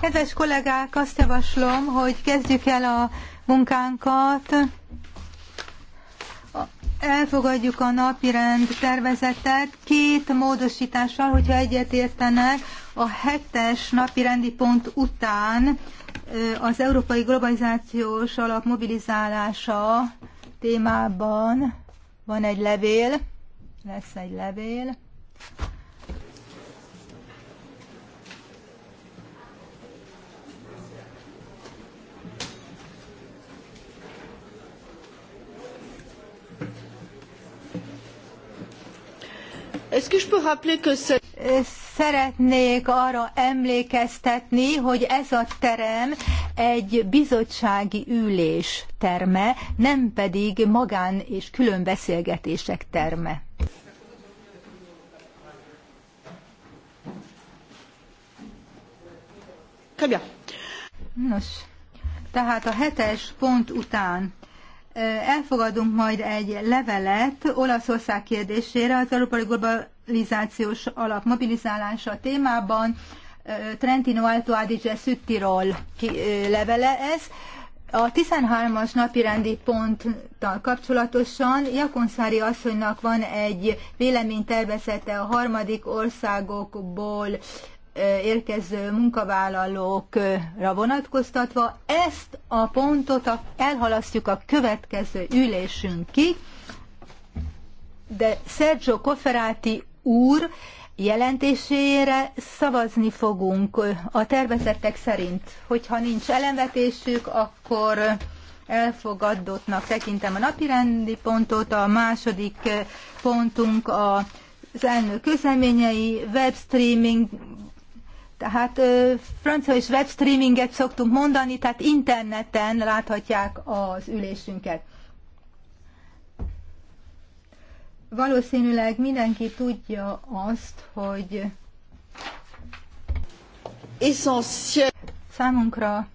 Kedves kollégák, azt javaslom, hogy kezdjük el a munkánkat. Elfogadjuk a napirend tervezetet két módosítással, hogyha egyetértenek, a hetes napirendi pont után az Európai Globalizációs Alap mobilizálása témában van egy levél, lesz egy levél. Szeretnék arra emlékeztetni, hogy ez a terem egy bizottsági ülés terme, nem pedig magán és külön beszélgetések terme. Nos, tehát a hetes pont után elfogadunk majd egy levelet Olaszország kérdésére az európai globalizációs alap mobilizálása témában. Trentino Alto Adige Süttirol levele ez. A 13-as napirendi ponttal kapcsolatosan Jakonszári asszonynak van egy véleménytervezete a harmadik országokból érkező munkavállalókra vonatkoztatva. Ezt a pontot elhalasztjuk a következő ülésünkig, de Sergio Cofferati úr jelentésére szavazni fogunk a tervezettek szerint. Hogyha nincs ellenvetésük, akkor elfogadottnak tekintem a napirendi pontot, a második pontunk a az elnök közleményei, webstreaming tehát francia és webstreaminget szoktunk mondani, tehát interneten láthatják az ülésünket. Valószínűleg mindenki tudja azt, hogy Számunkra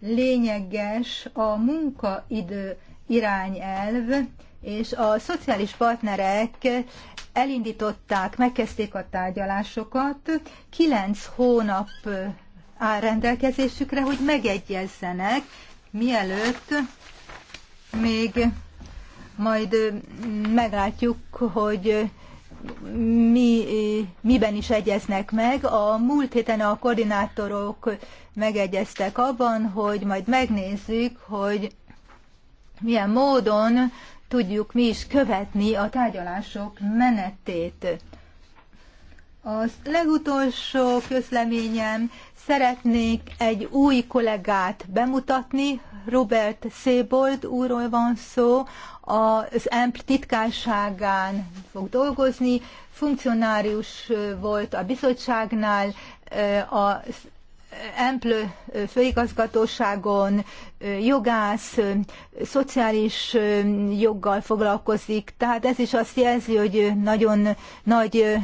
lényeges a munkaidő irányelv, és a szociális partnerek elindították, megkezdték a tárgyalásokat, kilenc hónap áll rendelkezésükre, hogy megegyezzenek, mielőtt még majd meglátjuk, hogy mi, miben is egyeznek meg. A múlt héten a koordinátorok megegyeztek abban, hogy majd megnézzük, hogy milyen módon tudjuk mi is követni a tárgyalások menetét. Az legutolsó közleményem szeretnék egy új kollégát bemutatni, Robert Szébold úrról van szó, az EMP titkárságán fog dolgozni, funkcionárius volt a bizottságnál, az Emplő főigazgatóságon jogász, szociális joggal foglalkozik, tehát ez is azt jelzi, hogy nagyon nagy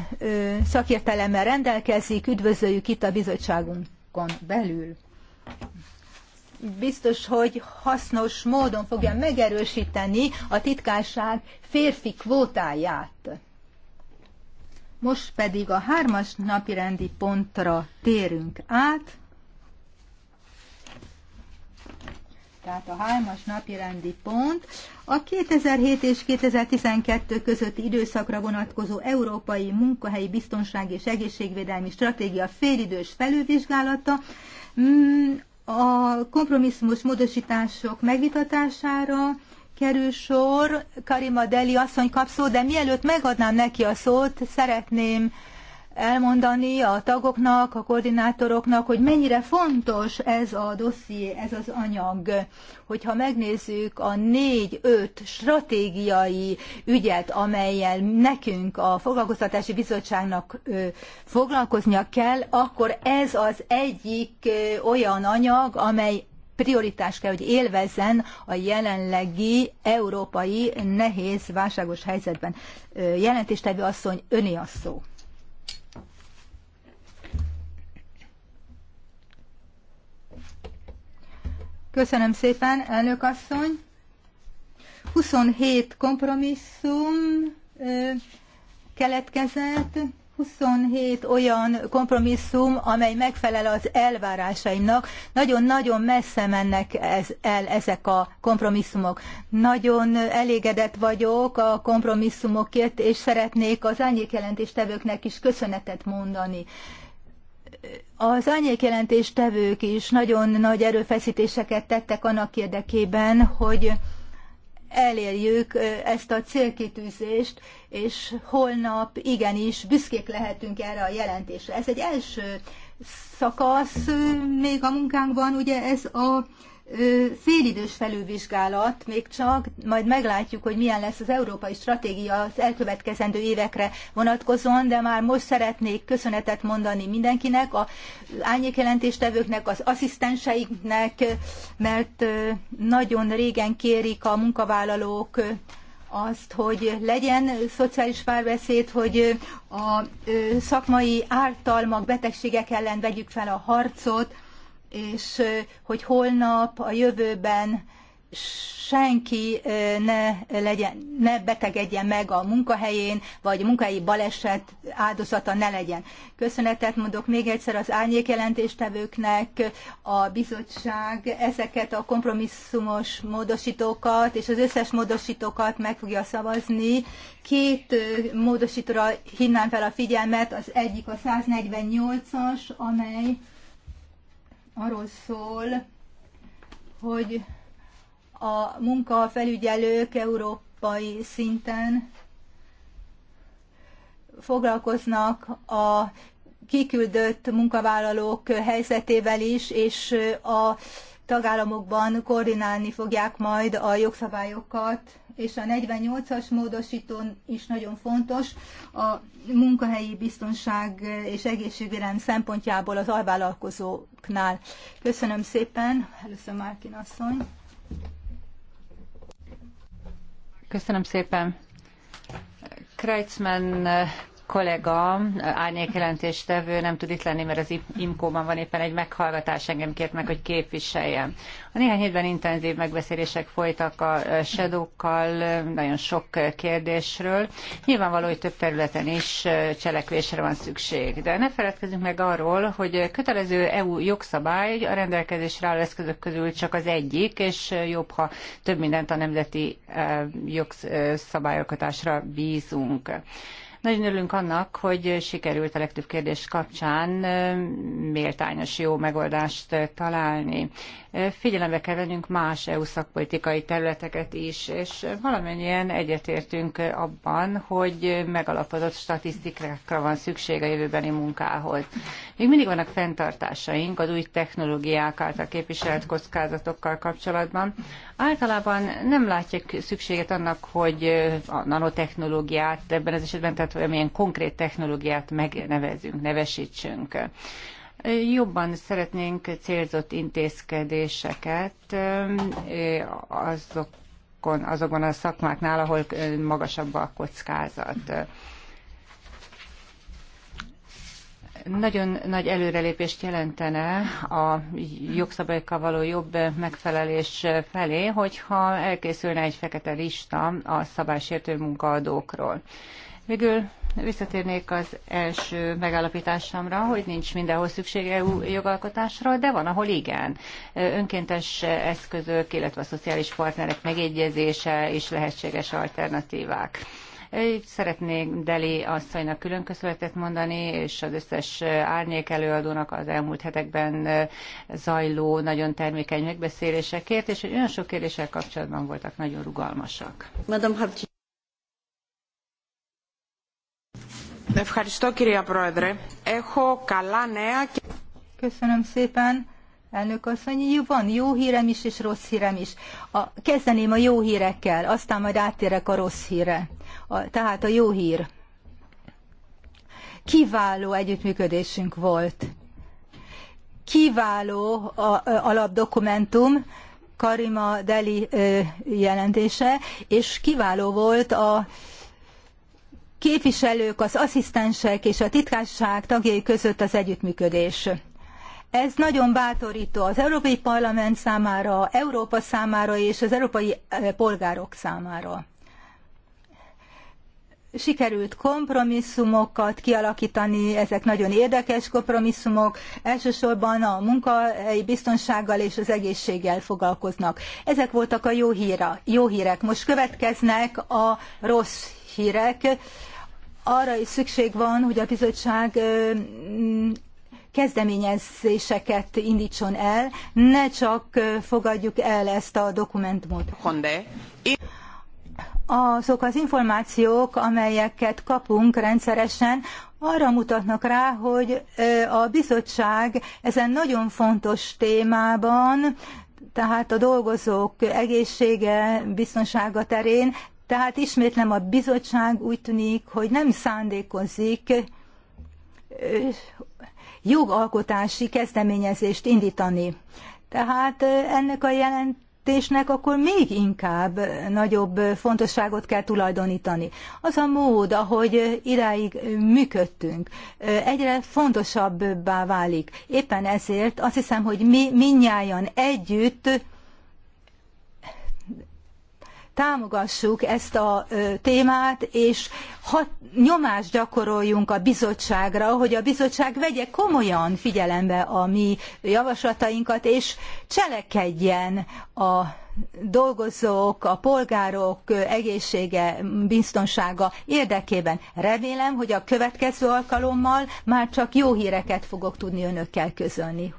szakértelemmel rendelkezik, üdvözöljük itt a bizottságunkon belül. Biztos, hogy hasznos módon fogja megerősíteni a titkárság férfi kvótáját. Most pedig a hármas napirendi pontra térünk át. tehát a hármas napi rendi pont, a 2007 és 2012 közötti időszakra vonatkozó Európai Munkahelyi Biztonság és Egészségvédelmi Stratégia félidős felülvizsgálata, mm, a kompromisszumos módosítások megvitatására kerül sor. Karima Deli asszony kap szót, de mielőtt megadnám neki a szót, szeretném elmondani a tagoknak, a koordinátoroknak, hogy mennyire fontos ez a dosszié, ez az anyag. Hogyha megnézzük a négy-öt stratégiai ügyet, amelyel nekünk a foglalkoztatási bizottságnak foglalkoznia kell, akkor ez az egyik olyan anyag, amely prioritás kell, hogy élvezzen a jelenlegi európai nehéz válságos helyzetben. Jelentéstevő asszony, öné a szó. Köszönöm szépen, elnök asszony. 27 kompromisszum keletkezett, 27 olyan kompromisszum, amely megfelel az elvárásaimnak. Nagyon-nagyon messze mennek ez, el ezek a kompromisszumok. Nagyon elégedett vagyok a kompromisszumokért, és szeretnék az jelentéstevőknek is köszönetet mondani. Az tevők is nagyon nagy erőfeszítéseket tettek annak érdekében, hogy elérjük ezt a célkitűzést, és holnap igenis büszkék lehetünk erre a jelentésre. Ez egy első szakasz még a munkánkban, ugye ez a félidős felülvizsgálat még csak, majd meglátjuk, hogy milyen lesz az európai stratégia az elkövetkezendő évekre vonatkozóan, de már most szeretnék köszönetet mondani mindenkinek, a árnyékjelentéstevőknek, az asszisztenseiknek, mert nagyon régen kérik a munkavállalók azt, hogy legyen szociális párbeszéd, hogy a szakmai ártalmak, betegségek ellen vegyük fel a harcot, és hogy holnap, a jövőben senki ne, legyen, ne betegedjen meg a munkahelyén, vagy munkahelyi baleset áldozata ne legyen. Köszönetet mondok még egyszer az árnyékjelentéstevőknek, a bizottság ezeket a kompromisszumos módosítókat és az összes módosítókat meg fogja szavazni. Két módosítóra hinnám fel a figyelmet, az egyik a 148-as, amely arról szól, hogy a munkafelügyelők európai szinten foglalkoznak a kiküldött munkavállalók helyzetével is, és a tagállamokban koordinálni fogják majd a jogszabályokat és a 48-as módosítón is nagyon fontos a munkahelyi biztonság és egészségvédelem szempontjából az alvállalkozóknál. Köszönöm szépen, először Márkin asszony. Köszönöm szépen. Kreitzmann kollega, árnyékjelentéstevő nem tud itt lenni, mert az IMKO-ban van éppen egy meghallgatás, engem kért meg, hogy képviseljem. A néhány hétben intenzív megbeszélések folytak a sedókkal, nagyon sok kérdésről. Nyilvánvaló, hogy több területen is cselekvésre van szükség. De ne feledkezzünk meg arról, hogy kötelező EU jogszabály a rendelkezésre álló eszközök közül csak az egyik, és jobb, ha több mindent a nemzeti jogszabályokatásra bízunk. Nagyon örülünk annak, hogy sikerült a legtöbb kérdés kapcsán méltányos jó megoldást találni. Figyelembe kell vennünk más EU szakpolitikai területeket is, és valamennyien egyetértünk abban, hogy megalapozott statisztikákra van szükség a jövőbeni munkához. Még mindig vannak fenntartásaink az új technológiák által képviselt kockázatokkal kapcsolatban. Általában nem látják szükséget annak, hogy a nanotechnológiát ebben az esetben, tehát technológiát, valamilyen konkrét technológiát megnevezünk, nevesítsünk. Jobban szeretnénk célzott intézkedéseket azokon, azokon a szakmáknál, ahol magasabb a kockázat. Nagyon nagy előrelépést jelentene a jogszabályokkal való jobb megfelelés felé, hogyha elkészülne egy fekete lista a szabálysértő munkaadókról. Végül visszatérnék az első megállapításomra, hogy nincs mindenhol szükség EU jogalkotásra, de van, ahol igen. Önkéntes eszközök, illetve a szociális partnerek megegyezése és lehetséges alternatívák. szeretnék Deli asszonynak külön köszönetet mondani, és az összes árnyék előadónak az elmúlt hetekben zajló, nagyon termékeny megbeszélésekért, és hogy olyan sok kérdéssel kapcsolatban voltak nagyon rugalmasak. Madame Köszönöm szépen, elnök asszony. Van jó hírem is és rossz hírem is. A, kezdeném a jó hírekkel, aztán majd áttérek a rossz híre. A, tehát a jó hír. Kiváló együttműködésünk volt. Kiváló a, a, alapdokumentum, Karima Deli ö, jelentése, és kiváló volt a képviselők, az asszisztensek és a titkárság tagjai között az együttműködés. Ez nagyon bátorító az Európai Parlament számára, Európa számára és az európai eh, polgárok számára. Sikerült kompromisszumokat kialakítani, ezek nagyon érdekes kompromisszumok, elsősorban a munkahelyi biztonsággal és az egészséggel foglalkoznak. Ezek voltak a jó, híra, jó hírek. Most következnek a rossz hírek arra is szükség van, hogy a bizottság kezdeményezéseket indítson el, ne csak fogadjuk el ezt a dokumentumot. Azok az információk, amelyeket kapunk rendszeresen, arra mutatnak rá, hogy a bizottság ezen nagyon fontos témában tehát a dolgozók egészsége, biztonsága terén tehát ismétlem, a bizottság úgy tűnik, hogy nem szándékozik jogalkotási kezdeményezést indítani. Tehát ennek a jelentésnek akkor még inkább nagyobb fontosságot kell tulajdonítani. Az a mód, ahogy idáig működtünk, egyre fontosabbá válik. Éppen ezért azt hiszem, hogy mi minnyáján együtt támogassuk ezt a témát, és hat, nyomást gyakoroljunk a bizottságra, hogy a bizottság vegye komolyan figyelembe a mi javaslatainkat, és cselekedjen a dolgozók, a polgárok egészsége, biztonsága érdekében. Remélem, hogy a következő alkalommal már csak jó híreket fogok tudni önökkel közölni.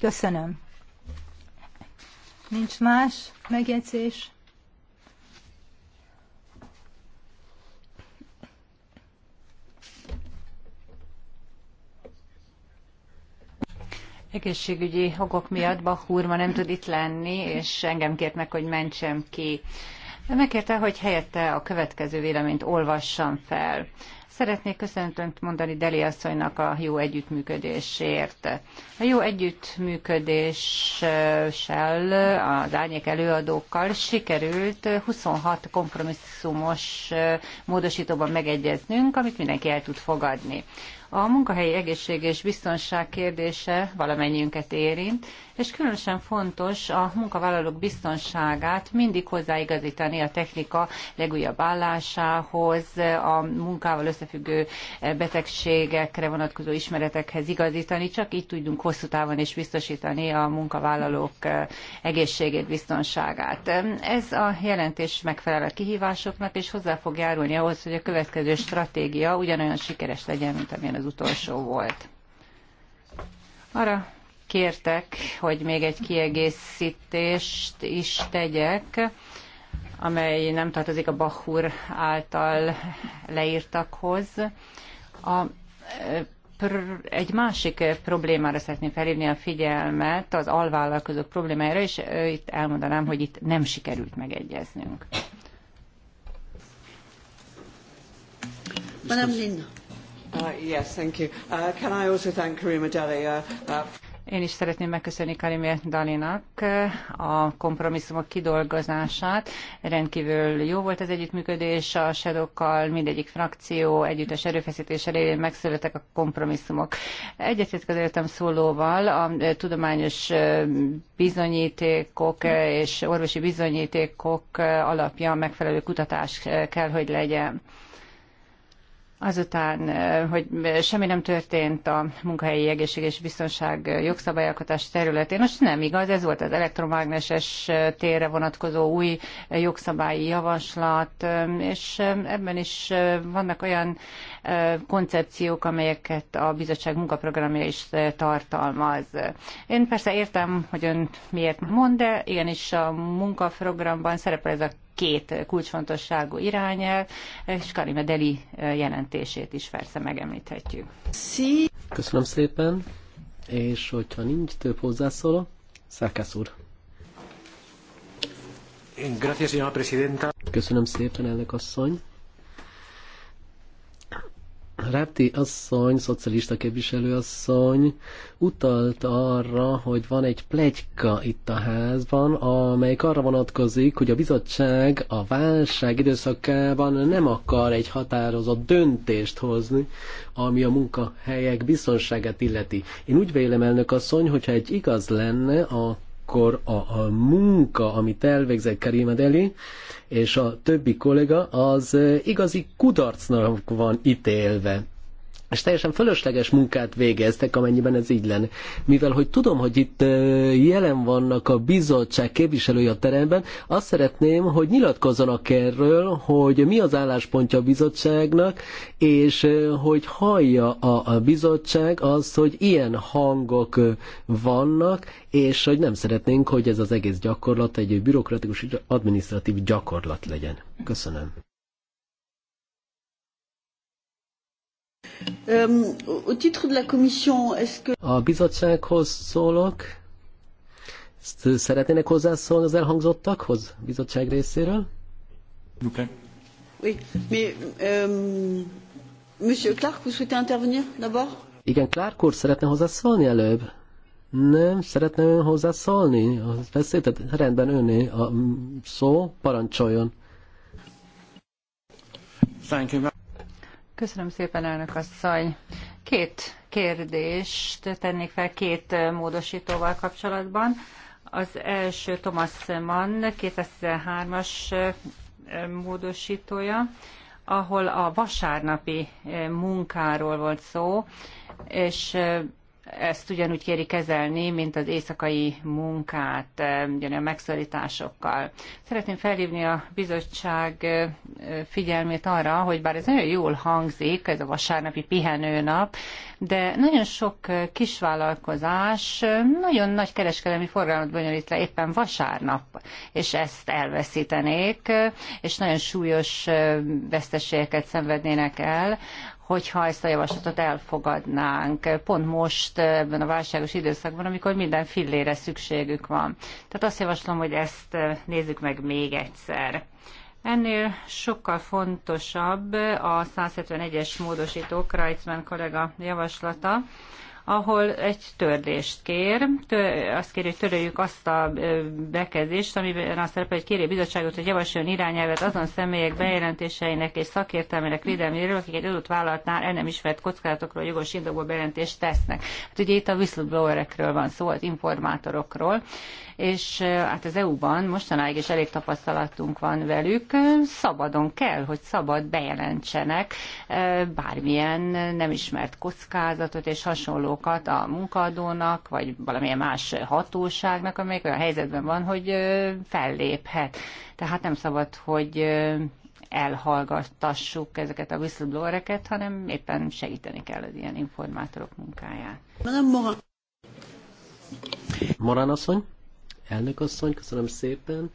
Köszönöm. Nincs más megjegyzés? egészségügyi okok miatt Bach ma nem tud itt lenni, és engem kért meg, hogy mentsem ki. Megkérte, hogy helyette a következő véleményt olvassam fel. Szeretnék köszöntönt mondani Deli asszonynak a jó együttműködésért. A jó együttműködéssel, az árnyék előadókkal sikerült 26 kompromisszumos eh, módosítóban megegyeznünk, amit mindenki el tud fogadni. A munkahelyi egészség és biztonság kérdése valamennyiünket érint, és különösen fontos a munkavállalók biztonságát mindig hozzáigazítani a technika legújabb állásához, a munkával összefüggő eh, betegségekre vonatkozó ismeretekhez igazítani, csak így tudjunk hosszú távon is biztosítani a munkavállalók eh, egészségét, biztonságát. Ez a jelentés megfelel a kihívásoknak, és hozzá fog járulni ahhoz, hogy a következő stratégia ugyanolyan sikeres legyen, mint amilyen az utolsó volt. Arra kértek, hogy még egy kiegészítést is tegyek, amely nem tartozik a Bachur által leírtakhoz. A egy másik problémára szeretném felhívni a figyelmet, az alvállalkozók problémájára, és itt elmondanám, hogy itt nem sikerült megegyeznünk. Madame Linda. Uh, yes, thank you. Uh, can I also thank Karima Deli? Uh, uh... Én is szeretném megköszönni Karimé Dalinak a kompromisszumok kidolgozását. Rendkívül jó volt az együttműködés a sedokkal, mindegyik frakció együttes erőfeszítéssel élén megszülettek a kompromisszumok. Egyetértek az előttem szólóval, a tudományos bizonyítékok és orvosi bizonyítékok alapja megfelelő kutatás kell, hogy legyen. Azután, hogy semmi nem történt a munkahelyi egészség és biztonság jogszabályalkotás területén, most nem igaz, ez volt az elektromágneses térre vonatkozó új jogszabályi javaslat, és ebben is vannak olyan koncepciók, amelyeket a bizottság munkaprogramja is tartalmaz. Én persze értem, hogy ön miért mond, de igenis a munkaprogramban szerepel ez a két kulcsfontosságú irányel, és Karima Deli jelentését is persze megemlíthetjük. Köszönöm szépen, és hogyha nincs több hozzászóló, Szákász úr. Köszönöm szépen, elnök asszony. Repti asszony, szocialista képviselő asszony utalt arra, hogy van egy plegyka itt a házban, amelyik arra vonatkozik, hogy a bizottság a válság időszakában nem akar egy határozott döntést hozni, ami a munkahelyek biztonságát illeti. Én úgy vélem, elnök asszony, hogyha egy igaz lenne, a akkor a, a munka, amit elvégzett Karim Adeli, és a többi kollega, az eh, igazi kudarcnak van ítélve és teljesen fölösleges munkát végeztek, amennyiben ez így lenne. Mivel, hogy tudom, hogy itt jelen vannak a bizottság képviselői a teremben, azt szeretném, hogy nyilatkozzanak erről, hogy mi az álláspontja a bizottságnak, és hogy hallja a bizottság azt, hogy ilyen hangok vannak, és hogy nem szeretnénk, hogy ez az egész gyakorlat egy bürokratikus, adminisztratív gyakorlat legyen. Köszönöm. Euh, a bizottsághoz szólok. Ezt szeretnének hozzászólni az elhangzottakhoz a bizottság részéről? Okay. Oui, mais euh, Monsieur Clark, vous souhaitez intervenir d'abord? Igen, Clark úr szeretne hozzászólni előbb? Nem, szeretne ön hozzászólni? Beszéltet? Rendben, önné a szó, parancsoljon. Thank you. Köszönöm szépen, elnök asszony. Két kérdést tennék fel két módosítóval kapcsolatban. Az első Thomas Mann 2013-as módosítója, ahol a vasárnapi munkáról volt szó, és ezt ugyanúgy kéri kezelni, mint az éjszakai munkát, eh, a megszorításokkal. Szeretném felhívni a bizottság eh, figyelmét arra, hogy bár ez nagyon jól hangzik, ez a vasárnapi pihenőnap, de nagyon sok eh, kisvállalkozás nagyon nagy kereskedelmi forgalmat bonyolít le éppen vasárnap, és ezt elveszítenék, és nagyon súlyos veszteségeket szenvednének el hogyha ezt a javaslatot elfogadnánk, pont most ebben a válságos időszakban, amikor minden fillére szükségük van. Tehát azt javaslom, hogy ezt nézzük meg még egyszer. Ennél sokkal fontosabb a 171-es módosító Kreitzmann kollega javaslata, ahol egy törlést kér, tör, azt kéri, hogy töröljük azt a bekezdést, amiben azt szerepel, hogy kéri a bizottságot, hogy javasoljon irányelvet azon személyek bejelentéseinek és szakértelmének védelméről, akik egy adott vállalatnál el nem ismert kockázatokról jogos indokból bejelentést tesznek. Hát ugye itt a whistleblowerekről van szó, az informátorokról, és hát az EU-ban mostanáig is elég tapasztalatunk van velük, szabadon kell, hogy szabad bejelentsenek bármilyen nem ismert kockázatot és hasonlókat a munkadónak, vagy valamilyen más hatóságnak, amelyik olyan helyzetben van, hogy felléphet. Tehát nem szabad, hogy elhallgattassuk ezeket a whistleblowereket, hanem éppen segíteni kell az ilyen informátorok munkáját. Morán asszony? Elnök asszony, köszönöm szépen.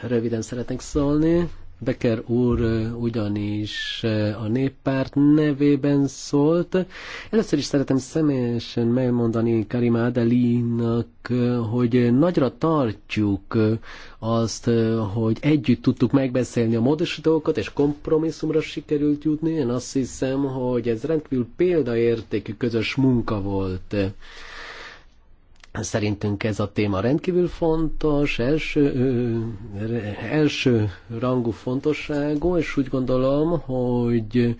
Röviden szeretnék szólni. Becker úr ugyanis a néppárt nevében szólt. Először is szeretem személyesen megmondani Karim Adelinak, hogy nagyra tartjuk azt, hogy együtt tudtuk megbeszélni a módosítókat, és kompromisszumra sikerült jutni. Én azt hiszem, hogy ez rendkívül példaértékű közös munka volt Szerintünk ez a téma rendkívül fontos, első, első rangú fontosságú, és úgy gondolom, hogy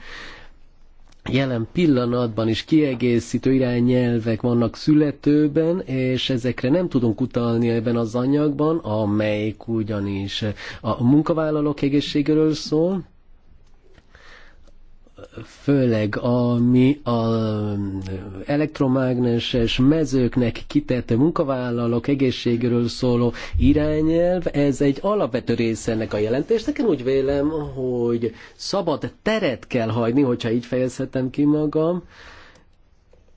jelen pillanatban is kiegészítő irányelvek vannak születőben, és ezekre nem tudunk utalni ebben az anyagban, amelyik ugyanis a munkavállalók egészségéről szól, főleg ami a elektromágneses mezőknek kitett munkavállalók egészségről szóló irányelv, ez egy alapvető része ennek a jelentésnek. Én úgy vélem, hogy szabad teret kell hagyni, hogyha így fejezhetem ki magam,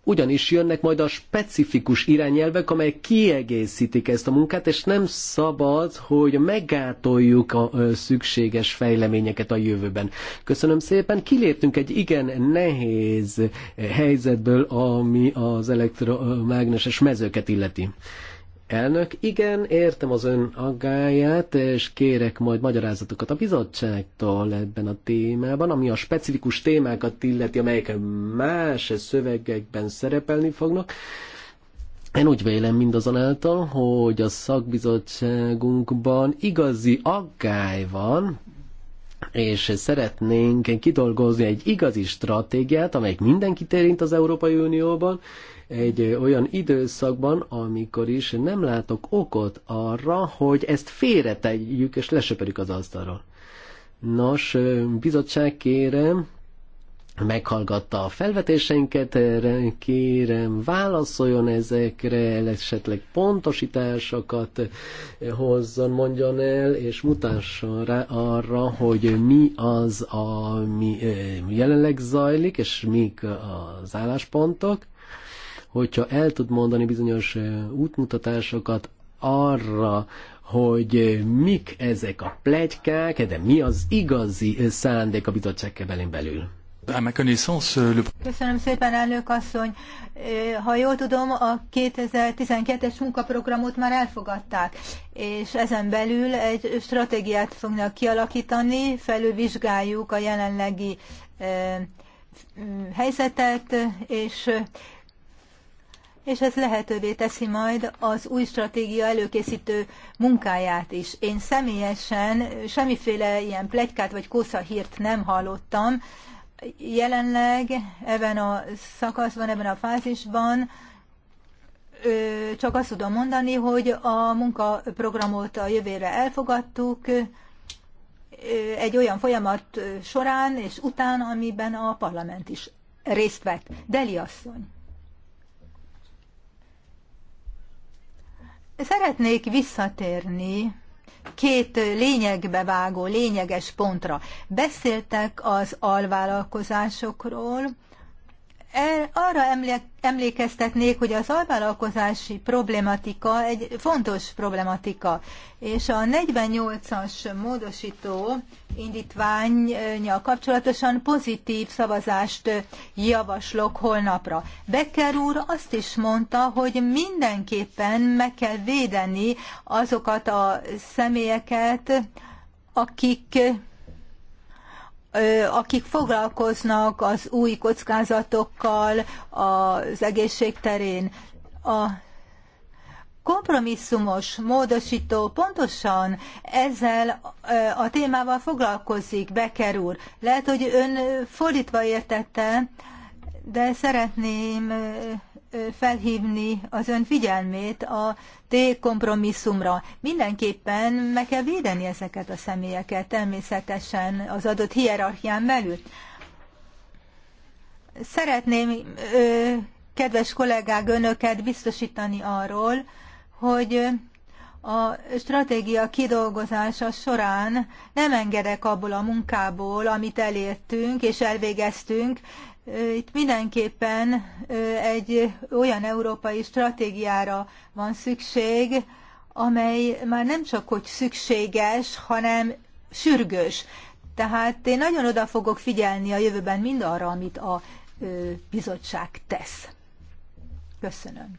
ugyanis jönnek majd a specifikus irányelvek, amelyek kiegészítik ezt a munkát, és nem szabad, hogy megátoljuk a szükséges fejleményeket a jövőben. Köszönöm szépen, kiléptünk egy igen nehéz helyzetből, ami az elektromágneses mezőket illeti. Elnök, igen, értem az ön aggáját, és kérek majd magyarázatokat a bizottságtól ebben a témában, ami a specifikus témákat illeti, amelyek más szövegekben szerepelni fognak. Én úgy vélem mindazonáltal, hogy a szakbizottságunkban igazi aggály van, és szeretnénk kidolgozni egy igazi stratégiát, amelyik mindenkit érint az Európai Unióban, egy olyan időszakban, amikor is nem látok okot arra, hogy ezt félretegyük és lesöpörjük az asztalról. Nos, bizottság kérem, meghallgatta a felvetéseinket, kérem válaszoljon ezekre, esetleg pontosításokat hozzon, mondjon el, és mutasson rá arra, hogy mi az, ami jelenleg zajlik, és mik az álláspontok hogyha el tud mondani bizonyos útmutatásokat arra, hogy mik ezek a plegykák, de mi az igazi szándék a bizottság kebelén belül. Euh, Köszönöm szépen, elnök asszony. Ha jól tudom, a 2012-es munkaprogramot már elfogadták, és ezen belül egy stratégiát fognak kialakítani, felülvizsgáljuk a jelenlegi helyzetet, és és ez lehetővé teszi majd az új stratégia előkészítő munkáját is. Én személyesen semmiféle ilyen plegykát vagy hírt nem hallottam. Jelenleg ebben a szakaszban, ebben a fázisban csak azt tudom mondani, hogy a munkaprogramot a jövőre elfogadtuk, egy olyan folyamat során és után, amiben a parlament is részt vett. Deli asszony. Szeretnék visszatérni két lényegbe vágó, lényeges pontra. Beszéltek az alvállalkozásokról, el, arra emlékeztetnék, hogy az alvállalkozási problematika egy fontos problematika, és a 48-as módosító indítványa kapcsolatosan pozitív szavazást javaslok holnapra. Becker úr azt is mondta, hogy mindenképpen meg kell védeni azokat a személyeket, akik akik foglalkoznak az új kockázatokkal az egészség terén. A kompromisszumos módosító pontosan ezzel a témával foglalkozik, Becker úr. Lehet, hogy ön fordítva értette, de szeretném felhívni az ön figyelmét a T-kompromisszumra. Mindenképpen meg kell védeni ezeket a személyeket, természetesen az adott hierarchián belül. Szeretném, kedves kollégák, önöket biztosítani arról, hogy a stratégia kidolgozása során nem engedek abból a munkából, amit elértünk és elvégeztünk, itt mindenképpen egy olyan európai stratégiára van szükség, amely már nem csak hogy szükséges, hanem sürgős. Tehát én nagyon oda fogok figyelni a jövőben mindarra, amit a bizottság tesz. Köszönöm.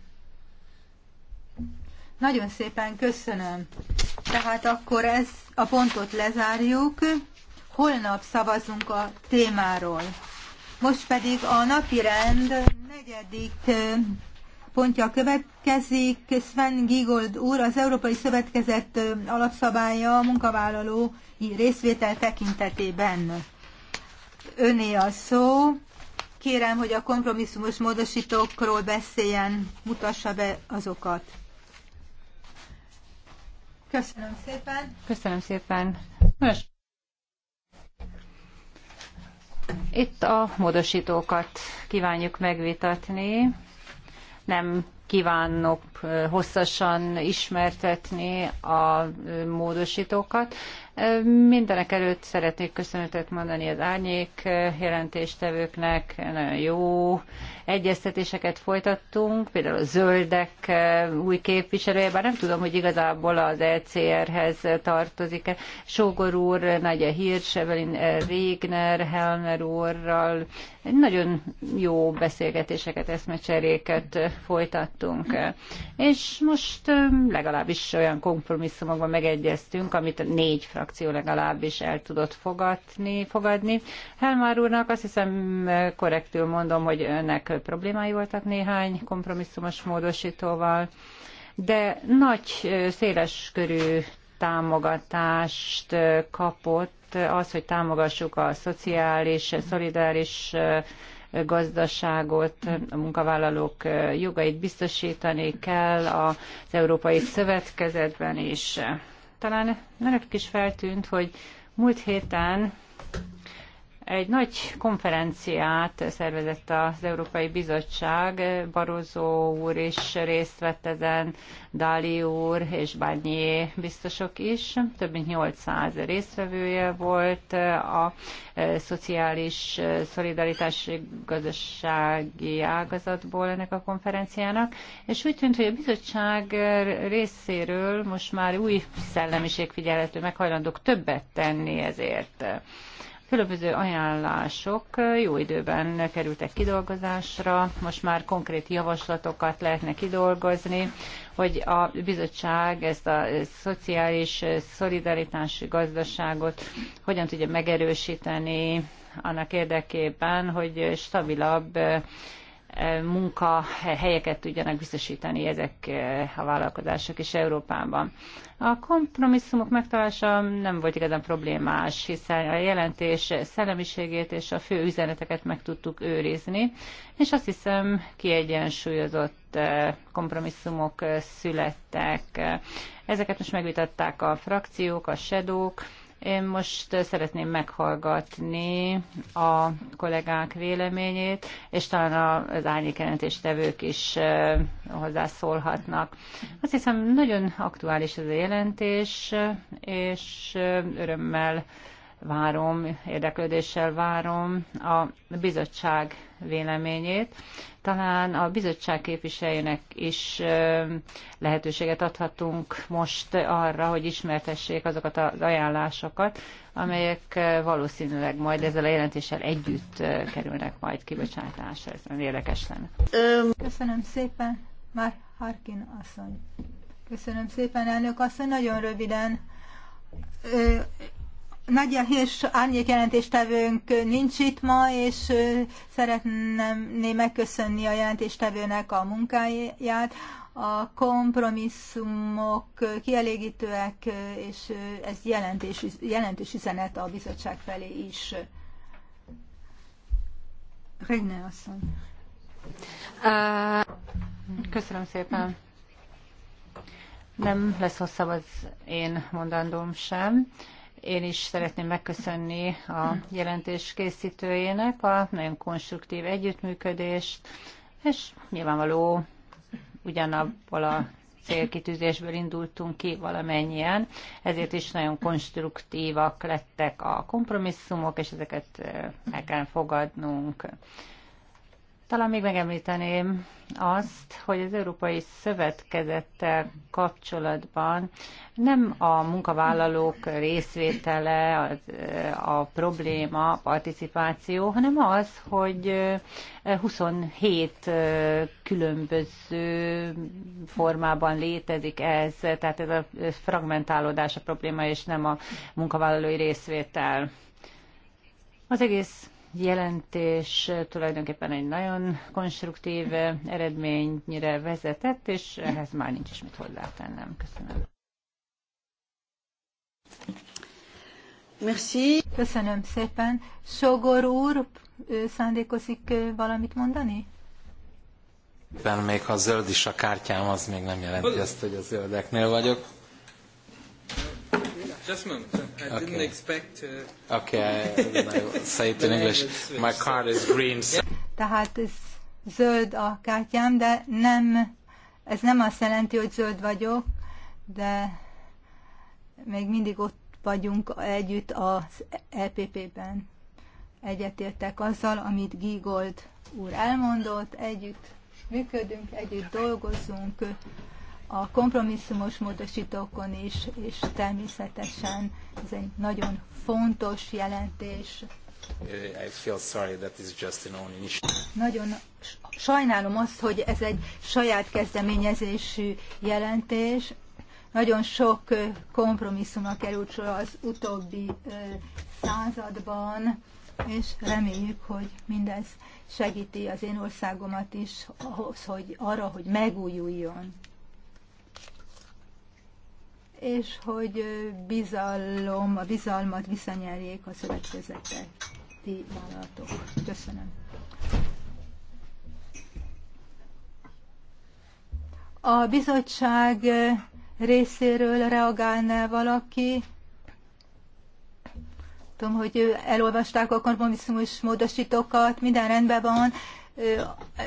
Nagyon szépen köszönöm. Tehát akkor ez a pontot lezárjuk. Holnap szavazunk a témáról. Most pedig a rend negyedik pontja következik. Sven Gigold úr, az Európai Szövetkezet alapszabálya a munkavállaló részvétel tekintetében. Öné a szó. Kérem, hogy a kompromisszumos módosítókról beszéljen, mutassa be azokat. Köszönöm szépen. Köszönöm szépen. Most itt a módosítókat kívánjuk megvitatni. Nem kívánok eh, hosszasan ismertetni a eh, módosítókat. Mindenek előtt szeretnék köszönetet mondani az árnyék jelentéstevőknek, nagyon jó egyeztetéseket folytattunk, például a zöldek új képviselője, bár nem tudom, hogy igazából az ECR-hez tartozik-e. Sógor úr, a Hirsch, Evelyn Régner, Helmer úrral nagyon jó beszélgetéseket, eszmecseréket folytattunk. És most legalábbis olyan kompromisszumokban megegyeztünk, amit a négy frakció legalábbis el tudott fogadni. fogadni. Helmár úrnak azt hiszem korrektül mondom, hogy önnek problémái voltak néhány kompromisszumos módosítóval de nagy széles körű támogatást kapott célunk az, hogy támogassuk a szociális, szolidáris gazdaságot, a munkavállalók jogait biztosítani kell az Európai Szövetkezetben is. Talán önök is feltűnt, hogy múlt héten egy nagy konferenciát szervezett az Európai Bizottság, Barozó úr is részt vett ezen, Dali úr és Bányé biztosok is. Több mint 800 résztvevője volt a e, szociális e, szolidaritási gazdasági ágazatból ennek a konferenciának, és úgy tűnt, hogy a bizottság részéről most már új szellemiség figyelhető, meghajlandók többet tenni ezért. Különböző ajánlások jó időben kerültek kidolgozásra, most már konkrét javaslatokat lehetne kidolgozni, hogy a bizottság ezt a szociális szolidaritási gazdaságot hogyan tudja megerősíteni annak érdekében, hogy stabilabb munkahelyeket tudjanak biztosítani ezek a vállalkozások is Európában. A kompromisszumok megtalálása nem volt igazán problémás, hiszen a jelentés szellemiségét és a fő üzeneteket meg tudtuk őrizni, és azt hiszem kiegyensúlyozott kompromisszumok születtek. Ezeket most megvitatták a frakciók, a sedók, én most szeretném meghallgatni a kollégák véleményét, és talán az árnyékjelentéstevők is hozzászólhatnak. Azt hiszem, nagyon aktuális ez a jelentés, és örömmel várom, érdeklődéssel várom a bizottság véleményét. Talán a bizottság képviselőnek is lehetőséget adhatunk most arra, hogy ismertessék azokat az ajánlásokat, amelyek valószínűleg majd ezzel a jelentéssel együtt kerülnek majd kibocsátásra. Ez nem érdekes lenne. Köszönöm szépen, már Harkin asszony. Köszönöm szépen, elnök asszony. Nagyon röviden Nagyja Hirsch árnyékjelentéstevőnk nincs itt ma, és szeretném megköszönni a jelentéstevőnek a munkáját. A kompromisszumok kielégítőek, és ez jelentős, jelentős üzenet a bizottság felé is. Régne asszony. Köszönöm szépen. Nem lesz hosszabb az én mondandóm sem. Uh, én is szeretném megköszönni a jelentés készítőjének a nagyon konstruktív együttműködést, és nyilvánvaló ugyanabból a célkitűzésből indultunk ki valamennyien, ezért is nagyon konstruktívak lettek a kompromisszumok, és ezeket el eh, kell fogadnunk. Talán még megemlíteném azt, hogy az Európai Szövetkezettel kapcsolatban nem a munkavállalók részvétele az, a probléma, a participáció, hanem az, hogy 27 eh, eh, különböző formában létezik ez, tehát ez a fragmentálódás a probléma, és nem a munkavállalói részvétel. Az egész jelentés tulajdonképpen egy nagyon konstruktív eredményre vezetett, és ehhez már nincs is mit hozzátennem. Köszönöm. Merci. Köszönöm szépen. Sogor úr, szándékozik valamit mondani? Éppen még ha zöld is a kártyám, az még nem jelenti azt, hogy a zöldeknél vagyok. Just a moment. I okay. didn't expect. to... Uh, okay, I, I say it in English. My card is green. So... Tehát ez zöld a kártyám, de nem, ez nem azt jelenti, hogy zöld vagyok, de még mindig ott vagyunk együtt az EPP-ben. Egyetértek azzal, amit Gigold úr elmondott, együtt működünk, együtt dolgozunk, a kompromisszumos módosítókon is, és természetesen ez egy nagyon fontos jelentés. I feel sorry that is just an own Nagyon sajnálom azt, hogy ez egy saját kezdeményezésű jelentés. Nagyon sok kompromisszumra került sor az utóbbi században, és reméljük, hogy mindez segíti az én országomat is ahhoz, hogy arra, hogy megújuljon és hogy bizalom, a bizalmat visszanyerjék a ti vállalatok. Köszönöm. A bizottság részéről reagálna valaki? Tudom, hogy elolvasták a kompromisszumos módosítókat, minden rendben van.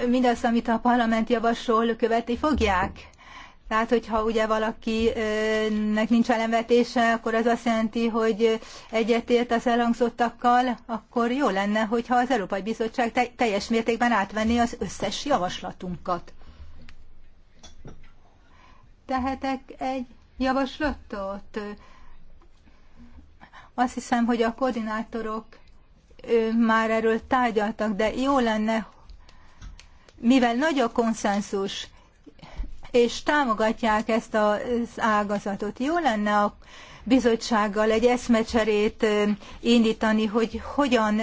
Mindazt, amit a parlament javasol, követi fogják? Tehát, hogyha ugye valakinek nincs elemvetése, akkor az azt jelenti, hogy egyetért az elhangzottakkal, akkor jó lenne, hogyha az Európai Bizottság teljes mértékben átvenné az összes javaslatunkat. Tehetek egy javaslatot? Azt hiszem, hogy a koordinátorok már erről tárgyaltak, de jó lenne, mivel nagy a konszenzus, és támogatják ezt az ágazatot. Jó lenne a bizottsággal egy eszmecserét indítani, hogy hogyan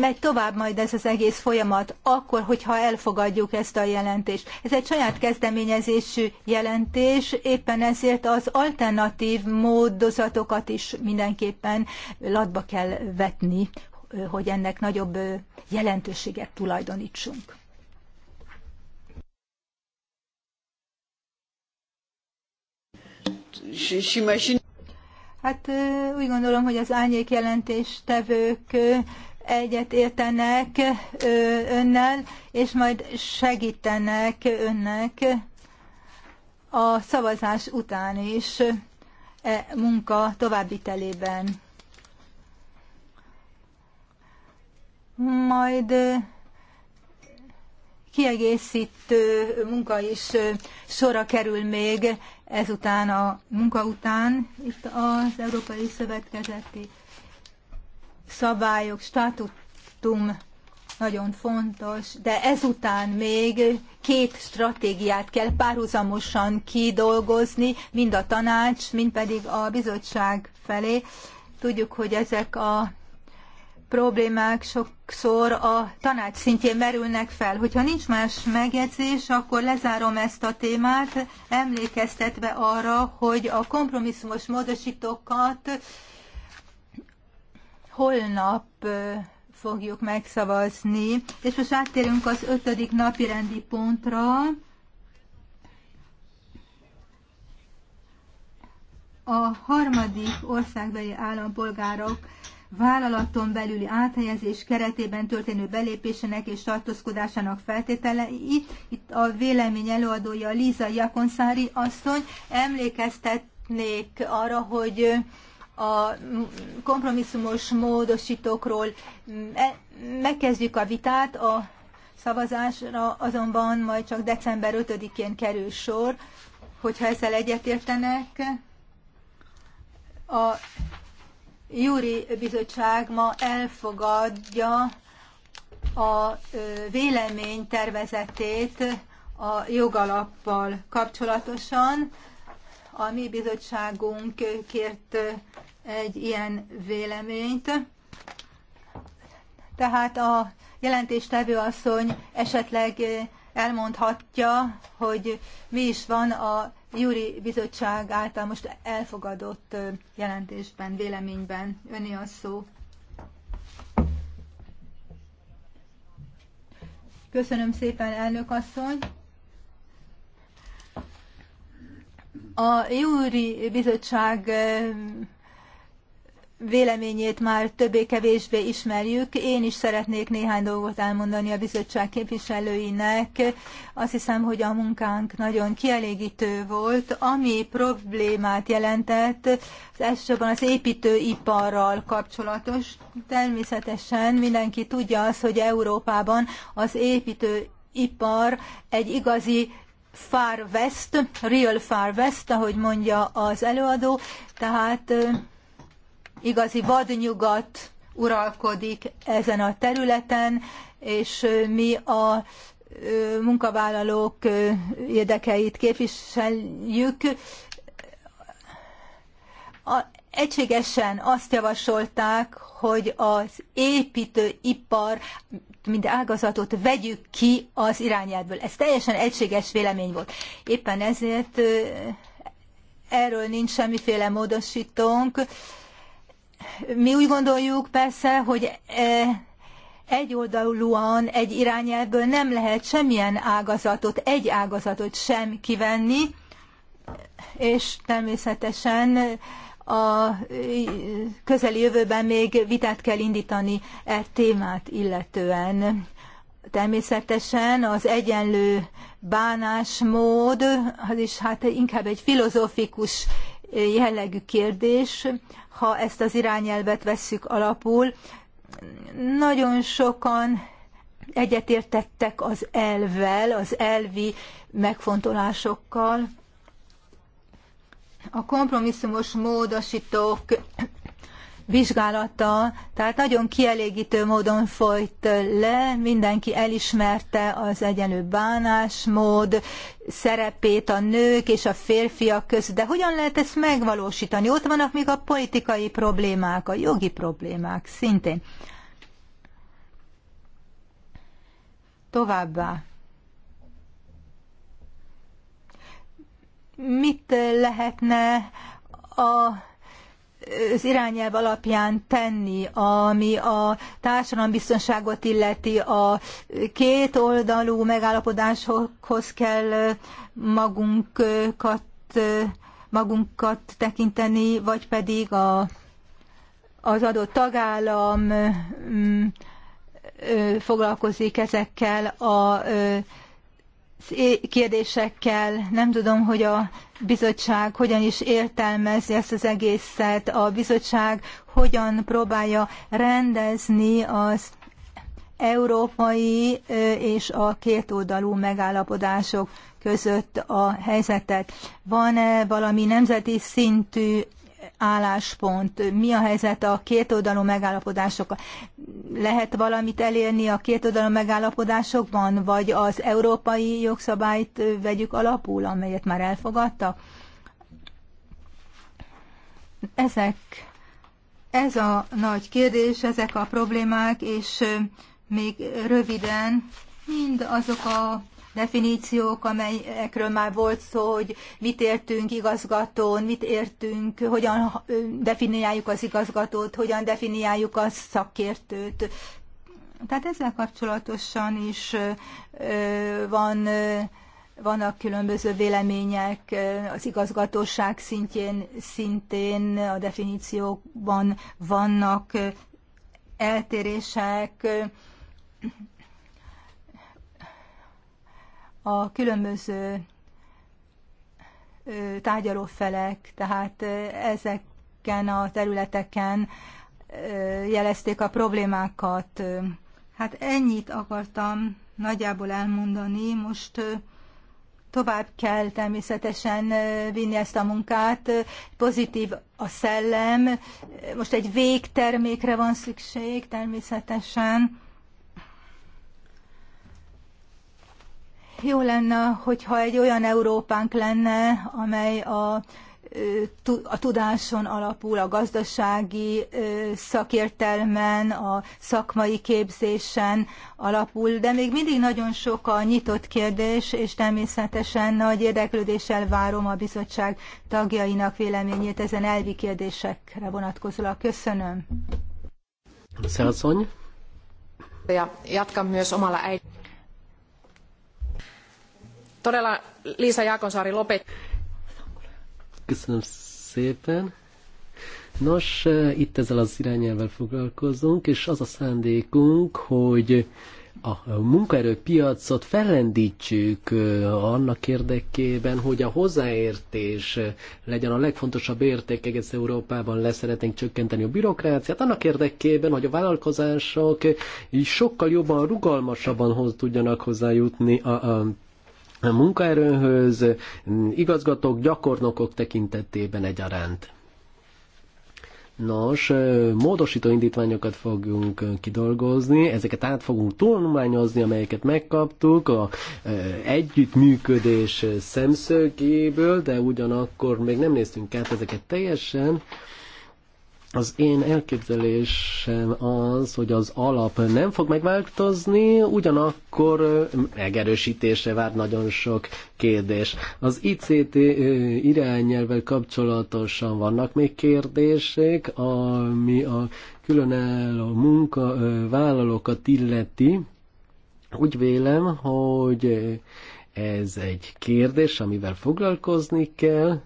megy tovább majd ez az egész folyamat, akkor, hogyha elfogadjuk ezt a jelentést. Ez egy saját kezdeményezésű jelentés, éppen ezért az alternatív módozatokat is mindenképpen latba kell vetni, hogy ennek nagyobb jelentőséget tulajdonítsunk. Hát úgy gondolom, hogy az árnyék jelentéstevők egyet értenek önnel, és majd segítenek önnek a szavazás után is e munka továbbitelében. Majd kiegészítő munka is sorra kerül még ezután a munka után itt az Európai Szövetkezeti szabályok, státutum nagyon fontos, de ezután még két stratégiát kell párhuzamosan kidolgozni, mind a tanács, mind pedig a bizottság felé. Tudjuk, hogy ezek a problémák sokszor a tanács szintjén merülnek fel. Hogyha nincs más megjegyzés, akkor lezárom ezt a témát, emlékeztetve arra, hogy a kompromisszumos módosítókat holnap fogjuk megszavazni. És most áttérünk az ötödik napi rendi pontra. A harmadik országbeli állampolgárok vállalaton belüli áthelyezés keretében történő belépésének és tartózkodásának feltételei. Itt a vélemény előadója Liza Jakonszári asszony emlékeztetnék arra, hogy a kompromisszumos módosítókról e, megkezdjük a vitát, a szavazásra azonban majd csak december 5-én kerül sor, hogyha ezzel egyetértenek. A Júri Bizottság ma elfogadja a vélemény tervezetét a jogalappal kapcsolatosan. A mi bizottságunk kért egy ilyen véleményt. Tehát a jelentéstevő asszony esetleg elmondhatja, hogy mi is van a Júri Bizottság által most elfogadott jelentésben, véleményben öné a szó. Köszönöm szépen, elnök asszony! A Júri Bizottság véleményét már többé-kevésbé ismerjük. Én is szeretnék néhány dolgot elmondani a bizottság képviselőinek. Azt hiszem, hogy a munkánk nagyon kielégítő volt. Ami problémát jelentett, az elsősorban az építőiparral kapcsolatos. Természetesen mindenki tudja azt, hogy Európában az építőipar egy igazi Far West, Real Far West, ahogy mondja az előadó, tehát igazi vadnyugat uralkodik ezen a területen, és mi a munkavállalók érdekeit képviseljük. A, egységesen azt javasolták, hogy az építőipar, mint ágazatot vegyük ki az irányelvből. Ez teljesen egységes vélemény volt. Éppen ezért erről nincs semmiféle módosítónk. Mi úgy gondoljuk persze, hogy e, egyoldalúan egy irányelvből nem lehet semmilyen ágazatot, egy ágazatot sem kivenni, és természetesen a e, közeli jövőben még vitát kell indítani e témát illetően. Természetesen az egyenlő bánásmód, az is hát inkább egy filozófikus jellegű kérdés, ha ezt az irányelvet vesszük alapul. Nagyon sokan egyetértettek az elvvel, az elvi megfontolásokkal. A kompromisszumos módosítók vizsgálata, tehát nagyon kielégítő módon folyt le, mindenki elismerte az egyenlő bánásmód szerepét a nők és a férfiak között, de hogyan lehet ezt megvalósítani? Ott vannak még a politikai problémák, a jogi problémák szintén. Továbbá. Mit lehetne a az irányelv alapján tenni, ami a társadalombiztonságot illeti, a két oldalú megállapodásokhoz kell magunkat, magunkat tekinteni, vagy pedig a, az adott tagállam foglalkozik ezekkel a kérdésekkel. Nem tudom, hogy a bizottság hogyan is értelmezi ezt az egészet, a bizottság hogyan próbálja rendezni az európai és a kétoldalú megállapodások között a helyzetet. Van-e valami nemzeti szintű álláspont, mi a helyzet a kétoldalú megállapodásokkal. Lehet valamit elérni a kétoldalú megállapodásokban, vagy az európai jogszabályt vegyük alapul, amelyet már elfogadtak? Ezek, ez a nagy kérdés, ezek a problémák, és még röviden mind azok a definíciók, amelyekről már volt szó, hogy mit értünk igazgatón, mit értünk, hogyan definiáljuk az igazgatót, hogyan definiáljuk a szakértőt. Tehát ezzel kapcsolatosan is van vannak különböző vélemények az igazgatóság szintjén, szintén a definíciókban vannak eltérések, a különböző tárgyalófelek, tehát ezeken a területeken jelezték a problémákat. Hát ennyit akartam nagyjából elmondani, most tovább kell természetesen vinni ezt a munkát, pozitív a szellem, most egy végtermékre van szükség természetesen, Jó lenne, hogyha egy olyan Európánk lenne, amely a a tudáson alapul, a gazdasági szakértelmen, a szakmai képzésen alapul, de még mindig nagyon sok a nyitott kérdés, és természetesen nagy érdeklődéssel várom a bizottság tagjainak véleményét ezen elvi kérdésekre vonatkozólag. Köszönöm. Százony. Ja, jatkan myös omalla todella Liisa Jaakonsaari lopet. Köszönöm szépen. Nos, eh, itt ezzel az irányelvel foglalkozunk, és az a szándékunk, hogy a munkaerőpiacot fellendítsük eh, annak érdekében, hogy a hozzáértés eh, legyen a legfontosabb érték egész Európában, leszeretnénk csökkenteni a bürokráciát, annak érdekében, hogy a vállalkozások sokkal jobban, rugalmasabban hoz, tudjanak hozzájutni a, a a munkaerőhöz, igazgatók, gyakornokok tekintetében egyaránt. Nos, módosító indítványokat fogunk kidolgozni, ezeket át fogunk tolmányozni, amelyeket megkaptuk a együttműködés szemszögéből, de ugyanakkor még nem néztünk át ezeket teljesen. Az én elképzelésem az, hogy az alap nem fog megváltozni, ugyanakkor megerősítése vár nagyon sok kérdés. Az ICT irányelvel kapcsolatosan vannak még kérdések, ami a különálló munkavállalókat illeti. Úgy vélem, hogy ez egy kérdés, amivel foglalkozni kell,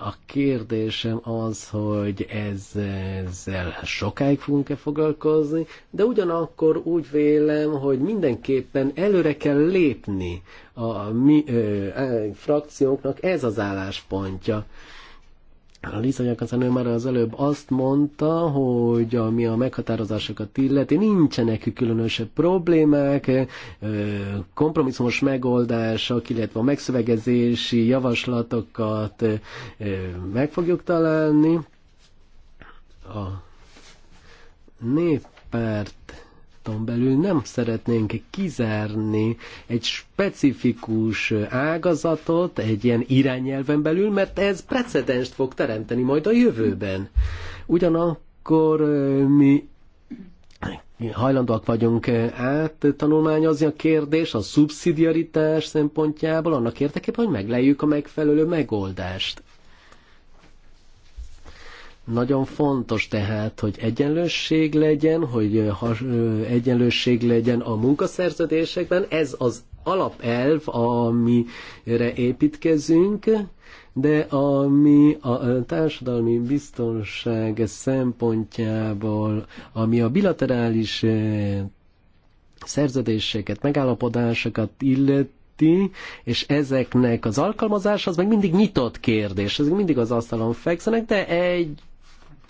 a kérdésem az, hogy ezzel sokáig fogunk-e foglalkozni, de ugyanakkor úgy vélem, hogy mindenképpen előre kell lépni a mi ö, ö, frakciónknak ez az álláspontja. A Liza Jakanszanő már az előbb azt mondta, hogy ami a meghatározásokat illeti, nincsenek különösebb problémák, kompromisszumos megoldások, illetve a megszövegezési javaslatokat meg fogjuk találni. A néppárt csoporton belül nem szeretnénk kizárni egy specifikus ágazatot egy ilyen irányelven belül, mert ez precedenst fog teremteni majd a jövőben. Ugyanakkor mi hajlandóak vagyunk áttanulmányozni a kérdés a szubszidiaritás szempontjából, annak érdekében, hogy megleljük a megfelelő megoldást. Nagyon fontos tehát, hogy egyenlősség legyen, hogy egyenlősség legyen a munkaszerződésekben. Ez az alapelv, amire építkezünk, de ami a társadalmi biztonság szempontjából, ami a bilaterális szerződéseket, megállapodásokat illet, illeti, és ezeknek az alkalmazása az meg mindig nyitott kérdés, ezek mindig az asztalon fekszenek, de egy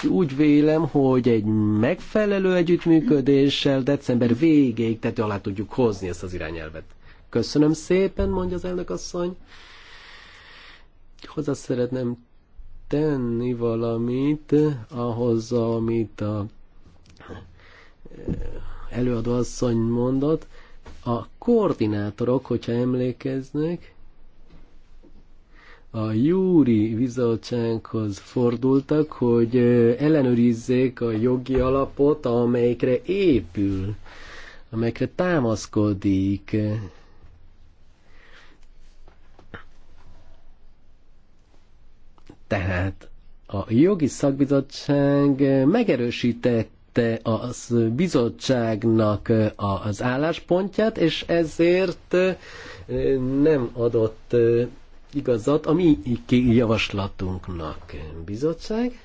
úgy vélem, hogy egy megfelelő együttműködéssel december végéig tető alá tudjuk hozni ezt az irányelvet. Köszönöm szépen, mondja az elnök asszony. Hozzá szeretném tenni valamit ahhoz, amit a eh, előadó asszony mondott. A koordinátorok, hogyha emlékeznek, a júri bizottsághoz fordultak, hogy ellenőrizzék a jogi alapot, amelyikre épül, amelyikre támaszkodik. Tehát a jogi szakbizottság megerősített az bizottságnak az álláspontját, és ezért nem adott igazat a mi javaslatunknak. Bizottság?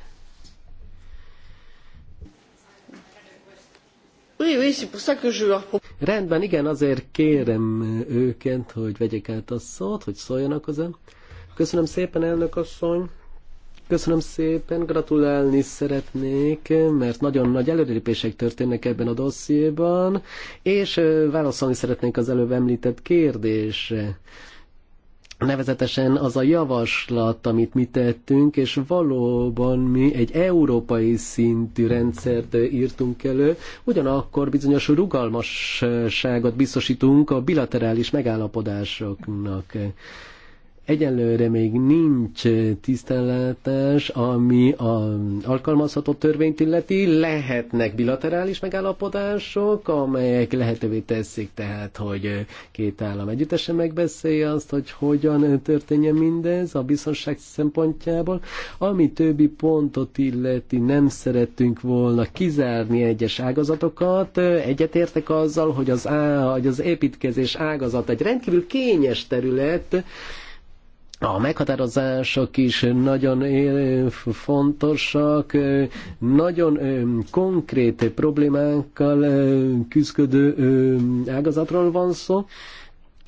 Oui, oui, c'est pour ça que je Rendben, igen, azért kérem őket, hogy vegyék át a szót, hogy szóljanak hozzá. Köszönöm szépen, elnök asszony. Köszönöm szépen, gratulálni szeretnék, mert nagyon nagy előrelépések történnek ebben a dossziéban, és válaszolni szeretnék az előbb említett kérdésre. Nevezetesen az a javaslat, amit mi tettünk, és valóban mi egy európai szintű rendszert írtunk elő, ugyanakkor bizonyos rugalmasságot biztosítunk a bilaterális megállapodásoknak. Egyelőre még nincs tisztánlátás, ami a alkalmazható törvényt illeti. Lehetnek bilaterális megállapodások, amelyek lehetővé teszik tehát, hogy két állam együttesen megbeszélje azt, hogy hogyan történjen mindez a biztonság szempontjából. Ami többi pontot illeti, nem szerettünk volna kizárni egyes ágazatokat. Egyetértek azzal, hogy az, á, hogy az építkezés ágazat egy rendkívül kényes terület, a meghatározások is nagyon fontosak, nagyon konkrét problémákkal küzdő ágazatról van szó,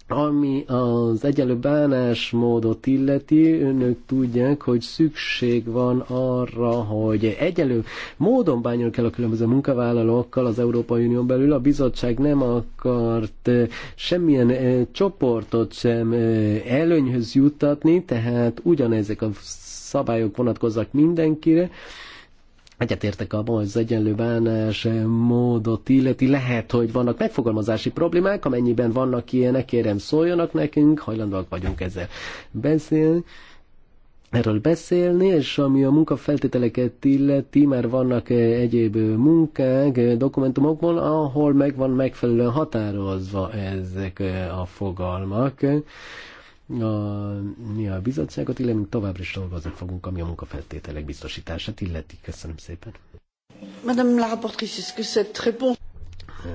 ami az egyenlő bánásmódot illeti, önök tudják, hogy szükség van arra, hogy egyenlő módon bánjanak el a különböző munkavállalókkal az Európai Unión belül. A bizottság nem akart eh, semmilyen eh, csoportot sem eh, előnyhöz juttatni, tehát ugyanezek a szabályok vonatkoznak mindenkire. Egyetértek a hogy az egyenlő bánás módot illeti. Lehet, hogy vannak megfogalmazási problémák, amennyiben vannak ilyenek, kérem szóljanak nekünk, hajlandóak vagyunk ezzel beszélni erről beszélni, és ami a munkafeltételeket illeti, már vannak eh, egyéb eh, munkák, eh, dokumentumokban, ahol meg van megfelelően határozva ezek a fogalmak a, mi a bizottságot, illetve továbbra is dolgozni fogunk, ami a munkafeltételek biztosítását illeti. Köszönöm szépen. Madame la rapportrice, est-ce que cette réponse...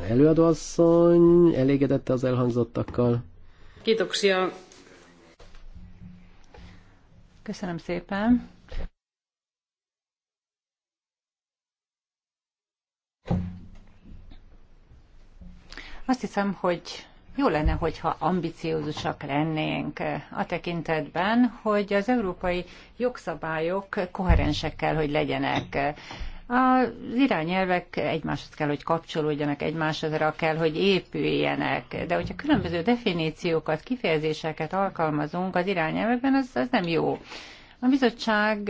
Előadóasszony elégedett az elhangzottakkal. Kiitoksia. Köszönöm szépen. Azt hiszem, hogy jó lenne, hogyha ambiciózusak lennénk eh, a tekintetben, hogy az európai jogszabályok koherensek kell, hogy legyenek. Eh, az irányelvek egymáshoz kell, hogy kapcsolódjanak, egymáshozra kell, hogy épüljenek. De hogyha különböző definíciókat, kifejezéseket alkalmazunk az irányelvekben, az, az nem jó. A bizottság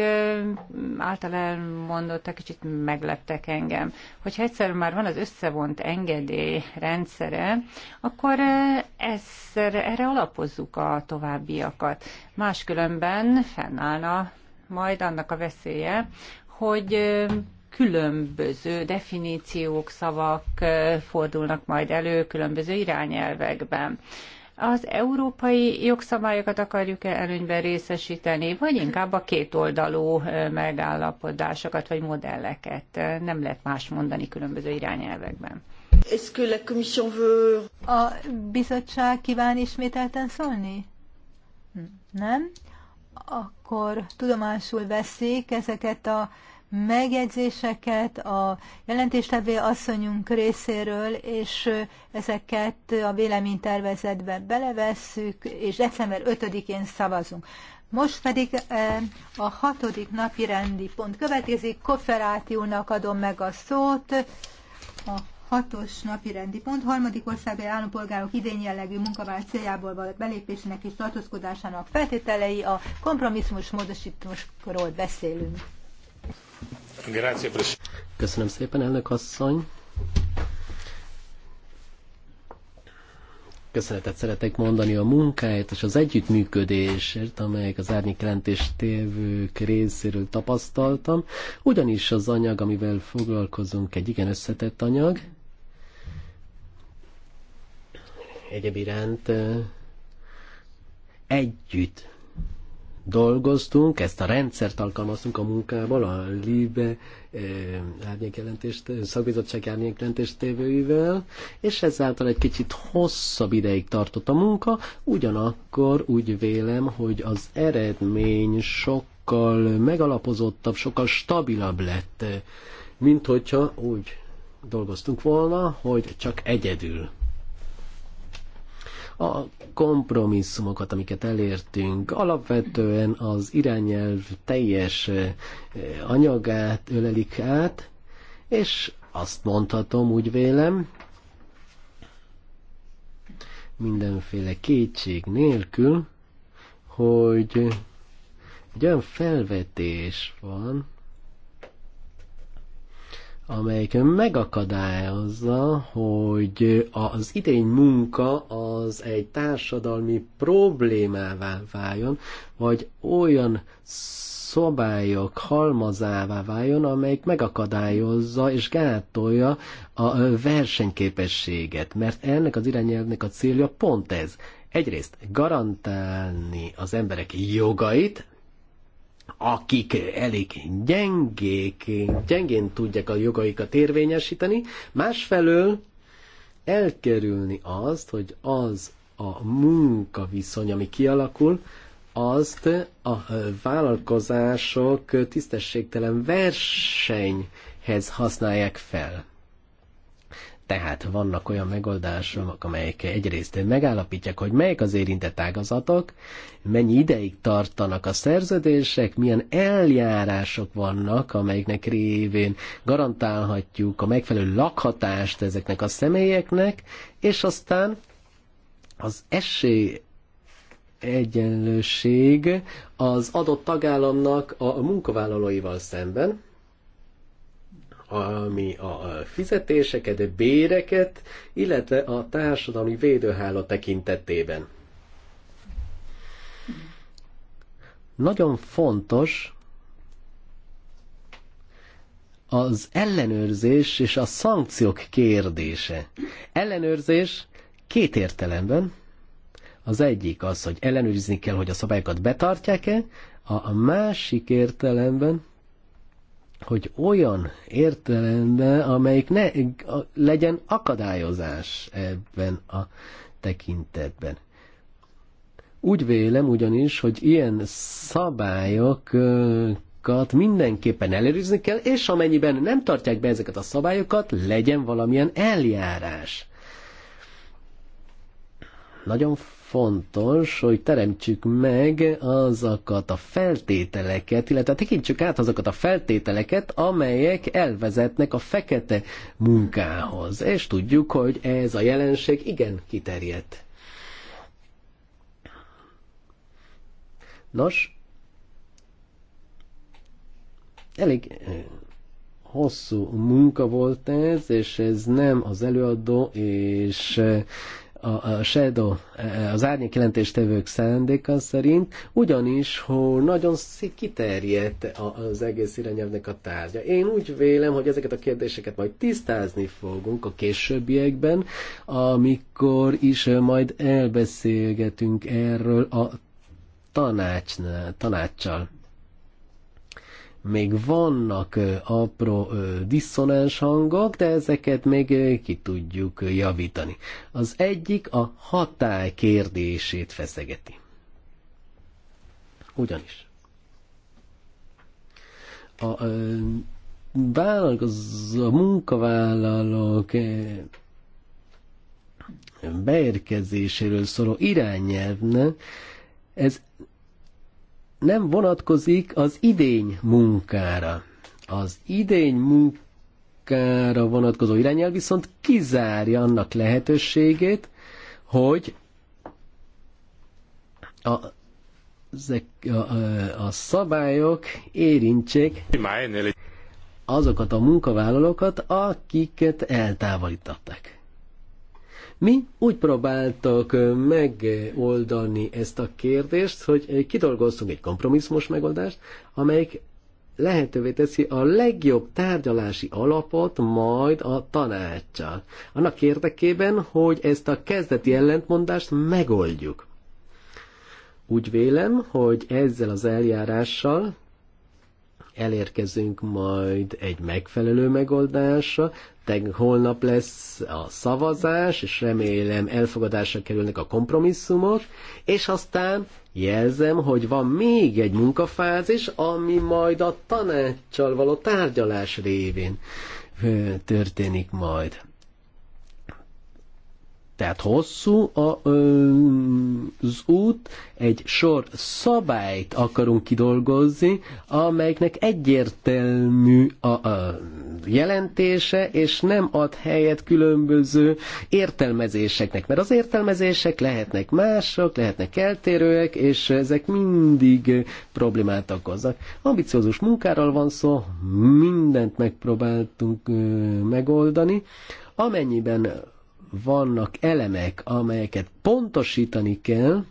által egy kicsit megleptek engem. Hogyha egyszer már van az összevont engedély rendszere, akkor ezt, erre alapozzuk a továbbiakat. Máskülönben fennállna majd annak a veszélye, hogy különböző definíciók, szavak fordulnak majd elő különböző irányelvekben az európai jogszabályokat akarjuk-e előnyben részesíteni, vagy inkább a kétoldalú megállapodásokat vagy modelleket. Nem lehet más mondani különböző irányelvekben. A bizottság kíván ismételten szólni? Hm, nem? Akkor tudomásul veszik ezeket a megjegyzéseket a jelentéstevő asszonyunk részéről, és ezeket a véleménytervezetbe belevesszük, és december 5-én szavazunk. Most pedig a hatodik napi rendi pont következik. kooperációnak adom meg a szót. A hatos napi rendi pont harmadik országai állampolgárok idén jellegű munkavállalás céljából való belépésének és tartózkodásának feltételei a kompromisszumos módosításokról beszélünk. Köszönöm szépen, elnök asszony. Köszönetet szeretek mondani a munkáért és az együttműködésért, amelyek az árnyék tévők részéről tapasztaltam, ugyanis az anyag, amivel foglalkozunk, egy igen összetett anyag. Egyéb iránt együtt dolgoztunk, ezt a rendszert alkalmaztunk a munkával, a LIBE eh, árnyékjelentést, szakbizottság tévőivel, és ezáltal egy kicsit hosszabb ideig tartott a munka, ugyanakkor úgy vélem, hogy az eredmény sokkal megalapozottabb, sokkal stabilabb lett, mint hogyha úgy dolgoztunk volna, hogy csak egyedül a kompromisszumokat, amiket elértünk, alapvetően az irányelv teljes eh, anyagát ölelik át, és azt mondhatom, úgy vélem, mindenféle kétség nélkül, hogy egy olyan felvetés van, amelyik megakadályozza, hogy az idény munka az egy társadalmi problémává váljon, vagy olyan szobályok halmazává váljon, amelyik megakadályozza és gátolja a versenyképességet, mert ennek az irányelvnek a célja pont ez. Egyrészt garantálni az emberek jogait, akik elég gyengék, gyengén tudják a jogaikat érvényesíteni, másfelől elkerülni azt, hogy az a munkaviszony, ami kialakul, azt a vállalkozások tisztességtelen versenyhez használják fel. Tehát vannak olyan megoldások, amelyek egyrészt megállapítják, hogy melyek az érintett ágazatok, mennyi ideig tartanak a szerződések, milyen eljárások vannak, amelyeknek révén garantálhatjuk a megfelelő lakhatást ezeknek a személyeknek, és aztán az esély egyenlőség az adott tagállamnak a munkavállalóival szemben, ami a fizetéseket, a béreket, illetve a társadalmi védőháló tekintetében. Nagyon fontos az ellenőrzés és a szankciók kérdése. Ellenőrzés két értelemben. Az egyik az, hogy ellenőrizni kell, hogy a szabályokat betartják-e, a másik értelemben hogy olyan értelemben, amelyik ne legyen akadályozás ebben a tekintetben. Úgy vélem ugyanis, hogy ilyen szabályokat mindenképpen ellenőrizni kell, és amennyiben nem tartják be ezeket a szabályokat, legyen valamilyen eljárás. Nagyon fontos, hogy teremtsük meg azokat a feltételeket, illetve tekintsük át azokat a feltételeket, amelyek elvezetnek a fekete munkához. És tudjuk, hogy ez a jelenség igen kiterjedt. Nos, elég hosszú munka volt ez, és ez nem az előadó és a shadow, e, e, az árnyék jelentéstevők szándéka szerint, ugyanis, hogy nagyon kiterjedt az egész irányelvnek a tárgya. Én úgy vélem, hogy ezeket a kérdéseket majd tisztázni fogunk a későbbiekben, amikor is e, majd elbeszélgetünk erről a tanácsnál, tanácssal még vannak apró diszonáns hangok, de ezeket még ki tudjuk javítani. Az egyik a hatály kérdését feszegeti. Ugyanis. A, ö, vállalkozó, a munkavállalók beérkezéséről szóló irányelvne, ez nem vonatkozik az idény munkára. Az idény munkára vonatkozó irányelv viszont kizárja annak lehetőségét, hogy a, a, a, a szabályok érintsék azokat a munkavállalókat, akiket eltávolítottak. Mi úgy próbáltak megoldani ezt a kérdést, hogy kidolgoztunk egy kompromisszumos megoldást, amelyik lehetővé teszi a legjobb tárgyalási alapot majd a tanácssal. Annak érdekében, hogy ezt a kezdeti ellentmondást megoldjuk. Úgy vélem, hogy ezzel az eljárással elérkezünk majd egy megfelelő megoldásra, teg holnap lesz a szavazás, és remélem elfogadásra kerülnek a kompromisszumok, és aztán jelzem, hogy van még egy munkafázis, ami majd a tanácssal való tárgyalás révén történik majd. Tehát hosszú a, az út, egy sor szabályt akarunk kidolgozni, amelynek egyértelmű a, a jelentése, és nem ad helyet különböző értelmezéseknek, mert az értelmezések lehetnek mások, lehetnek eltérőek, és ezek mindig problémát okoznak. Ambiciózus munkáról van szó, mindent megpróbáltunk megoldani, amennyiben vannak elemek, amelyeket pontosítani kell,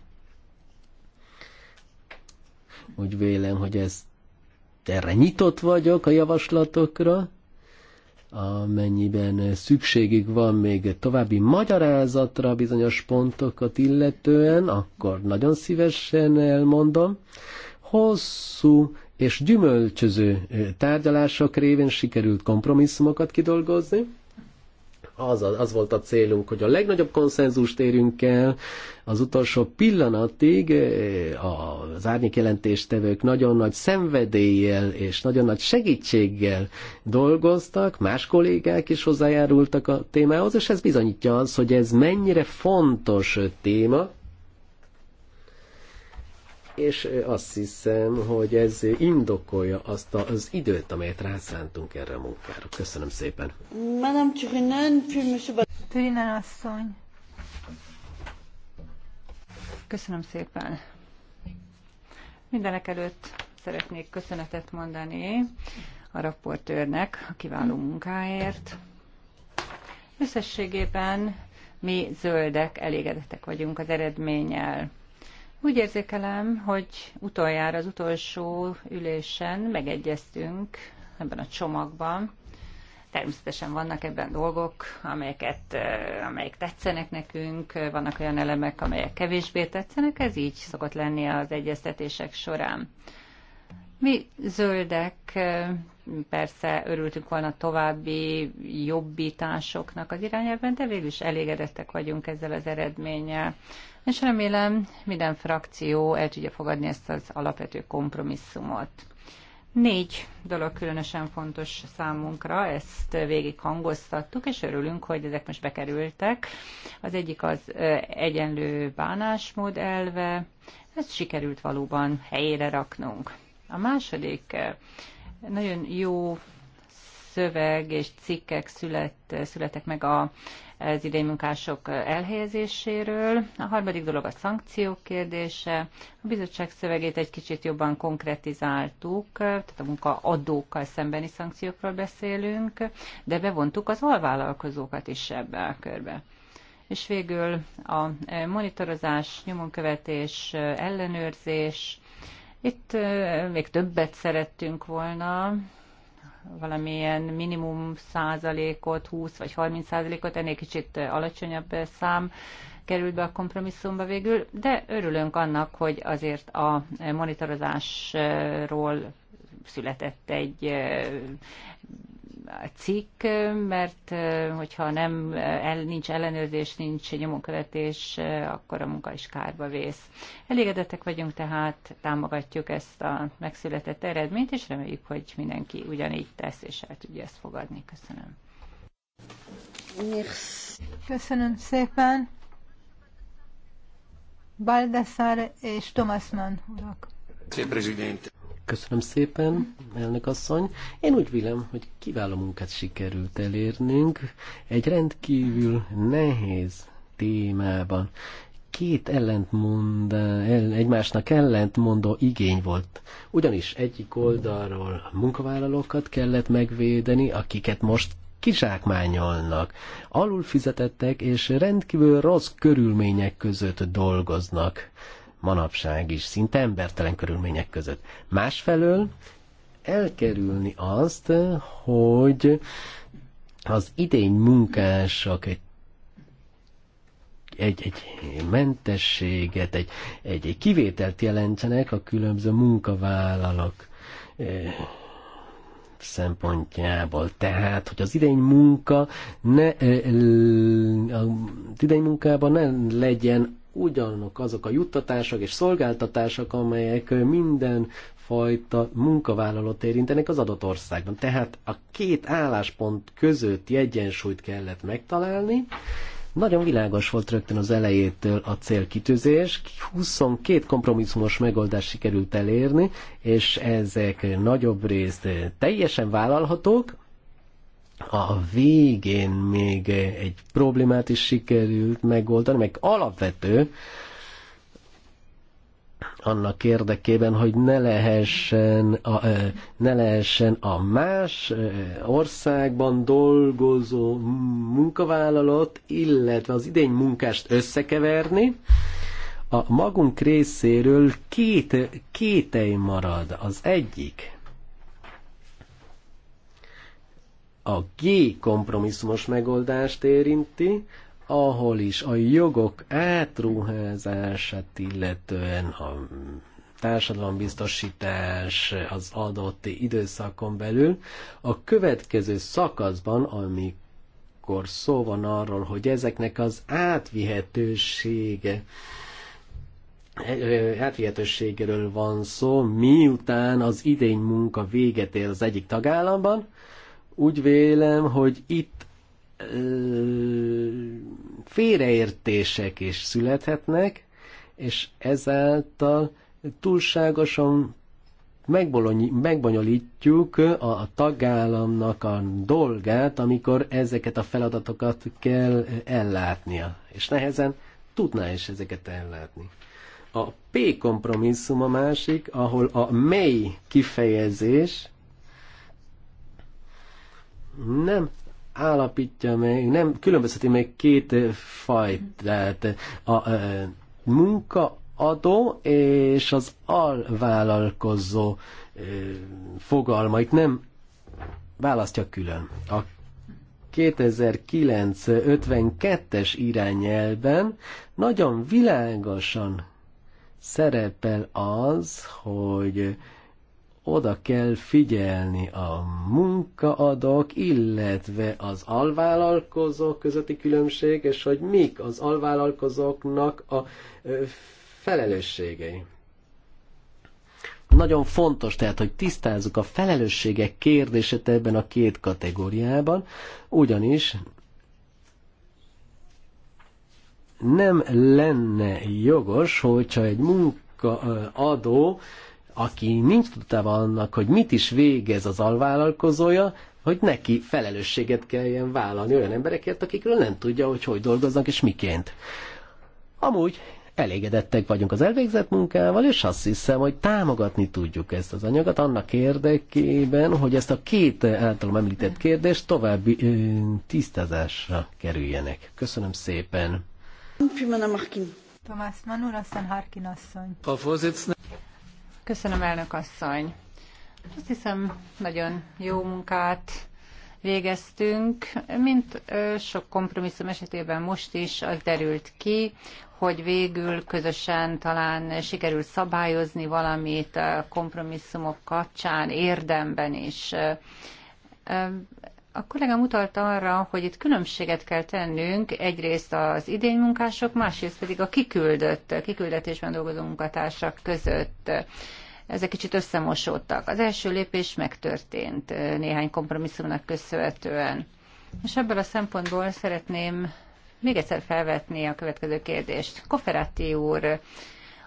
úgy vélem, hogy ez erre nyitott vagyok a javaslatokra, amennyiben szükségük van még további magyarázatra bizonyos pontokat illetően, akkor nagyon szívesen elmondom. Hosszú és gyümölcsöző tárgyalások révén sikerült kompromisszumokat kidolgozni az, az volt a célunk, hogy a legnagyobb konszenzust érünk el, az utolsó pillanatig eh, az árnyék jelentéstevők nagyon nagy szenvedéllyel és nagyon nagy segítséggel dolgoztak, más kollégák is hozzájárultak a témához, és ez bizonyítja az, hogy ez mennyire fontos téma, és azt hiszem, hogy ez indokolja azt az időt, amelyet rászántunk erre a munkára. Köszönöm szépen. Madame Turinen, Turinen asszony. Köszönöm szépen. Mindenek előtt szeretnék köszönetet mondani a raportőrnek a kiváló munkáért. Összességében mi zöldek elégedettek vagyunk az eredménnyel. Úgy érzékelem, hogy utoljára az utolsó ülésen megegyeztünk ebben a csomagban. Természetesen vannak ebben dolgok, amelyeket, eh, amelyek tetszenek nekünk, vannak olyan elemek, amelyek kevésbé tetszenek, ez így szokott lenni az egyeztetések során. Mi zöldek eh, persze örültünk volna további jobbításoknak az irányában. de végül is elégedettek vagyunk ezzel az eredménnyel és remélem minden frakció el tudja fogadni ezt az alapvető kompromisszumot. Négy dolog különösen fontos számunkra, ezt végig hangoztattuk, és örülünk, hogy ezek most bekerültek. Az egyik az egyenlő bánásmód elve, ezt sikerült valóban helyére raknunk. A második nagyon jó szöveg és cikkek szület, születek meg a az idei munkások elhelyezéséről. A harmadik dolog a szankciók kérdése. A bizottság szövegét egy kicsit jobban konkretizáltuk, tehát a munkaadókkal szembeni szankciókról beszélünk, de bevontuk az alvállalkozókat is ebbe a körbe és végül a monitorozás, nyomonkövetés, ellenőrzés. Itt még többet szerettünk volna, valamilyen minimum százalékot, 20 vagy 30 százalékot, ennél kicsit alacsonyabb szám került be a kompromisszumba végül, de örülünk annak, hogy azért a monitorozásról született egy cikk, mert hogyha nem, el, nincs ellenőrzés, nincs nyomonkövetés, akkor a munka is kárba vész. Elégedettek vagyunk tehát, támogatjuk ezt a megszületett eredményt, és reméljük, hogy mindenki ugyanígy tesz, és el tudja ezt fogadni. Köszönöm. Köszönöm szépen. Baldassar és Stomasman, urak. Szép Presidente. Köszönöm szépen, elnök asszony. Én úgy vélem, hogy kiváló munkát sikerült elérnünk egy rendkívül nehéz témában. Két ellentmond, el, egymásnak ellentmondó igény volt. Ugyanis egyik oldalról munkavállalókat kellett megvédeni, akiket most kizsákmányolnak, alul fizetettek és rendkívül rossz körülmények között dolgoznak manapság is, szinte embertelen körülmények között. Másfelől elkerülni azt, hogy az idény munkások egy egy, egy mentességet, egy, egy, egy kivételt jelentsenek a különböző e, szempontjából. Tehát, hogy az idény munka ne, eh, az idény munkában ne legyen ugyanok azok a juttatások és szolgáltatások, amelyek minden fajta munkavállalót érintenek az adott országban. Tehát a két álláspont közötti egyensúlyt kellett megtalálni. Nagyon világos volt rögtön az elejétől a célkitűzés. 22 kompromisszumos megoldást sikerült elérni, és ezek nagyobb részt teljesen vállalhatók, a végén még egy problémát is sikerült megoldani, meg alapvető annak érdekében, hogy ne lehessen a, ne lehessen a más országban dolgozó munkavállalót, illetve az idény munkást összekeverni, a magunk részéről két kétei marad. Az egyik, a G kompromisszumos megoldást érinti, ahol is a jogok átruházását illetően a társadalombiztosítás az adott időszakon belül. A következő szakaszban, amikor szó van arról, hogy ezeknek az átvihetősége, átvihetőségről van szó, miután az idény munka véget ér az egyik tagállamban, úgy vélem, hogy itt félreértések is születhetnek, és ezáltal túlságosan megbonyolítjuk a tagállamnak a dolgát, amikor ezeket a feladatokat kell ellátnia, és nehezen tudná is ezeket ellátni. A P kompromisszum a másik, ahol a mely kifejezés nem állapítja meg, nem különbözheti meg két fajtát. A, a, a munkaadó és az alvállalkozó a, fogalmait nem választja külön. A 2009-52-es irányelben nagyon világosan szerepel az, hogy oda kell figyelni a munkaadók, illetve az alvállalkozók közötti különbség, és hogy mik az alvállalkozóknak a felelősségei. Nagyon fontos tehát, hogy tisztázzuk a felelősségek kérdését ebben a két kategóriában, ugyanis nem lenne jogos, hogyha egy munkaadó aki nincs tudatában annak, hogy mit is végez az alvállalkozója, hogy neki felelősséget kelljen vállalni olyan emberekért, akikről nem tudja, hogy hogy dolgoznak és miként. Amúgy elégedettek vagyunk az elvégzett munkával, és azt hiszem, hogy támogatni tudjuk ezt az anyagot annak érdekében, hogy ezt a két általam említett kérdést további ö, tisztázásra kerüljenek. Köszönöm szépen. Tomás Manur, aztán Harkin asszony. Köszönöm, elnök asszony. Azt hiszem, nagyon jó munkát végeztünk. Mint sok kompromisszum esetében most is az derült ki, hogy végül közösen talán sikerül szabályozni valamit a kompromisszumok kapcsán, érdemben is. A kollégám utalt arra, hogy itt különbséget kell tennünk egyrészt az idénymunkások, munkások, másrészt pedig a kiküldött, kiküldetésben dolgozó munkatársak között ezek kicsit összemosódtak. Az első lépés megtörtént néhány kompromisszumnak köszönhetően. És ebből a szempontból szeretném még egyszer felvetni a következő kérdést. Koferáti úr,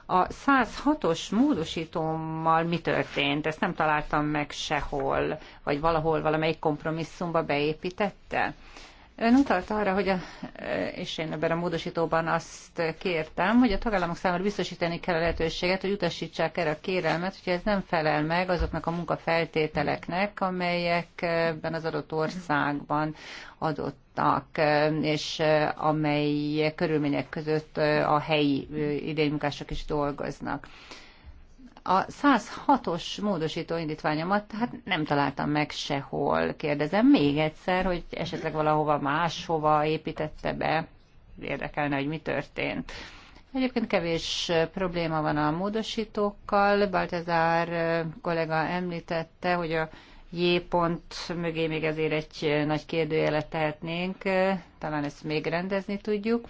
a 106-os módosítómmal mi történt? Ezt nem találtam meg sehol, vagy valahol valamelyik kompromisszumba beépítette? Ön utalt arra, hogy a, és én ebben a módosítóban azt kértem, hogy a tagállamok számára biztosítani kell a lehetőséget, hogy utasítsák erre a kérelmet, hogyha ez nem felel meg azoknak a munkafeltételeknek, amelyekben az adott országban adottak, és amely körülmények között a helyi idénymunkások is dolgoznak. A 106-os módosító indítványomat hát nem találtam meg sehol. Kérdezem még egyszer, hogy esetleg valahova máshova építette be. Érdekelne, hogy mi történt. Egyébként kevés probléma van a módosítókkal. Baltazár kollega említette, hogy a J pont mögé még azért egy nagy kérdőjelet tehetnénk, talán ezt még rendezni tudjuk.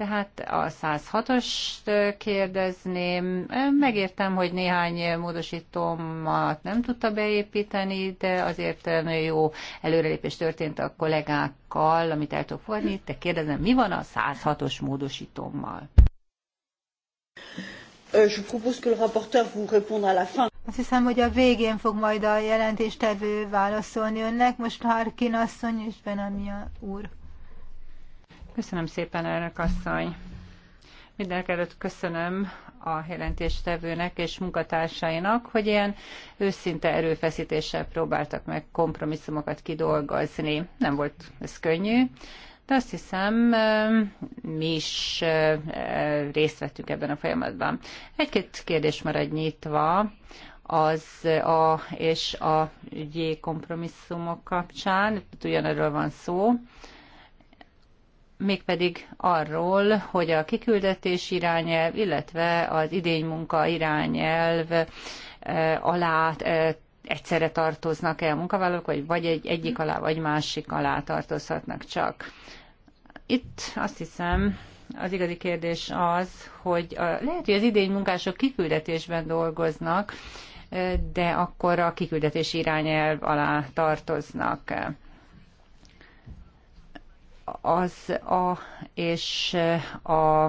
Tehát a 106 os kérdezném. Megértem, hogy néhány módosítómat nem tudta beépíteni, de azért nagyon jó előrelépés történt a kollégákkal, amit el tudok fordni. De kérdezem, mi van a 106-os módosítómmal? Euh, je propose que le rapporteur vous réponde à la fin. Azt hiszem, hogy a végén fog majd a jelentéstevő válaszolni önnek. Most Harkin asszony és Benamia úr. Köszönöm szépen, elnök asszony. Mindenkelőtt köszönöm a jelentéstevőnek és munkatársainak, hogy ilyen őszinte erőfeszítéssel próbáltak meg kompromisszumokat kidolgozni. Nem volt ez könnyű, de azt hiszem, mi is részt vettünk ebben a folyamatban. Egy-két kérdés marad nyitva az A és a G kompromisszumok kapcsán, ugyanerről van szó mégpedig arról, hogy a kiküldetés irányelv, illetve az idénymunka irányelv eh, alá eh, egyszerre tartoznak-e a munkavállalók, vagy, vagy egy, egyik alá, vagy másik alá tartozhatnak csak. Itt azt hiszem, az igazi kérdés az, hogy a, lehet, hogy az idény munkások kiküldetésben dolgoznak, eh, de akkor a kiküldetés irányelv alá tartoznak az A és a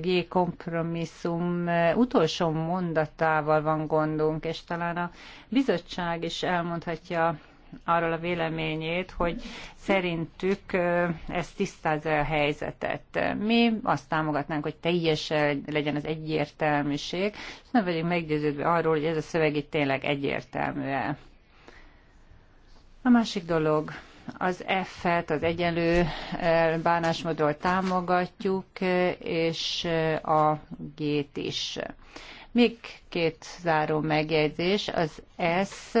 G kompromisszum utolsó mondatával van gondunk, és talán a bizottság is elmondhatja arról a véleményét, hogy szerintük ez tisztázza a helyzetet. Mi azt támogatnánk, hogy teljesen legyen az egyértelműség, és nem vagyunk meggyőződve arról, hogy ez a szöveg itt tényleg egyértelmű -e. A másik dolog, az F-et, az egyenlő eh, bánásmódot támogatjuk, és eh, a G-t is. Még két záró megjegyzés, az S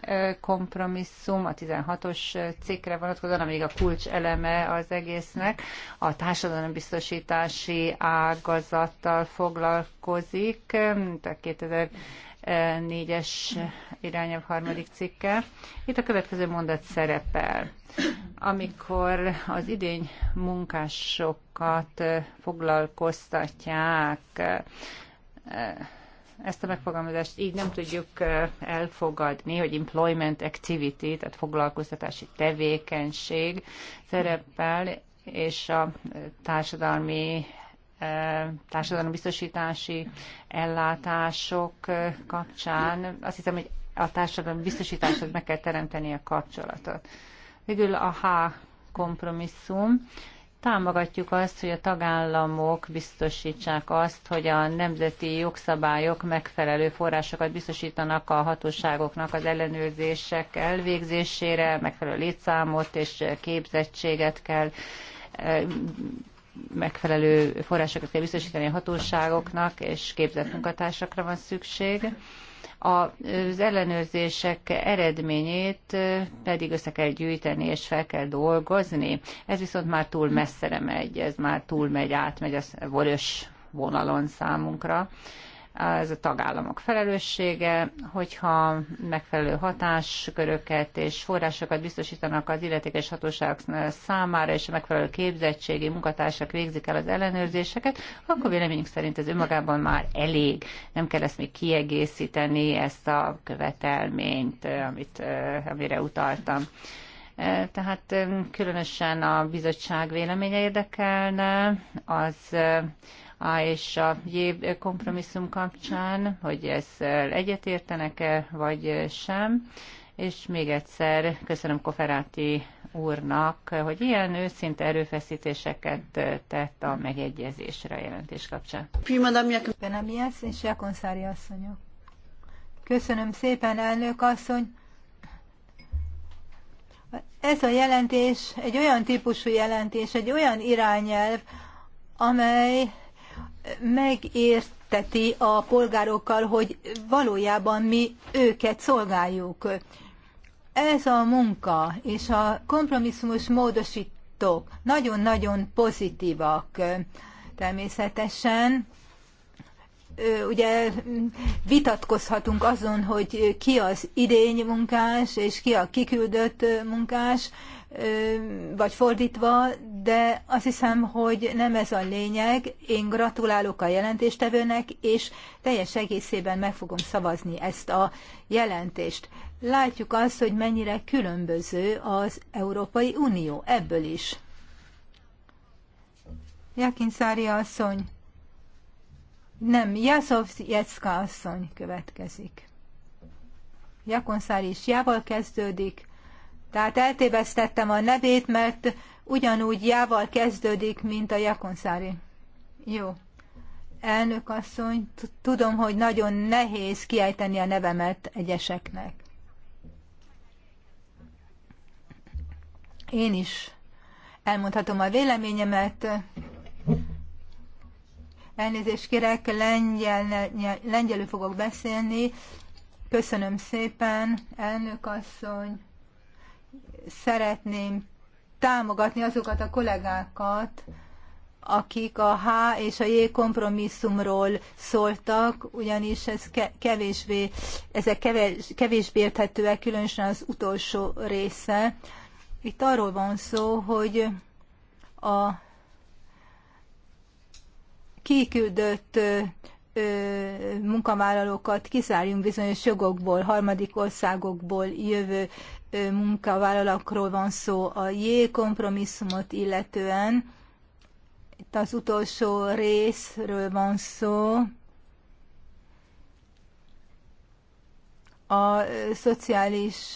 eh, kompromisszum, a 16-os cikkre vonatkozóan, amíg a kulcs eleme az egésznek, a társadalombiztosítási ágazattal foglalkozik, a 2000 négyes irányelv harmadik cikke. Itt a következő mondat szerepel. Amikor az idény munkásokat foglalkoztatják, ezt a megfogalmazást így nem tudjuk elfogadni, hogy employment activity, tehát foglalkoztatási tevékenység szerepel, és a társadalmi társadalombiztosítási ellátások kapcsán azt hiszem, hogy a társadalom biztosításhoz meg kell teremteni a kapcsolatot. Végül a H kompromisszum. Támogatjuk azt, hogy a tagállamok biztosítsák azt, hogy a nemzeti jogszabályok megfelelő forrásokat biztosítanak a hatóságoknak az ellenőrzések elvégzésére, megfelelő létszámot és képzettséget kell megfelelő forrásokat kell biztosítani a hatóságoknak, és képzett munkatársakra van szükség. Az ellenőrzések eredményét pedig össze kell gyűjteni és fel kell dolgozni. Ez viszont már túl messzere megy, ez már túl megy, átmegy a vörös vonalon számunkra ez a tagállamok felelőssége, hogyha megfelelő hatásköröket és forrásokat biztosítanak az illetékes hatóságok számára, és a megfelelő képzettségi munkatársak végzik el az ellenőrzéseket, akkor véleményünk szerint ez önmagában már elég. Nem kell ezt még kiegészíteni, ezt a követelményt, amit, amire utaltam. E, tehát e, különösen a bizottság véleménye érdekelne, az e, a és a jév kompromisszum kapcsán, hogy ezzel egyetértenek-e, vagy sem. És még egyszer köszönöm Koferáti úrnak, hogy ilyen őszinte erőfeszítéseket tett a megegyezésre a jelentés kapcsán. Köszönöm, Jász és Jakonszári asszonyok. Köszönöm szépen, elnök asszony. Ez a jelentés egy olyan típusú jelentés, egy olyan irányelv, amely megérteti a polgárokkal, hogy valójában mi őket szolgáljuk. Ez a munka és a kompromisszumos módosítók nagyon-nagyon pozitívak természetesen. Ugye vitatkozhatunk azon, hogy ki az idény munkás, és ki a kiküldött munkás, vagy fordítva, de azt hiszem, hogy nem ez a lényeg. Én gratulálok a jelentéstevőnek, és teljes egészében meg fogom szavazni ezt a jelentést. Látjuk azt, hogy mennyire különböző az Európai Unió ebből is. Szári asszony. Nem, Jaszov Jecka asszony következik. Szári is jával kezdődik. Tehát eltévesztettem a nevét, mert ugyanúgy jával kezdődik, mint a Jakonszári. Jó. Elnök asszony, tudom, hogy nagyon nehéz kiejteni a nevemet egyeseknek. Én is elmondhatom a véleményemet. Elnézést kérek, lengyel, lengyelül fogok beszélni. Köszönöm szépen, elnök asszony szeretném támogatni azokat a kollégákat, akik a H és a J kompromisszumról szóltak, ugyanis ez kevésbé, ezek kevés, kevésbé érthetőek, különösen az utolsó része. Itt arról van szó, hogy a kiküldött munkavállalókat kizárjunk bizonyos jogokból, harmadik országokból jövő munkavállalókról van szó a J kompromisszumot illetően. Itt az utolsó részről van szó. A szociális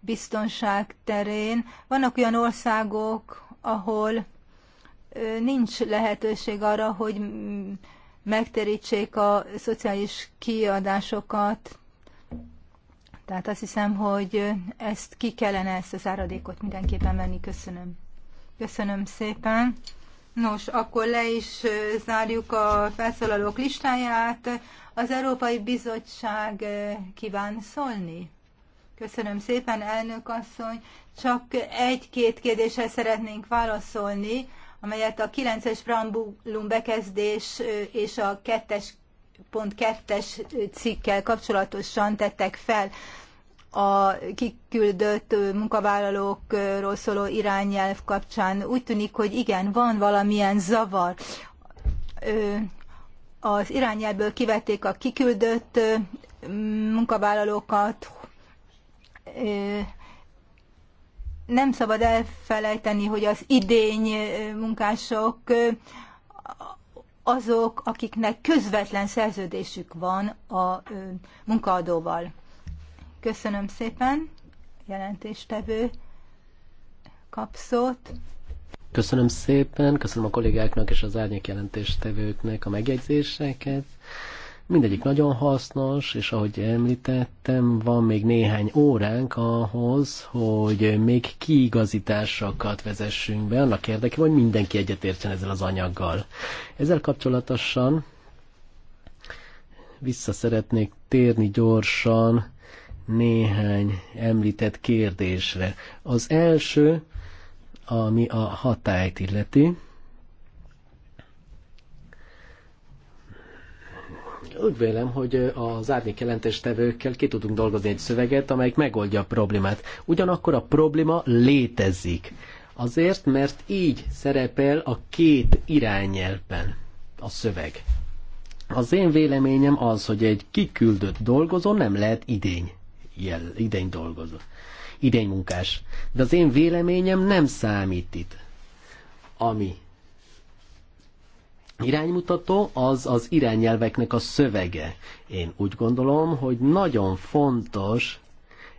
biztonság terén vannak olyan országok, ahol nincs lehetőség arra, hogy megterítsék a szociális kiadásokat, tehát azt hiszem, hogy ezt ki kellene, ezt az áradékot mindenképpen venni. Köszönöm. Köszönöm szépen. Nos, akkor le is zárjuk a felszólalók listáját. Az Európai Bizottság kíván szólni? Köszönöm szépen, elnök asszony. Csak egy-két kérdésre szeretnénk válaszolni, amelyet a 9-es preambulum bekezdés és a 2-es pont kettes cikkel kapcsolatosan tettek fel a kiküldött munkavállalókról szóló irányelv kapcsán. Úgy tűnik, hogy igen, van valamilyen zavar. Az irányelvből kivették a kiküldött munkavállalókat, nem szabad elfelejteni, hogy az idény munkások azok, akiknek közvetlen szerződésük van a munkaadóval. Köszönöm szépen, jelentéstevő kapszót. Köszönöm szépen, köszönöm a kollégáknak és az árnyék jelentéstevőknek a megjegyzéseket. Mindegyik nagyon hasznos, és ahogy említettem, van még néhány óránk ahhoz, hogy még kiigazításokat vezessünk be, annak érdekében, hogy mindenki egyetértsen ezzel az anyaggal. Ezzel kapcsolatosan vissza szeretnék térni gyorsan néhány említett kérdésre. Az első, ami a hatályt illeti, Úgy vélem, hogy az árnyék jelentéstevőkkel ki tudunk dolgozni egy szöveget, amelyik megoldja a problémát. Ugyanakkor a probléma létezik. Azért, mert így szerepel a két irányelben a szöveg. Az én véleményem az, hogy egy kiküldött dolgozó nem lehet idény, jel, idény dolgozó, idény munkás. De az én véleményem nem számít itt, ami iránymutató az az irányelveknek a szövege. Én úgy gondolom, hogy nagyon fontos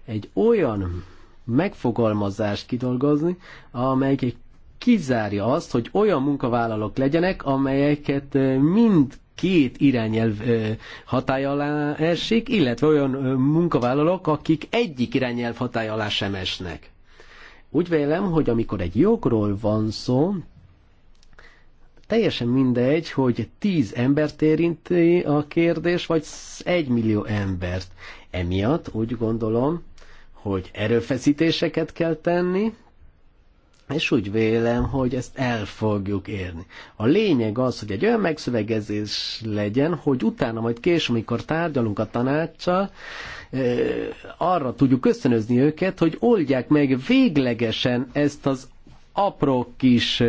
egy olyan megfogalmazást kidolgozni, amelyik egy kizárja azt, hogy olyan munkavállalók legyenek, amelyeket mind két irányelv hatály alá esik, illetve olyan munkavállalók, akik egyik irányelv hatály alá sem esnek. Úgy vélem, hogy amikor egy jogról van szó, teljesen mindegy, hogy tíz embert érinti a kérdés, vagy egy millió embert. Emiatt úgy gondolom, hogy erőfeszítéseket kell tenni, és úgy vélem, hogy ezt el fogjuk érni. A lényeg az, hogy egy olyan megszövegezés legyen, hogy utána majd később, amikor tárgyalunk a tanácssal, arra tudjuk ösztönözni őket, hogy oldják meg véglegesen ezt az apró kis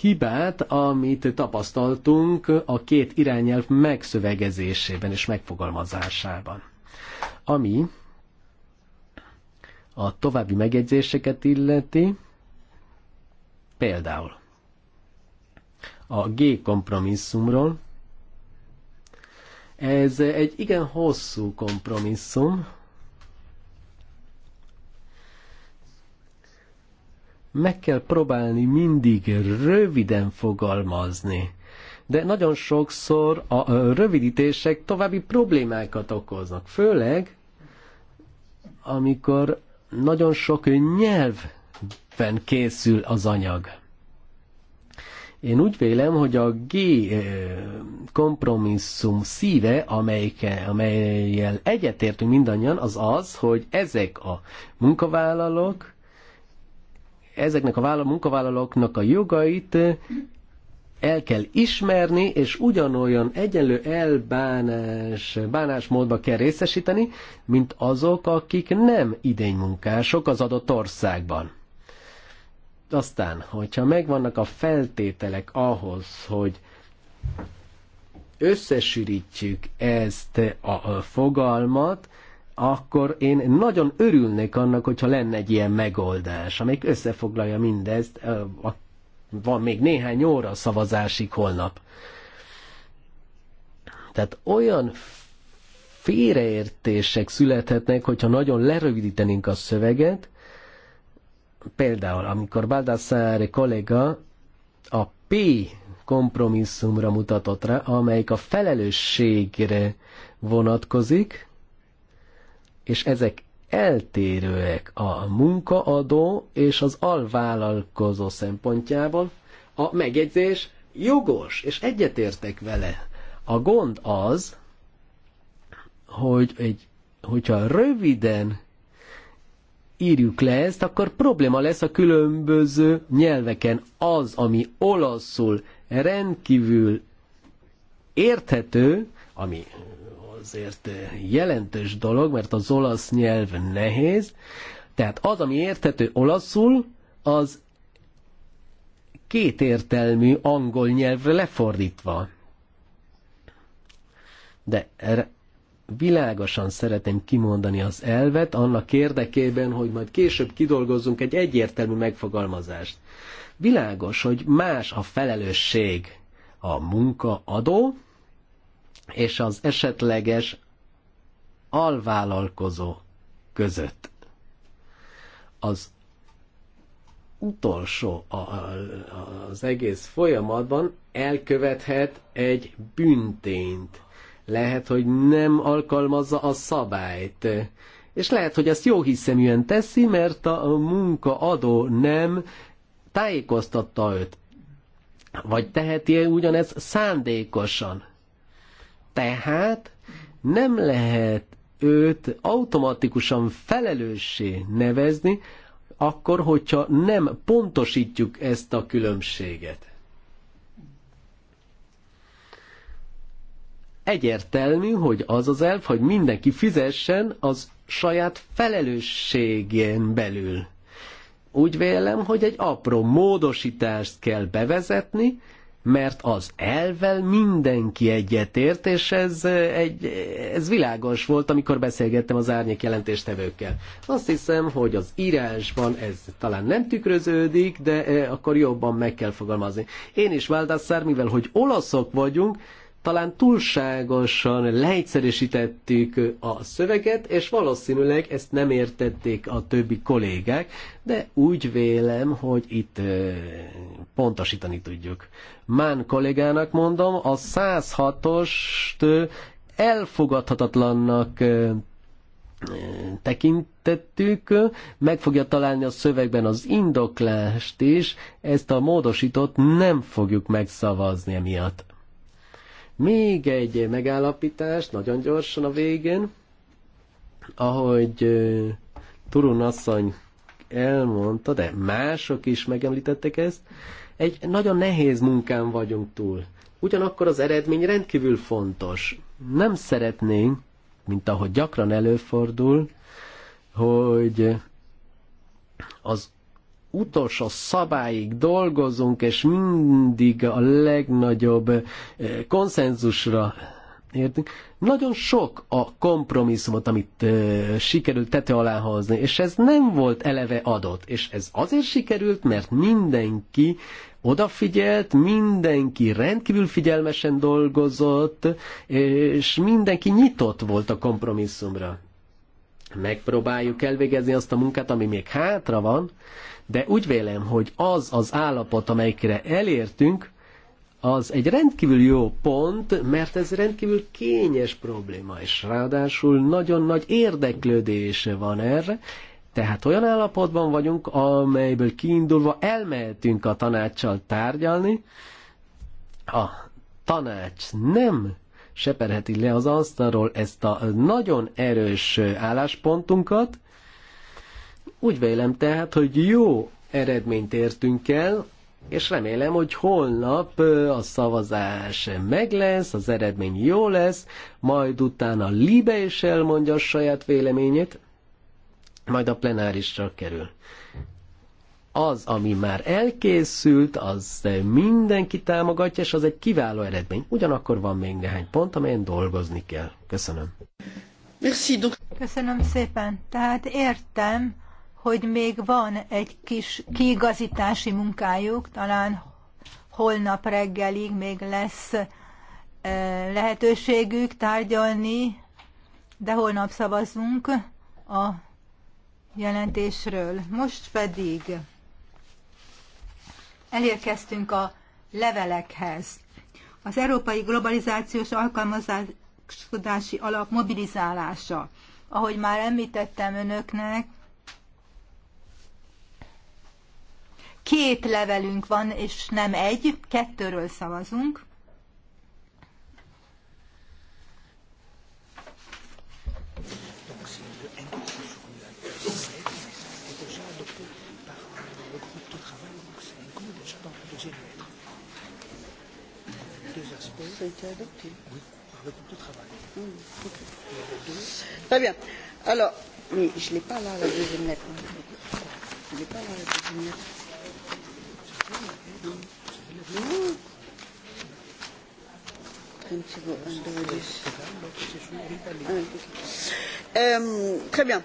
hibát, amit tapasztaltunk a két irányelv megszövegezésében és megfogalmazásában. Ami a további megjegyzéseket illeti, például a G kompromisszumról, ez egy igen hosszú kompromisszum, Meg kell próbálni mindig röviden fogalmazni. De nagyon sokszor a rövidítések további problémákat okoznak. Főleg, amikor nagyon sok nyelvben készül az anyag. Én úgy vélem, hogy a G kompromisszum szíve, amelyke, amelyel egyetértünk mindannyian, az az, hogy ezek a munkavállalók ezeknek a munkavállalóknak a jogait el kell ismerni, és ugyanolyan egyenlő elbánás, bánásmódba kell részesíteni, mint azok, akik nem idénymunkások az adott országban. Aztán, hogyha megvannak a feltételek ahhoz, hogy összesűrítjük ezt a fogalmat, akkor én nagyon örülnék annak, hogyha lenne egy ilyen megoldás, amelyik összefoglalja mindezt. Van még néhány óra a szavazásig holnap. Tehát olyan félreértések születhetnek, hogyha nagyon lerövidítenénk a szöveget. Például, amikor Baldassare kollega a P kompromisszumra mutatott rá, amelyik a felelősségre vonatkozik, és ezek eltérőek a munkaadó és az alvállalkozó szempontjából. A megjegyzés jogos, és egyetértek vele. A gond az, hogy egy, hogyha röviden írjuk le ezt, akkor probléma lesz a különböző nyelveken. Az, ami olaszul rendkívül érthető, ami azért eh, jelentős dolog, mert az olasz nyelv nehéz, tehát az, ami érthető olaszul, az kétértelmű angol nyelvre lefordítva. De erre világosan szeretném kimondani az elvet, annak érdekében, hogy majd később kidolgozzunk egy egyértelmű megfogalmazást. Világos, hogy más a felelősség. A munkaadó, és az esetleges alvállalkozó között. Az utolsó a, az egész folyamatban elkövethet egy büntényt. Lehet, hogy nem alkalmazza a szabályt. És lehet, hogy ezt jó hiszeműen teszi, mert a munkaadó nem tájékoztatta őt. Vagy teheti -e ugyanezt szándékosan. Tehát nem lehet őt automatikusan felelőssé nevezni, akkor, hogyha nem pontosítjuk ezt a különbséget. Egyértelmű, hogy az az elf, hogy mindenki fizessen az saját felelősségén belül. Úgy vélem, hogy egy apró módosítást kell bevezetni, mert az elvel mindenki egyetért, és ez, egy, ez világos volt, amikor beszélgettem az árnyék jelentéstevőkkel. Azt hiszem, hogy az írásban ez talán nem tükröződik, de akkor jobban meg kell fogalmazni. Én is Váldászár, mivel hogy olaszok vagyunk, talán túlságosan leegyszerűsítettük a szöveget, és valószínűleg ezt nem értették a többi kollégák, de úgy vélem, hogy itt pontosítani tudjuk. Mán kollégának mondom, a 106-ost elfogadhatatlannak tekintettük, meg fogja találni a szövegben az indoklást is, ezt a módosítót nem fogjuk megszavazni emiatt. Még egy megállapítás, nagyon gyorsan a végén, ahogy Turun asszony elmondta, de mások is megemlítettek ezt, egy nagyon nehéz munkán vagyunk túl. Ugyanakkor az eredmény rendkívül fontos. Nem szeretnénk, mint ahogy gyakran előfordul, hogy az utolsó szabályig dolgozunk, és mindig a legnagyobb eh, konszenzusra értünk. Nagyon sok a kompromisszumot, amit eh, sikerült tete alá hozni, és ez nem volt eleve adott. És ez azért sikerült, mert mindenki odafigyelt, mindenki rendkívül figyelmesen dolgozott, és mindenki nyitott volt a kompromisszumra megpróbáljuk elvégezni azt a munkát, ami még hátra van, de úgy vélem, hogy az az állapot, amelyikre elértünk, az egy rendkívül jó pont, mert ez rendkívül kényes probléma, és ráadásul nagyon nagy érdeklődése van erre, tehát olyan állapotban vagyunk, amelyből kiindulva elmehetünk a tanácssal tárgyalni. A tanács nem seperheti le az asztalról ezt a nagyon erős álláspontunkat. Úgy vélem tehát, hogy jó eredményt értünk el, és remélem, hogy holnap a szavazás meg lesz, az eredmény jó lesz, majd utána Libe is elmondja a saját véleményét, majd a plenárisra kerül az, ami már elkészült, az mindenki támogatja, és az egy kiváló eredmény. Ugyanakkor van még néhány pont, amelyen dolgozni kell. Köszönöm. Köszönöm szépen. Tehát értem, hogy még van egy kis kiigazítási munkájuk, talán holnap reggelig még lesz lehetőségük tárgyalni, de holnap szavazunk a jelentésről. Most pedig elérkeztünk a levelekhez. Az Európai Globalizációs Alkalmazásodási Alap mobilizálása. Ahogy már említettem önöknek, két levelünk van, és nem egy, kettőről szavazunk. ça a été adopté. Oui, le groupe de travail. Mmh. Okay. Très bien. Alors, mais je ne l'ai pas là, la deuxième lettre. Je ne l'ai pas là, la deuxième lettre. Mmh. Ah, euh, très bien.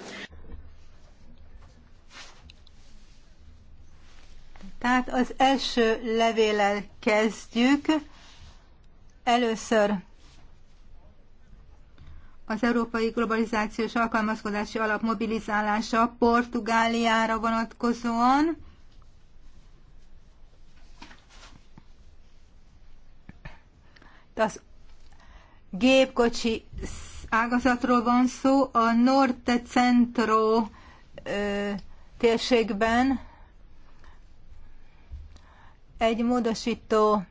Tehát az első levéllel kezdjük. Először az Európai Globalizációs Alkalmazkodási Alap mobilizálása Portugáliára vonatkozóan. az gépkocsi ágazatról van szó, a Norte Centro ö, térségben egy módosító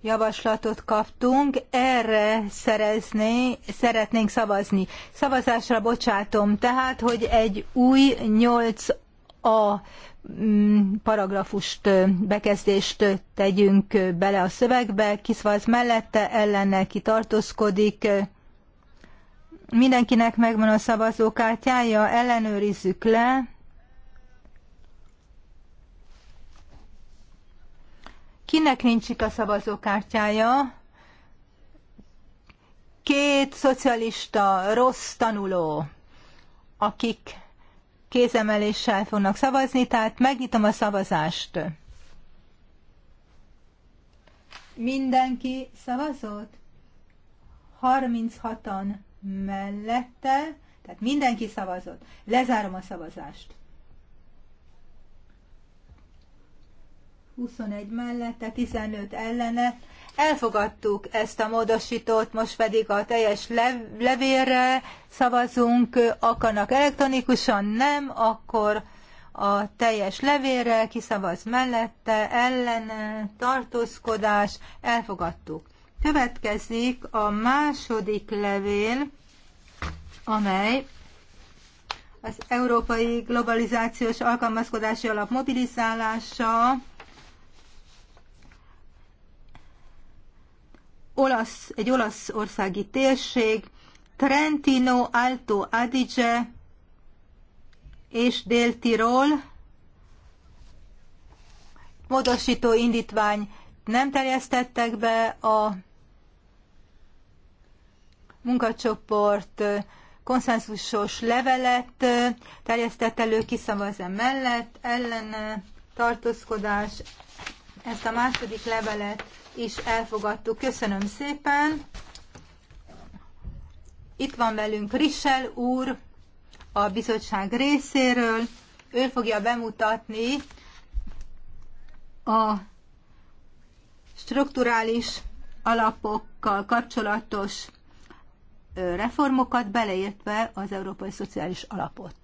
javaslatot kaptunk, erre szerezné, szeretnénk szavazni. Szavazásra bocsátom tehát, hogy egy új 8a mm, paragrafust, bekezdést tegyünk bele a szövegbe, kiszavaz mellette, ellene kitartózkodik. Mindenkinek megvan a szavazókártyája, ellenőrizzük le. Kinek nincs itt a szavazókártyája? Két szocialista rossz tanuló, akik kézemeléssel fognak szavazni, tehát megnyitom a szavazást. Mindenki szavazott? 36-an mellette, tehát mindenki szavazott. Lezárom a szavazást. 21 mellette, 15 ellene. Elfogadtuk ezt a módosítót, most pedig a teljes lev- levélre szavazunk, akarnak elektronikusan, nem, akkor a teljes levélre, kiszavaz mellette, ellene, tartózkodás, elfogadtuk. Következik a második levél, amely az Európai Globalizációs Alkalmazkodási Alap mobilizálása, olasz, egy olaszországi térség, Trentino, Alto Adige és Dél-Tirol. Módosító indítvány nem terjesztettek be a munkacsoport konszenzusos levelet terjesztett elő kiszavaz mellett, ellene tartózkodás. Ezt a második levelet is elfogadtuk. Köszönöm szépen. Itt van velünk Rissel úr a bizottság részéről. Ő fogja bemutatni a strukturális alapokkal kapcsolatos reformokat, beleértve az Európai Szociális Alapot.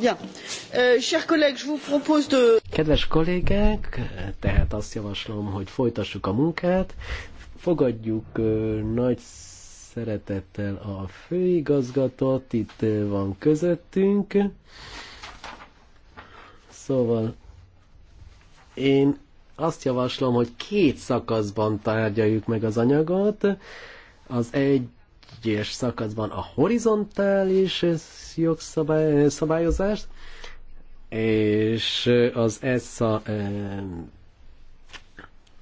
Euh, Kedves kollégák, tehát azt javaslom, hogy folytassuk a munkát. Fogadjuk nagy szeretettel a főigazgatót, itt van közöttünk. Szóval én azt javaslom, hogy két szakaszban tárgyaljuk meg az anyagot. Az egy egyes szakaszban a horizontális jogszabályozást, és az ESSA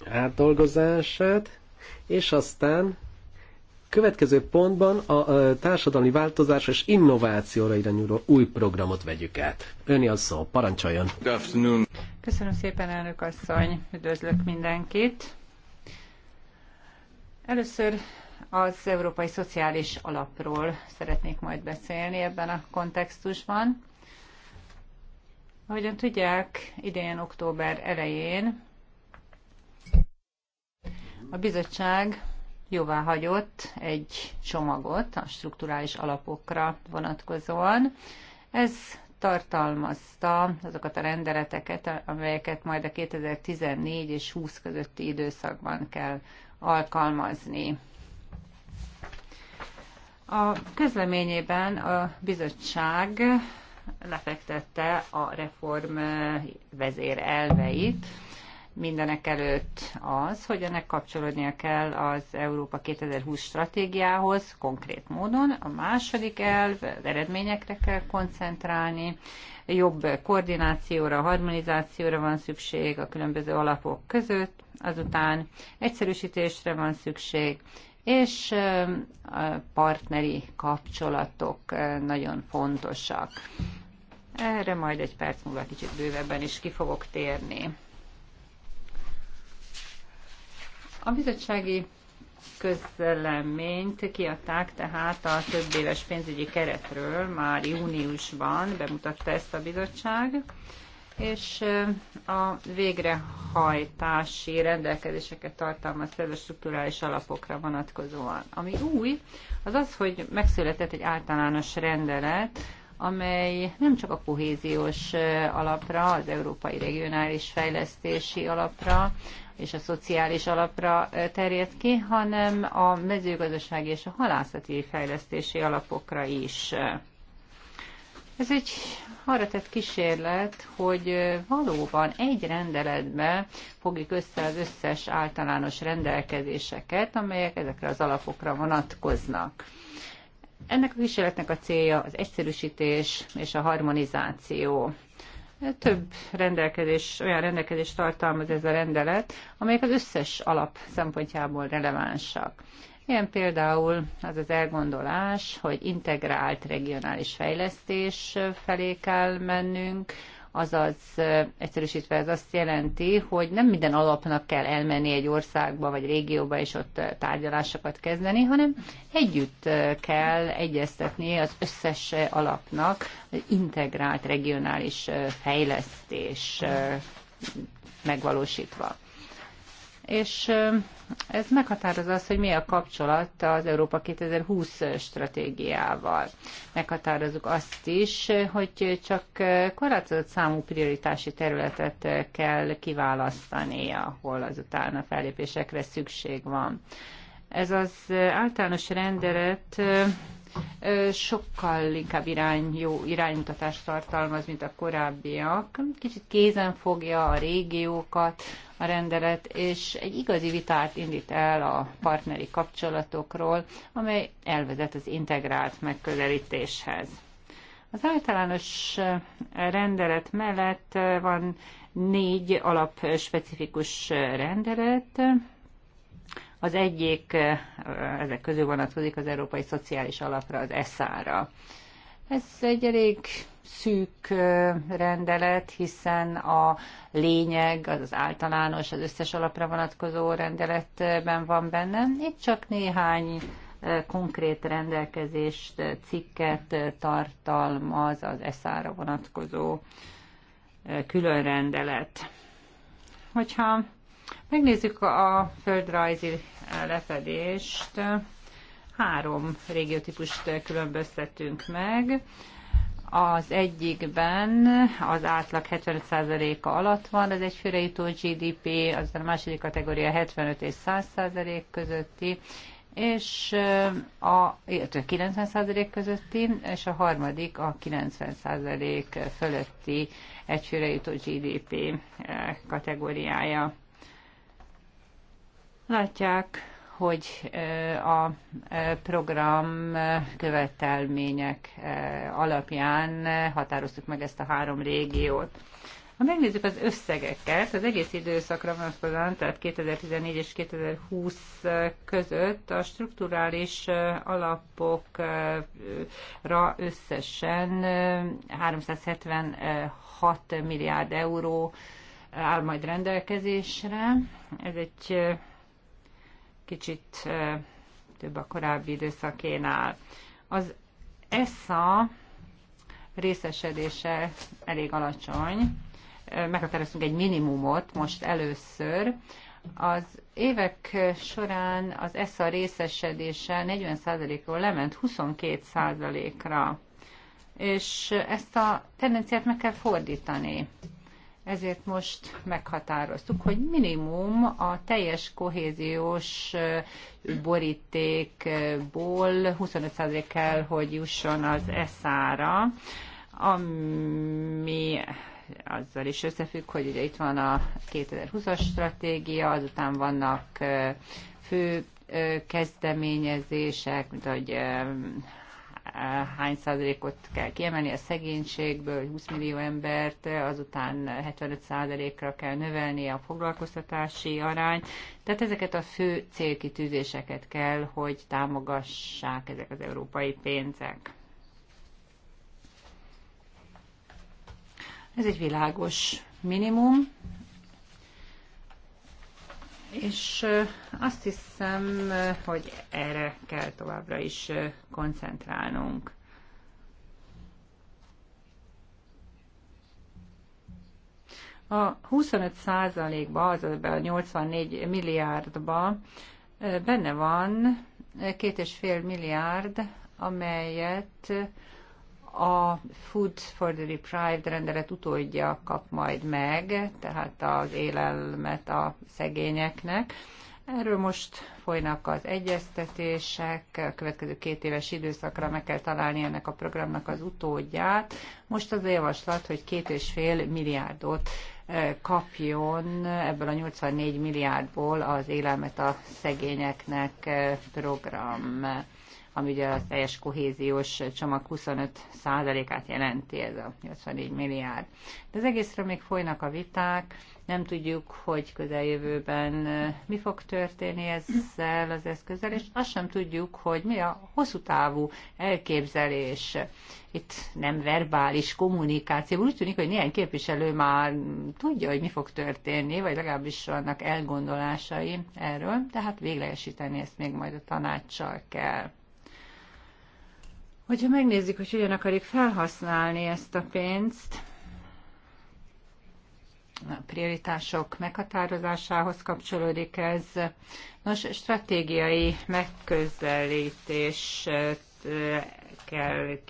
átdolgozását, és aztán következő pontban a társadalmi változás és innovációra irányuló új programot vegyük át. Öni a szó, parancsoljon! Köszönöm szépen, elnök asszony, üdvözlök mindenkit! Először az Európai Szociális Alapról szeretnék majd beszélni ebben a kontextusban. Ahogyan tudják, idén október elején a bizottság jóvá hagyott egy csomagot a strukturális alapokra vonatkozóan. Ez tartalmazta azokat a rendeleteket, amelyeket majd a 2014 és 20 közötti időszakban kell alkalmazni. A közleményében a bizottság lefektette a reform vezér elveit, mindenek előtt az, hogy ennek kapcsolódnia kell az Európa 2020 stratégiához konkrét módon. A második elv, az eredményekre kell koncentrálni, jobb koordinációra, harmonizációra van szükség a különböző alapok között, azután egyszerűsítésre van szükség, és a partneri kapcsolatok nagyon fontosak. Erre majd egy perc múlva kicsit bővebben is ki fogok térni. A bizottsági közleményt kiadták tehát a több éves pénzügyi keretről, már júniusban bemutatta ezt a bizottság, és a végrehajtási rendelkezéseket tartalmaz például strukturális alapokra vonatkozóan. Ami új, az az, hogy megszületett egy általános rendelet, amely nem csak a kohéziós alapra, az Európai Regionális Fejlesztési Alapra és a szociális alapra terjed ki, hanem a mezőgazdasági és a halászati fejlesztési alapokra is. Ez egy arra tett kísérlet, hogy valóban egy rendeletbe fogjuk össze az összes általános rendelkezéseket, amelyek ezekre az alapokra vonatkoznak. Ennek a kísérletnek a célja az egyszerűsítés és a harmonizáció. Több rendelkezés, olyan rendelkezést tartalmaz ez a rendelet, amelyek az összes alap szempontjából relevánsak. Ilyen például az az elgondolás, hogy integrált regionális fejlesztés felé kell mennünk, azaz eh, egyszerűsítve ez azt jelenti, hogy nem minden alapnak kell elmenni egy országba vagy régióba és ott eh, tárgyalásokat kezdeni, hanem együtt eh, kell egyeztetni az összes alapnak az integrált regionális fejlesztés megvalósítva és ez meghatározza azt, hogy mi a kapcsolat az Európa 2020 stratégiával. Meghatározunk azt is, hogy csak korlátozott számú prioritási területet kell kiválasztani, ahol azután a fellépésekre szükség van. Ez az általános rendelet sokkal inkább irány, jó iránymutatást tartalmaz, mint a korábbiak. Kicsit kézen fogja a régiókat a rendelet, és egy igazi vitát indít el a partneri kapcsolatokról, amely elvezet az integrált megközelítéshez. Az általános rendelet mellett van négy alapspecifikus rendelet, az egyik ezek közül vonatkozik az Európai Szociális Alapra, az ESZÁ-ra. Ez egy elég szűk rendelet, hiszen a lényeg, az az általános, az összes alapra vonatkozó rendeletben van benne. Itt csak néhány konkrét rendelkezést, cikket tartalmaz az ESÁ-ra vonatkozó külön rendelet. Hogyha Megnézzük a földrajzi lefedést. Három régiótípust különböztetünk meg. Az egyikben az átlag 75%-a alatt van az egyfőre jutó GDP, az a második kategória 75 és 100% közötti, és a 90% közötti, és a harmadik a 90% fölötti egyfőre jutó GDP kategóriája. Látják, hogy a program követelmények alapján határoztuk meg ezt a három régiót. Ha megnézzük az összegeket, az egész időszakra vonatkozóan, tehát 2014 és 2020 között a strukturális alapokra összesen 376 milliárd euró áll majd rendelkezésre. Ez egy kicsit több a korábbi időszakénál. Az ESSA részesedése elég alacsony, meghatároztunk egy minimumot most először. Az évek során az ESSA részesedése 40%-ról lement 22%-ra, és ezt a tendenciát meg kell fordítani ezért most meghatároztuk, hogy minimum a teljes kohéziós borítékból 25% kell, hogy jusson az eszára, ra ami azzal is összefügg, hogy ugye itt van a 2020-as stratégia, azután vannak fő kezdeményezések, mint hogy hány százalékot kell kiemelni a szegénységből, 20 millió embert, azután 75 százalékra kell növelni a foglalkoztatási arány. Tehát ezeket a fő célkitűzéseket kell, hogy támogassák ezek az európai pénzek. Ez egy világos minimum, és azt hiszem, hogy erre kell továbbra is koncentrálnunk. A 25 százalékba, az a 84 milliárdba benne van 2,5 milliárd, amelyet a Food for the Deprived rendelet utódja kap majd meg, tehát az élelmet a szegényeknek. Erről most folynak az egyeztetések, a következő két éves időszakra meg kell találni ennek a programnak az utódját. Most az a javaslat, hogy két és fél milliárdot eh, kapjon ebből a 84 milliárdból az élelmet a szegényeknek eh, program ami ugye a teljes kohéziós csomag 25%-át jelenti ez a 84 milliárd. De az egészről még folynak a viták, nem tudjuk, hogy közeljövőben mi fog történni ezzel az eszközzel, és azt sem tudjuk, hogy mi a hosszú távú elképzelés. Itt nem verbális kommunikáció. Úgy tűnik, hogy néhány képviselő már tudja, hogy mi fog történni, vagy legalábbis vannak elgondolásai erről, tehát véglegesíteni ezt még majd a tanácssal kell. Hogyha megnézzük, hogy hogyan akarik felhasználni ezt a pénzt, a prioritások meghatározásához kapcsolódik ez. Nos, stratégiai megközelítést eh, kell eh,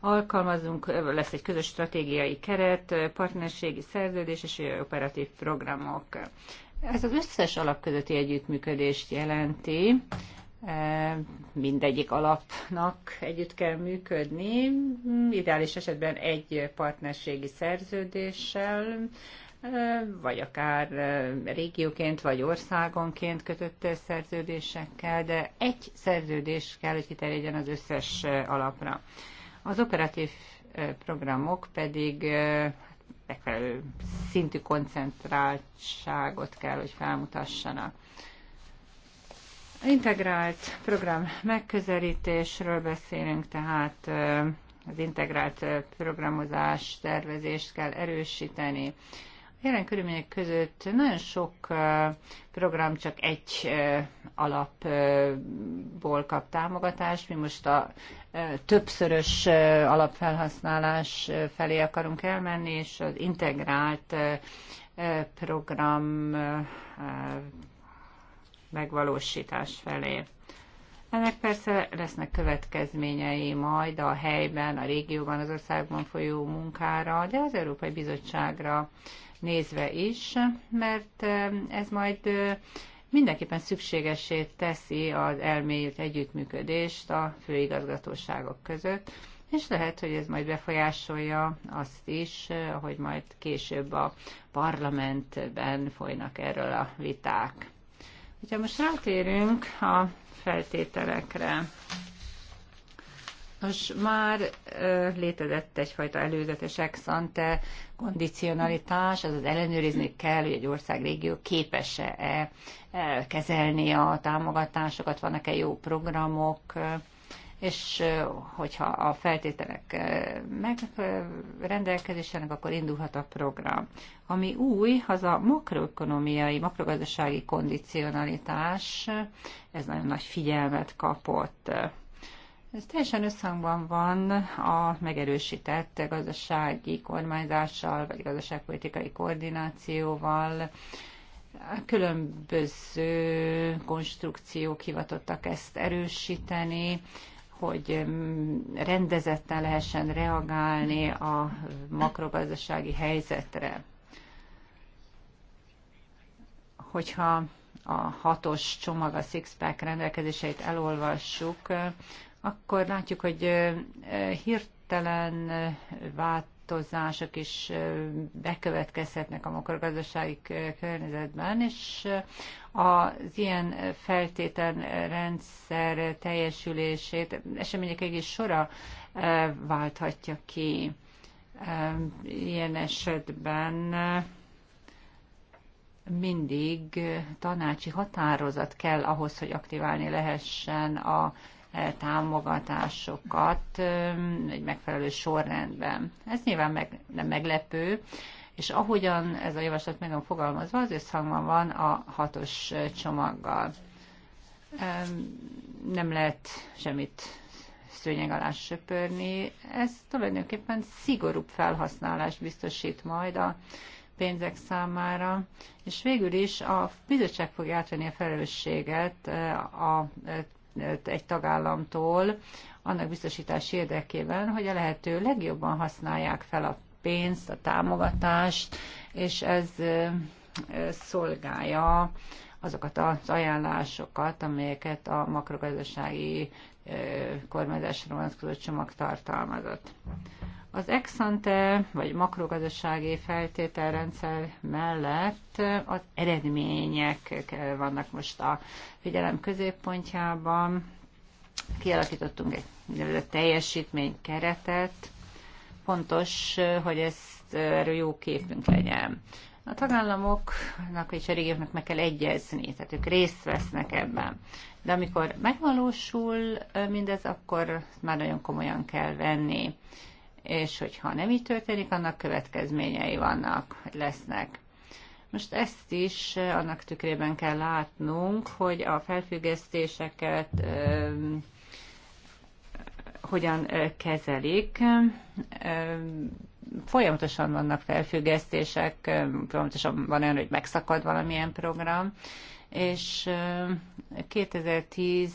alkalmazunk, lesz egy közös stratégiai keret, partnerségi szerződés és operatív programok. Ez az összes alap közötti együttműködést jelenti, E, mindegyik alapnak együtt kell működni, ideális esetben egy partnerségi szerződéssel, e, vagy akár e, régióként, vagy országonként kötött szerződésekkel, de egy szerződés kell, hogy kiterjedjen az összes alapra. Az operatív programok pedig megfelelő szintű koncentráltságot kell, hogy felmutassanak. Integrált program megközelítésről beszélünk, tehát az integrált programozás tervezést kell erősíteni. Jelen körülmények között nagyon sok program csak egy alapból kap támogatást. Mi most a többszörös alapfelhasználás felé akarunk elmenni, és az integrált program megvalósítás felé. Ennek persze lesznek következményei majd a helyben, a régióban, az országban folyó munkára, de az Európai Bizottságra nézve is, mert ez majd mindenképpen szükségesé teszi az elmélyült együttműködést a főigazgatóságok között, és lehet, hogy ez majd befolyásolja azt is, hogy majd később a parlamentben folynak erről a viták. Ugye most rátérünk a feltételekre, most már ö, létezett egyfajta előzetes ex ante kondicionalitás, azaz ellenőrizni kell, hogy egy ország régió képes-e kezelni a támogatásokat, vannak-e jó programok, és hogyha a feltételek megrendelkezésenek, akkor indulhat a program. Ami új, az a makroökonomiai, makrogazdasági kondicionalitás, ez nagyon nagy figyelmet kapott. Ez teljesen összhangban van a megerősített gazdasági kormányzással, vagy gazdaságpolitikai koordinációval, különböző konstrukciók hivatottak ezt erősíteni, hogy rendezetten lehessen reagálni a makrogazdasági helyzetre. Hogyha a hatos csomag, a six-pack rendelkezéseit elolvassuk, akkor látjuk, hogy hirtelen eh, vált változások is bekövetkezhetnek a makrogazdasági környezetben, és az ilyen feltételrendszer teljesülését események egész sora válthatja ki. Ilyen esetben mindig tanácsi határozat kell ahhoz, hogy aktiválni lehessen a támogatásokat egy megfelelő sorrendben. Ez nyilván meg, nem meglepő, és ahogyan ez a javaslat meg van fogalmazva, az összhangban van a hatos csomaggal. Nem lehet semmit szőnyeg alá söpörni. Ez tulajdonképpen szigorúbb felhasználást biztosít majd a pénzek számára, és végül is a bizottság fogja átvenni a felelősséget a egy tagállamtól, annak biztosítás érdekében, hogy a lehető legjobban használják fel a pénzt, a támogatást, és ez szolgálja azokat az ajánlásokat, amelyeket a makrogazdasági kormányzásra vonatkozó csomag tartalmazott. Az ex-ante vagy makrogazdasági feltételrendszer mellett az eredmények vannak most a figyelem középpontjában. Kialakítottunk egy teljesítmény keretet. Fontos, hogy ezt erről jó képünk legyen. A tagállamoknak és a régióknak meg kell egyezni, tehát ők részt vesznek ebben. De amikor megvalósul mindez, akkor már nagyon komolyan kell venni és hogyha nem így történik, annak következményei vannak, hogy lesznek. Most ezt is annak tükrében kell látnunk, hogy a felfüggesztéseket ö, hogyan kezelik. Ö, folyamatosan vannak felfüggesztések, folyamatosan van olyan, hogy megszakad valamilyen program, és 2010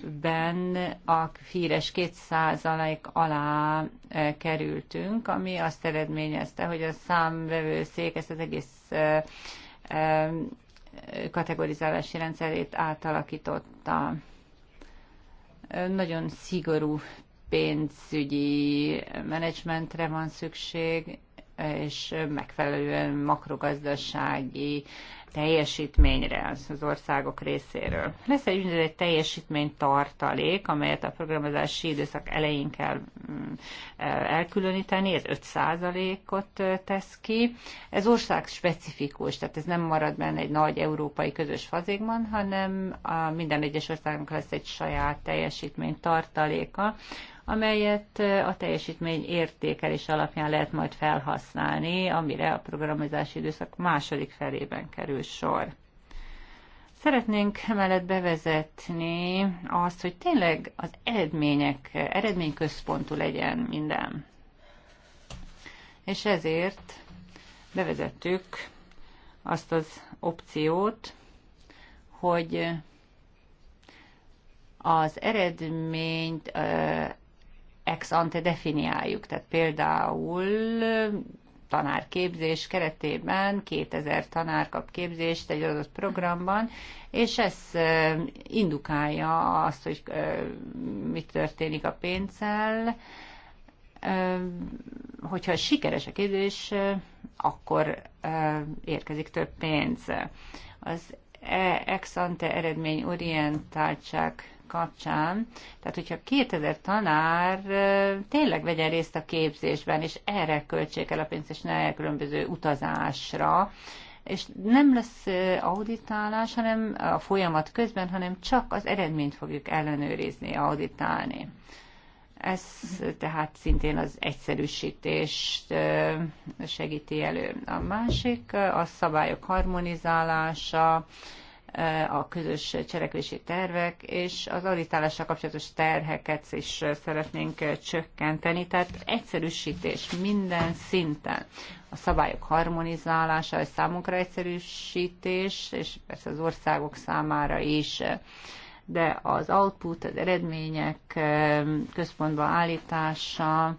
ben a híres 2% alá e, kerültünk, ami azt eredményezte, hogy a számvevőszék ezt az egész e, e, kategorizálási rendszerét átalakította. Nagyon szigorú pénzügyi menedzsmentre van szükség, és megfelelően makrogazdasági teljesítményre az országok részéről. Lesz egy úgynevezett teljesítmény tartalék, amelyet a programozási időszak elején kell mm, eh, elkülöníteni, ez 5%-ot eh, tesz ki. Ez ország specifikus, tehát ez nem marad benne egy nagy európai közös fazékban, hanem a minden egyes országnak lesz egy saját teljesítmény tartaléka, amelyet a teljesítmény értékelés alapján lehet majd felhasználni, amire a programozási időszak második felében kerül sor. Szeretnénk emellett bevezetni azt, hogy tényleg az eredmények, eredményközpontú legyen minden. És ezért bevezettük azt az opciót, hogy az eredményt ex ante definiáljuk. Tehát például tanárképzés keretében 2000 tanár kap képzést egy adott programban, és ez indukálja azt, hogy mi történik a pénzzel. Hogyha sikeres a képzés, akkor érkezik több pénz. Az e- ex ante orientáltság kapcsán, tehát hogyha 2000 tanár tényleg vegyen részt a képzésben, és erre költsék el a pénzt, és ne különböző utazásra, és nem lesz auditálás, hanem a folyamat közben, hanem csak az eredményt fogjuk ellenőrizni, auditálni. Ez tehát szintén az egyszerűsítést segíti elő. A másik a szabályok harmonizálása, a közös cselekvési tervek, és az auditálással kapcsolatos terheket is szeretnénk csökkenteni, tehát egyszerűsítés minden szinten. A szabályok harmonizálása, a számunkra egyszerűsítés, és persze az országok számára is de az output, az eredmények központba állítása,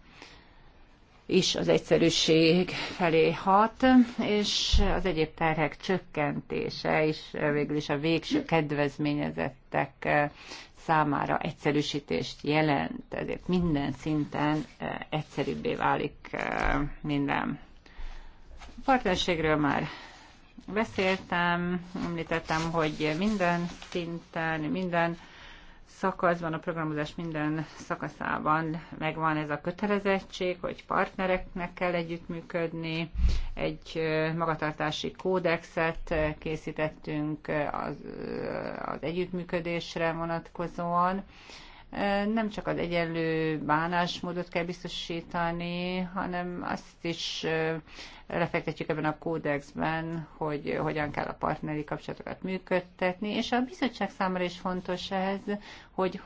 is az egyszerűség felé hat, és az egyéb terhek csökkentése is végül is a végső kedvezményezettek számára egyszerűsítést jelent, ezért minden szinten egyszerűbbé válik minden. A partnerségről már beszéltem, említettem, hogy minden szinten, minden szakaszban, a programozás minden szakaszában megvan ez a kötelezettség, hogy partnereknek kell együttműködni. Egy magatartási kódexet készítettünk az, az együttműködésre vonatkozóan. Nem csak az egyenlő bánásmódot kell biztosítani, hanem azt is lefektetjük ebben a kódexben, hogy hogyan kell a partneri kapcsolatokat működtetni, és a bizottság számára is fontos ez, hogy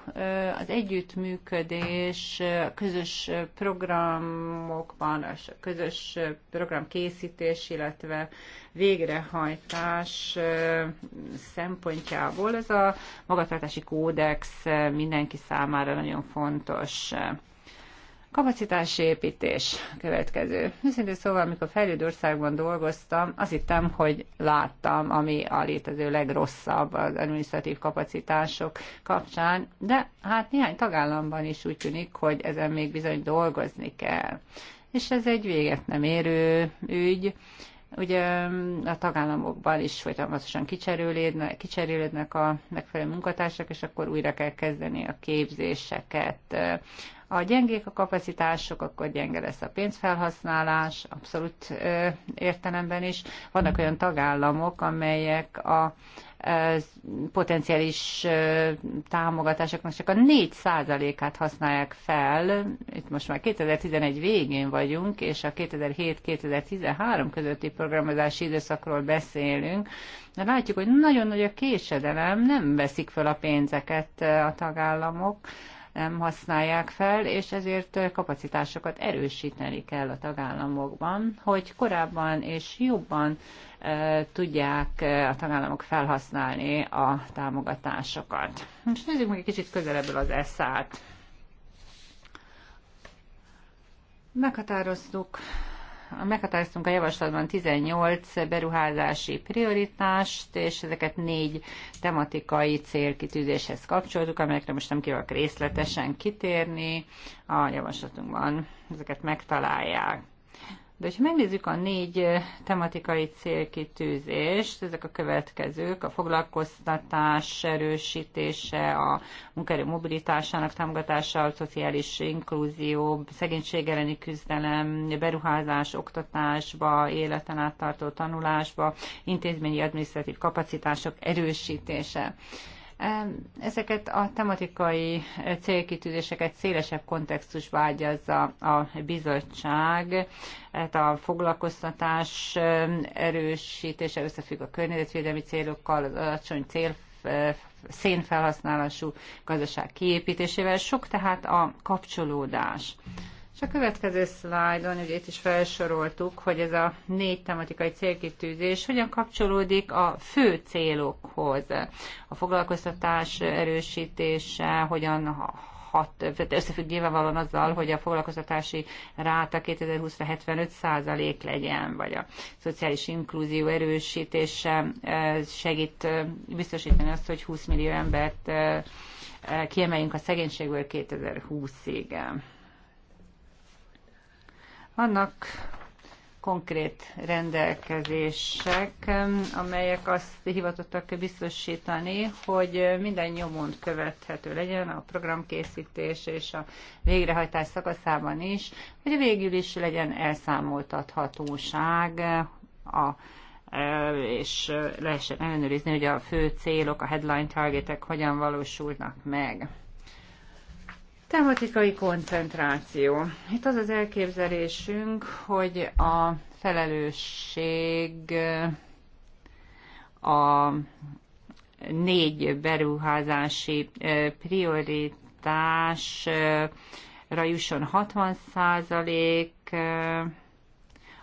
az együttműködés közös programokban, a közös programkészítés, illetve végrehajtás szempontjából ez a magatartási kódex mindenki számára nagyon fontos. Kapacitásépítés következő. Őszintén szóval, amikor fejlődő országban dolgoztam, azt hittem, hogy láttam, ami a létező legrosszabb az administratív kapacitások kapcsán, de hát néhány tagállamban is úgy tűnik, hogy ezen még bizony dolgozni kell. És ez egy véget nem érő ügy. Ugye mm, a tagállamokban is folyamatosan kicserülődnek, kicserélődnek a megfelelő munkatársak, és akkor újra kell kezdeni a képzéseket ha gyengék a kapacitások, akkor gyenge lesz a pénzfelhasználás, abszolút értelemben is. Vannak olyan tagállamok, amelyek a potenciális támogatásoknak csak a 4%-át használják fel. Itt most már 2011 végén vagyunk, és a 2007-2013 közötti programozási időszakról beszélünk. De látjuk, hogy nagyon nagy a késedelem, nem veszik fel a pénzeket a tagállamok nem használják fel, és ezért kapacitásokat erősíteni kell a tagállamokban, hogy korábban és jobban e, tudják e, a tagállamok felhasználni a támogatásokat. Most nézzük meg egy kicsit közelebbről az ESZÁ-t. Meghatároztuk meghatároztunk a javaslatban 18 beruházási prioritást, és ezeket négy tematikai célkitűzéshez kapcsoltuk, amelyekre most nem kívánok részletesen kitérni. A javaslatunkban ezeket megtalálják. De ha megnézzük a négy tematikai célkitűzést, ezek a következők, a foglalkoztatás erősítése, a munkaerő mobilitásának támogatása, a szociális inkluzió, szegénység elleni küzdelem, beruházás oktatásba, életen át tartó tanulásba, intézményi adminisztratív kapacitások erősítése. Ezeket a tematikai eh, célkitűzéseket szélesebb kontextusba ágyazza a bizottság. Tehát a foglalkoztatás erősítése összefügg a környezetvédelmi célokkal, az alacsony cél eh, szénfelhasználású gazdaság kiépítésével, sok tehát a kapcsolódás. És a következő szlájdon, ugye itt is felsoroltuk, hogy ez a négy tematikai célkitűzés hogyan kapcsolódik a fő célokhoz. A foglalkoztatás erősítése, hogyan hat, összefügg nyilvánvalóan azzal, hogy a foglalkoztatási ráta 2020-ra 75 legyen, vagy a szociális inkluzió erősítése eh, segít eh, biztosítani azt, hogy 20 millió embert eh, kiemeljünk a szegénységből 2020-ig. Vannak konkrét rendelkezések, amelyek azt hivatottak biztosítani, hogy minden nyomon követhető legyen a programkészítés és a végrehajtás szakaszában is, hogy végül is legyen elszámoltathatóság a e, és lehessen ellenőrizni, hogy a fő célok, a headline targetek hogyan valósulnak meg. Tematikai koncentráció. Itt az az elképzelésünk, hogy a felelősség a négy beruházási prioritásra jusson 60 százalék,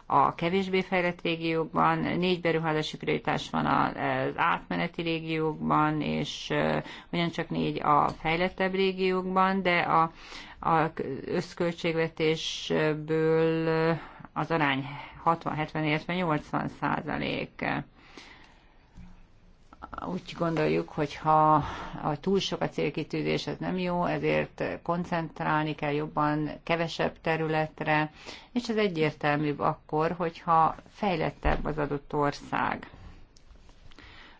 a kevésbé fejlett régiókban, négy beruházási prioritás van az átmeneti régiókban, és ugyancsak négy a fejlettebb régiókban, de a, a összköltségvetésből az arány 60-70-80 százalék úgy gondoljuk, hogy ha a túl sok a célkitűzés, ez nem jó, ezért koncentrálni kell jobban kevesebb területre, és ez egyértelműbb akkor, hogyha fejlettebb az adott ország.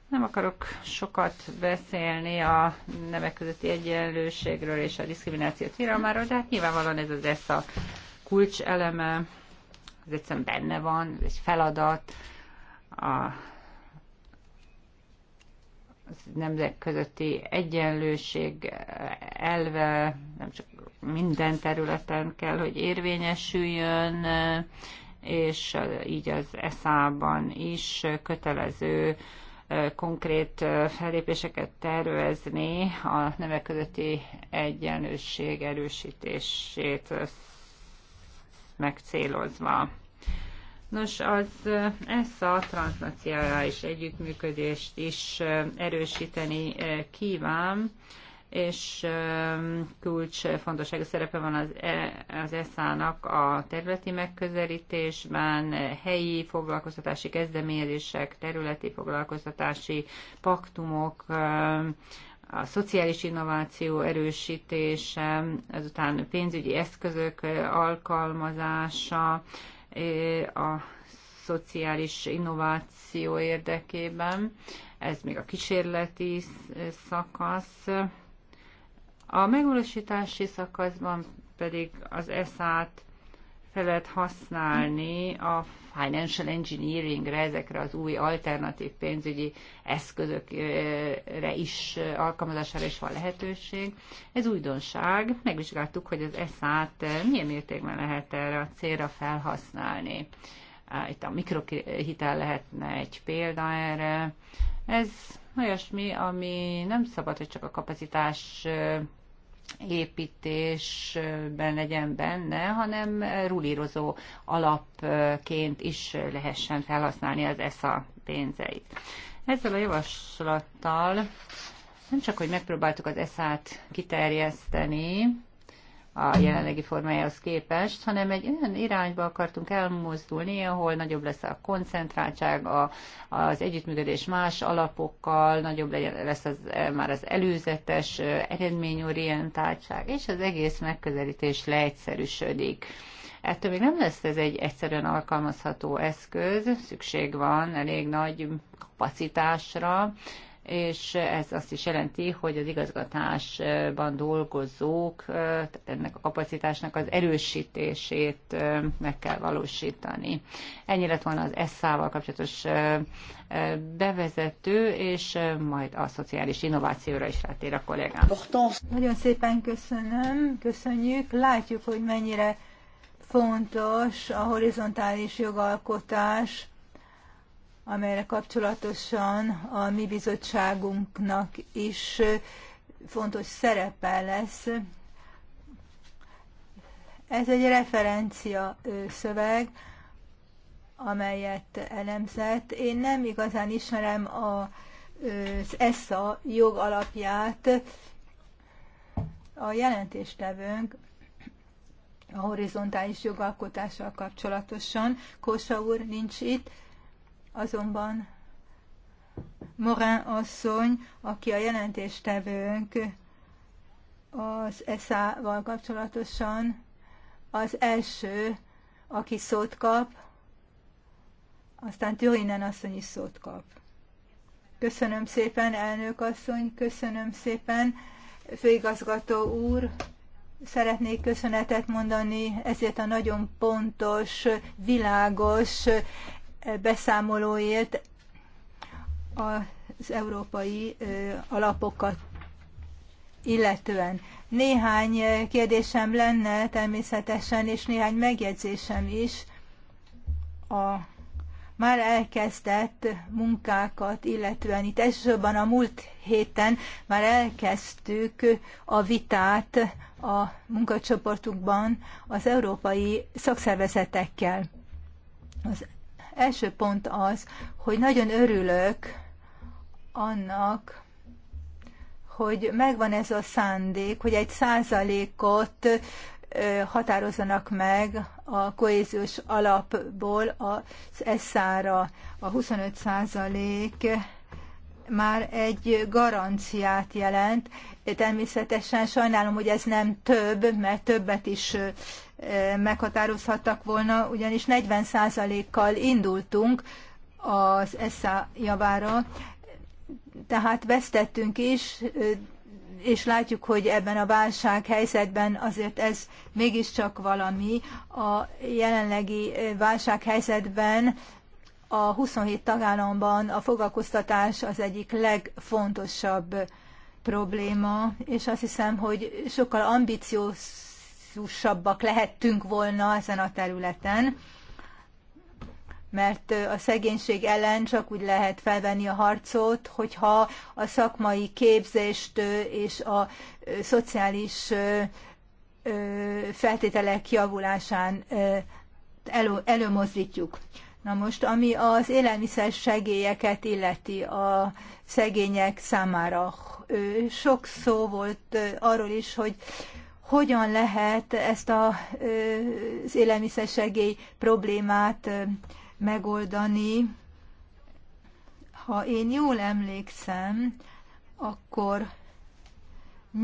Nem akarok sokat beszélni a nemek közötti egyenlőségről és a diszkrimináció tilalmáról, de hát nyilvánvalóan ez az ESZ a kulcseleme, ez egyszerűen benne van, ez egy feladat, a nemzek közötti egyenlőség elve nem csak minden területen kell, hogy érvényesüljön, és így az ESZÁ-ban is kötelező konkrét fellépéseket tervezni a nemek közötti egyenlőség erősítését megcélozva. Nos, az eh, ezt a transnacionális együttműködést is eh, erősíteni eh, kíván, és kulcs fontosságú szerepe van az, az ESZÁ-nak a területi megközelítésben, helyi foglalkoztatási kezdeményezések, területi foglalkoztatási paktumok, a szociális innováció erősítése, ezután pénzügyi eszközök alkalmazása, a szociális innováció érdekében. Ez még a kísérleti szakasz. A megvalósítási szakaszban pedig az eszát fel lehet használni a financial engineeringre, ezekre az új alternatív pénzügyi eszközökre is, alkalmazására is van lehetőség. Ez újdonság. Megvizsgáltuk, hogy az ESZ-t milyen mértékben lehet erre a célra felhasználni. Itt a mikrohitel lehetne egy példa erre. Ez olyasmi, ami nem szabad, hogy csak a kapacitás építésben legyen benne, hanem rulírozó alapként is lehessen felhasználni az ESZA pénzeit. Ezzel a javaslattal nem csak, hogy megpróbáltuk az esza t kiterjeszteni, a jelenlegi formájához képest, hanem egy olyan irányba akartunk elmozdulni, ahol nagyobb lesz a koncentráltság, a, az együttműködés más alapokkal, nagyobb lesz az, már az előzetes eredményorientáltság, és az egész megközelítés leegyszerűsödik. Ettől még nem lesz ez egy egyszerűen alkalmazható eszköz, szükség van elég nagy kapacitásra, és ez azt is jelenti, hogy az igazgatásban dolgozók, tehát ennek a kapacitásnak az erősítését meg kell valósítani. Ennyi lett volna az ESZ-val kapcsolatos bevezető, és majd a szociális innovációra is rátér a kollégám. Nagyon szépen köszönöm, köszönjük. Látjuk, hogy mennyire fontos a horizontális jogalkotás, amelyre kapcsolatosan a mi bizottságunknak is fontos szerepe lesz. Ez egy referencia szöveg, amelyet elemzett. Én nem igazán ismerem a, az ESSA jogalapját. A jelentéstevőnk a horizontális jogalkotással kapcsolatosan. Kósa úr nincs itt, Azonban Morán asszony, aki a jelentéstevőnk az ESZÁ-val kapcsolatosan, az első, aki szót kap, aztán Tyrinen asszony is szót kap. Köszönöm szépen, elnök asszony, köszönöm szépen, főigazgató úr. Szeretnék köszönetet mondani ezért a nagyon pontos, világos beszámolóért az európai alapokat illetően. Néhány kérdésem lenne természetesen, és néhány megjegyzésem is a már elkezdett munkákat, illetően itt elsősorban a múlt héten már elkezdtük a vitát a munkacsoportunkban az európai szakszervezetekkel. Az első pont az, hogy nagyon örülök annak, hogy megvan ez a szándék, hogy egy százalékot határozzanak meg a kohéziós alapból az ESZ-ra. A 25 százalék már egy garanciát jelent. Természetesen sajnálom, hogy ez nem több, mert többet is meghatározhattak volna, ugyanis 40%-kal indultunk az ESSA javára, tehát vesztettünk is, és látjuk, hogy ebben a válság helyzetben azért ez mégiscsak valami. A jelenlegi válság helyzetben a 27 tagállamban a foglalkoztatás az egyik legfontosabb probléma, és azt hiszem, hogy sokkal ambiciózus precízusabbak lehettünk volna ezen a területen, mert a szegénység ellen csak úgy lehet felvenni a harcot, hogyha a szakmai képzést és a szociális feltételek javulásán elő, előmozdítjuk. Na most, ami az élelmiszer segélyeket illeti a szegények számára, sok szó volt arról is, hogy hogyan lehet ezt a, az élelmiszersegély problémát megoldani. Ha én jól emlékszem, akkor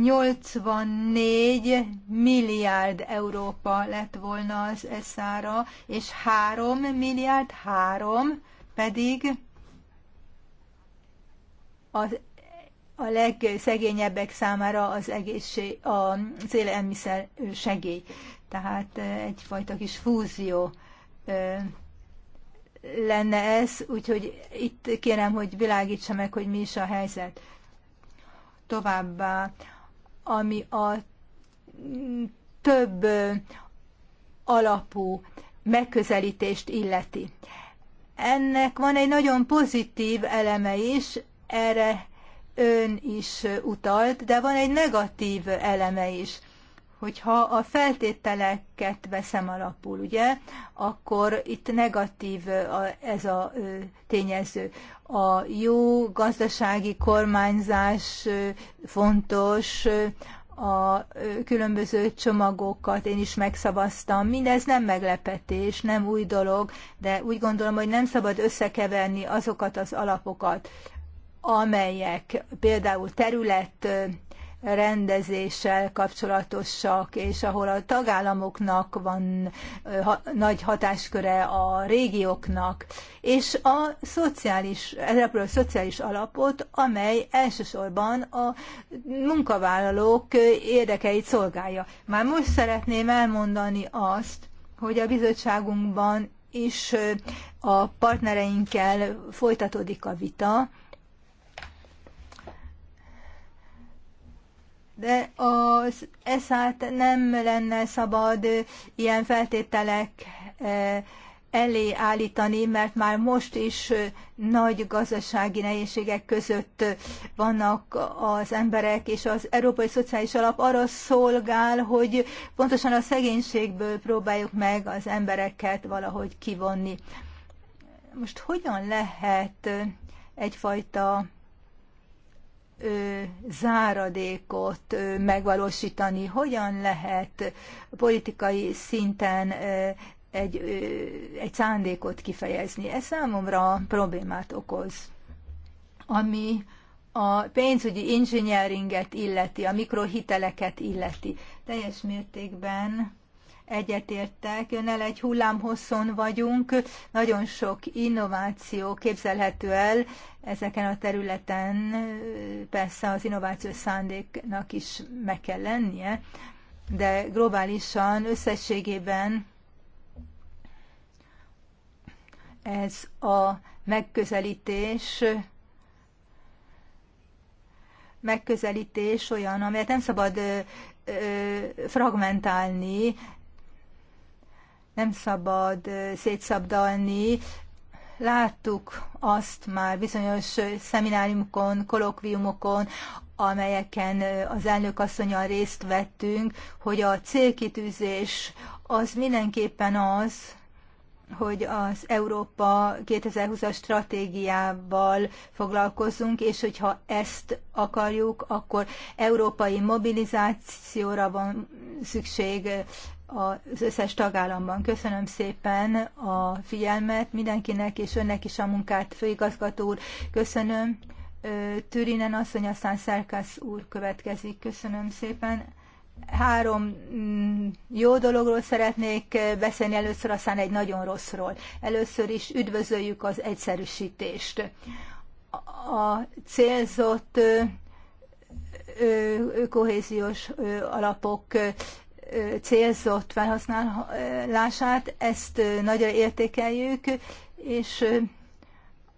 84 milliárd Európa lett volna az eszára, és 3 milliárd, 3 pedig az a legszegényebbek számára az, egészség, az élelmiszer segély. Tehát egyfajta kis fúzió lenne ez, úgyhogy itt kérem, hogy világítsa meg, hogy mi is a helyzet. Továbbá, ami a mm, több alapú megközelítést illeti. Ennek van egy nagyon pozitív eleme is, erre ön is utalt, de van egy negatív eleme is. Hogyha a feltételeket veszem alapul, ugye, akkor itt negatív ez a tényező. A jó gazdasági kormányzás fontos, a különböző csomagokat én is megszavaztam. Mindez nem meglepetés, nem új dolog, de úgy gondolom, hogy nem szabad összekeverni azokat az alapokat, amelyek például terület rendezéssel kapcsolatosak, és ahol a tagállamoknak van ha, nagy hatásköre a régióknak, és a szociális, ezekről a szociális alapot, amely elsősorban a munkavállalók érdekeit szolgálja. Már most szeretném elmondani azt, hogy a bizottságunkban is a partnereinkkel folytatódik a vita, de az eszát nem lenne szabad ilyen feltételek eh, elé állítani, mert már most is eh, nagy gazdasági nehézségek között eh, vannak az emberek, és az Európai Szociális Alap arra szolgál, hogy pontosan a szegénységből próbáljuk meg az embereket valahogy kivonni. Most hogyan lehet egyfajta záradékot megvalósítani, hogyan lehet politikai szinten egy, egy szándékot kifejezni. Ez számomra problémát okoz. Ami a pénzügyi inzsinyeringet illeti, a mikrohiteleket illeti. Teljes mértékben egyetértek, önnel egy hullámhosszon vagyunk, nagyon sok innováció képzelhető el ezeken a területen, persze az innovációs szándéknak is meg kell lennie, de globálisan összességében ez a megközelítés megközelítés olyan, amelyet nem szabad fragmentálni, nem szabad szétszabdalni. Láttuk azt már bizonyos szemináriumokon, kolokviumokon, amelyeken az asszonyal részt vettünk, hogy a célkitűzés az mindenképpen az, hogy az Európa 2020-as stratégiával foglalkozunk, és hogyha ezt akarjuk, akkor európai mobilizációra van szükség az összes tagállamban. Köszönöm szépen a figyelmet mindenkinek, és önnek is a munkát, főigazgató úr. Köszönöm. Türinen asszony, aztán Szerkász úr következik. Köszönöm szépen. Három mm, jó dologról szeretnék beszélni először, aztán egy nagyon rosszról. Először is üdvözöljük az egyszerűsítést. A célzott kohéziós alapok célzott felhasználását, ezt nagyra értékeljük, és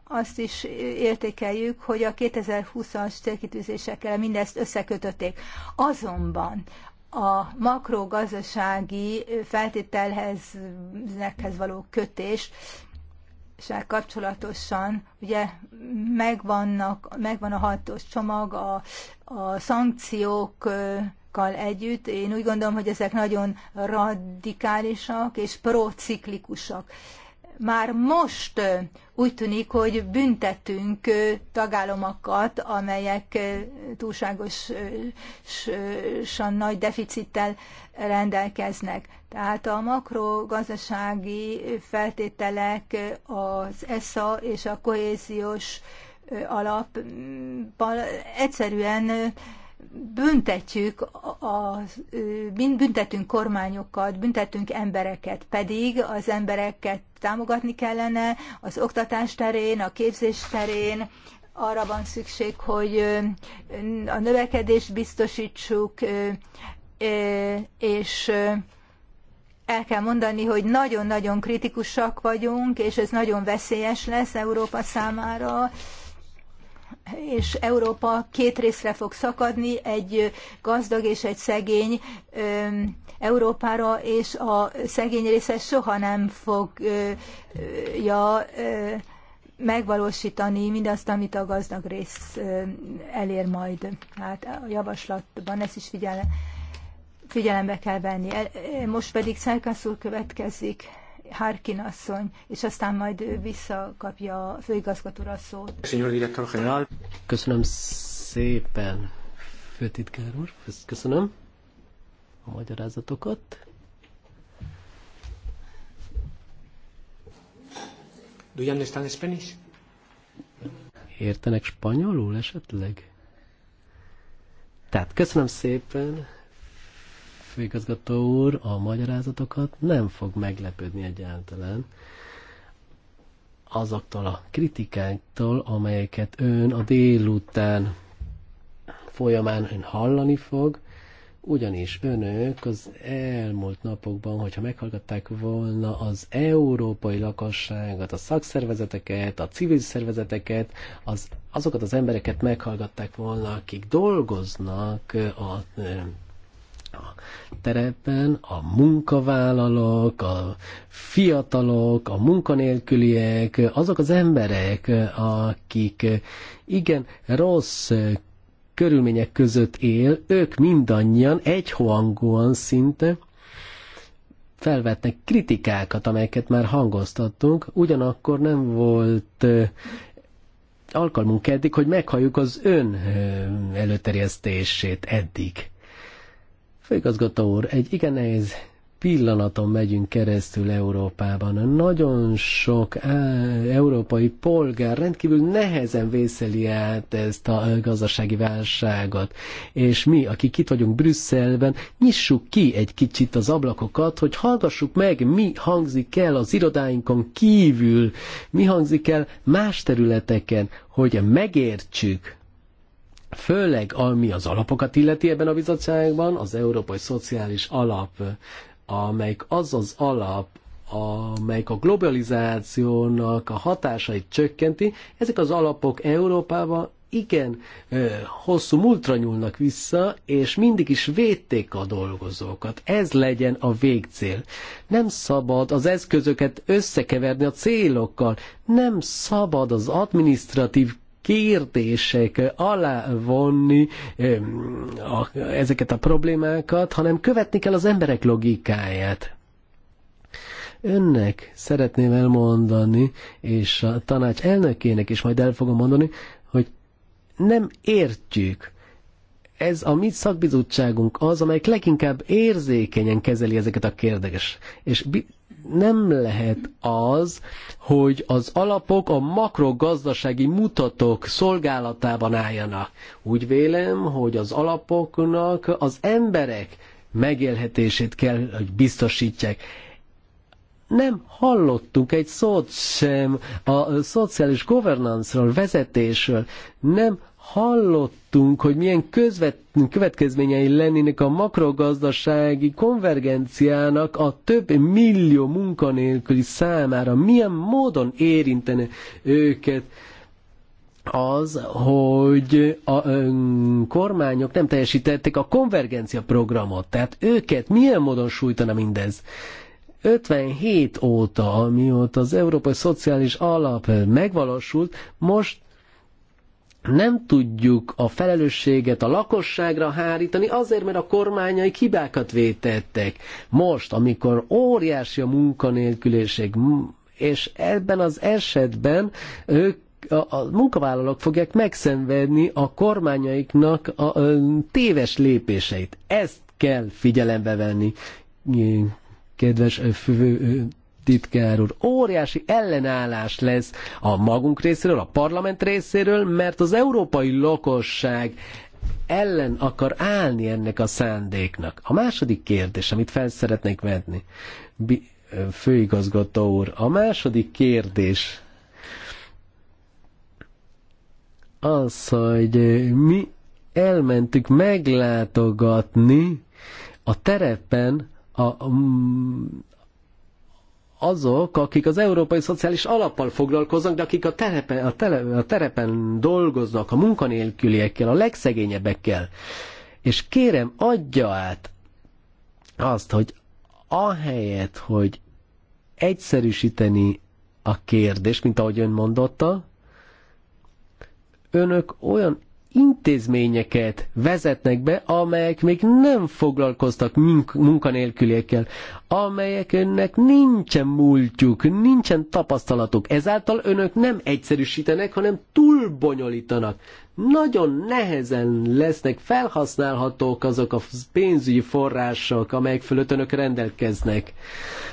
azt is értékeljük, hogy a 2020-as célkitűzésekkel mindezt összekötötték. Azonban a makrogazdasági feltételhez való kötés kapcsolatosan ugye megvannak, megvan a hatós csomag, a, a szankciók együtt. Én úgy gondolom, hogy ezek nagyon radikálisak és prociklikusak. Már most úgy tűnik, hogy büntetünk tagállamokat, amelyek túlságosan nagy deficittel rendelkeznek. Tehát a makrogazdasági feltételek az ESA és a kohéziós alap egyszerűen büntetjük, a, büntetünk kormányokat, büntetünk embereket, pedig az embereket támogatni kellene az oktatás terén, a képzés terén, arra van szükség, hogy a növekedést biztosítsuk, és el kell mondani, hogy nagyon-nagyon kritikusak vagyunk, és ez nagyon veszélyes lesz Európa számára és Európa két részre fog szakadni, egy gazdag és egy szegény Európára, és a szegény része soha nem fogja megvalósítani mindazt, amit a gazdag rész elér majd. Hát a javaslatban ezt is figyele, figyelembe kell venni. E, e, most pedig Szerkasz úr következik. Harkin asszony, és aztán majd visszakapja a főigazgatóra szót. Köszönöm szépen, főtitkár úr, köszönöm a magyarázatokat. Do you understand Spanish? Értenek spanyolul esetleg? Tehát köszönöm szépen főigazgató úr, a magyarázatokat, nem fog meglepődni egyáltalán azoktól a kritikáktól, amelyeket ön a délután folyamán ön hallani fog, ugyanis önök az elmúlt napokban, hogyha meghallgatták volna az európai lakosságot, a szakszervezeteket, a civil szervezeteket, az, azokat az embereket meghallgatták volna, akik dolgoznak a a terepen a munkavállalók, a fiatalok, a munkanélküliek, azok az emberek, akik igen rossz körülmények között él, ők mindannyian egyhangúan szinte felvetnek kritikákat, amelyeket már hangoztattunk, ugyanakkor nem volt alkalmunk eddig, hogy meghalljuk az ön előterjesztését eddig. Főigazgató úr, egy igen nehéz pillanaton megyünk keresztül Európában. Nagyon sok á, e, európai polgár rendkívül nehezen vészeli át ezt a e, gazdasági válságot. És mi, akik itt vagyunk Brüsszelben, nyissuk ki egy kicsit az ablakokat, hogy hallgassuk meg, mi hangzik el az irodáinkon kívül, mi hangzik el más területeken, hogy megértsük, főleg ami az alapokat illeti ebben a bizottságban, az Európai Szociális Alap, amelyik az az alap, amelyik a globalizációnak a hatásait csökkenti, ezek az alapok Európában igen hosszú múltra nyúlnak vissza, és mindig is védték a dolgozókat. Ez legyen a végcél. Nem szabad az eszközöket összekeverni a célokkal, nem szabad az administratív kérdések alá vonni ezeket a problémákat, hanem követni kell az emberek logikáját. Önnek szeretném elmondani, és a tanács elnökének is majd el fogom mondani, hogy nem értjük, ez a mi szakbizottságunk az, amelyik leginkább érzékenyen kezeli ezeket a kérdéseket. És nem lehet az, hogy az alapok a makrogazdasági mutatók szolgálatában álljanak. Úgy vélem, hogy az alapoknak az emberek megélhetését kell, hogy biztosítják nem hallottunk egy szót sem a szociális governance-ról, vezetésről, nem hallottunk, hogy milyen közvet, következményei lennének a makrogazdasági konvergenciának a több millió munkanélküli számára, milyen módon érintene őket az, hogy a kormányok nem teljesítették a konvergencia programot, tehát őket milyen módon sújtana mindez? 57 óta, amióta az Európai Szociális Alap megvalósult, most nem tudjuk a felelősséget a lakosságra hárítani, azért, mert a kormányai hibákat vétettek. Most, amikor óriási a munkanélküliség, és ebben az esetben ők a, a munkavállalók fogják megszenvedni a kormányaiknak a, a téves lépéseit. Ezt kell figyelembe venni, kedves titkár úr, óriási ellenállás lesz a magunk részéről, a parlament részéről, mert az európai lakosság ellen akar állni ennek a szándéknak. A második kérdés, amit fel szeretnék vetni, főigazgató úr, a második kérdés az, hogy mi elmentük meglátogatni a terepen a azok, akik az európai szociális alappal foglalkoznak, de akik a terepen, a, tele, a terepen dolgoznak, a munkanélküliekkel, a legszegényebbekkel. És kérem, adja át azt, hogy ahelyett, hogy egyszerűsíteni a kérdést, mint ahogy ön mondotta, önök olyan intézményeket vezetnek be, amelyek még nem foglalkoztak munkanélküliekkel, amelyeknek nincsen múltjuk, nincsen tapasztalatuk. Ezáltal önök nem egyszerűsítenek, hanem túlbonyolítanak nagyon nehezen lesznek felhasználhatók azok a pénzügyi források, amelyek fölött önök rendelkeznek.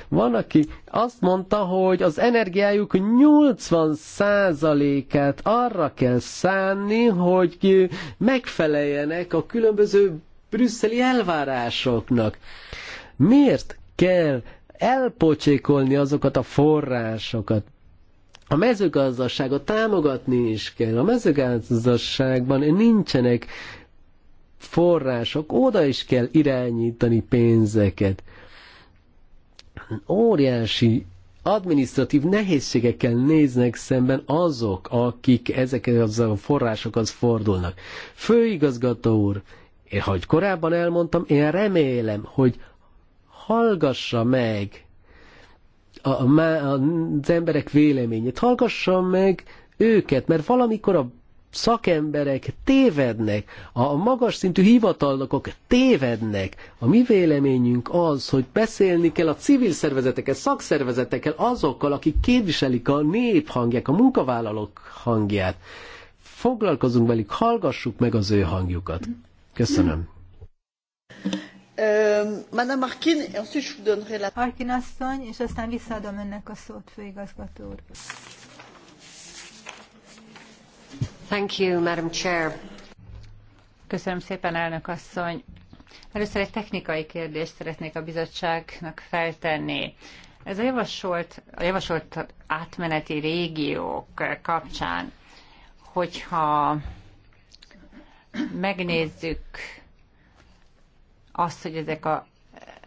Van, aki azt mondta, hogy az energiájuk 80%-át arra kell szánni, hogy megfeleljenek a különböző brüsszeli elvárásoknak. Miért kell elpocsékolni azokat a forrásokat? A mezőgazdaságot támogatni is kell. A mezőgazdaságban nincsenek források, oda is kell irányítani pénzeket. Óriási administratív nehézségekkel néznek szemben azok, akik ezekhez a forrásokhoz fordulnak. Főigazgató úr, én, ahogy korábban elmondtam, én remélem, hogy hallgassa meg a, a, az emberek véleményét. Hallgassam meg őket, mert valamikor a szakemberek tévednek, a magas szintű hivatalnokok tévednek. A mi véleményünk az, hogy beszélni kell a civil szervezetekkel, szakszervezetekkel, azokkal, akik képviselik a nép hangját, a munkavállalók hangját. Foglalkozunk velük, hallgassuk meg az ő hangjukat. Köszönöm. Euh, Madame Harkin, et ensuite je vous donnerai la... Harkin asszony, és aztán visszaadom önnek a szót, főigazgató úr. Thank you, Madam Chair. Köszönöm szépen, elnök asszony. Először egy technikai kérdést szeretnék a bizottságnak feltenni. Ez a javasolt, a javasolt átmeneti régiók kapcsán, hogyha megnézzük azt, hogy ezek a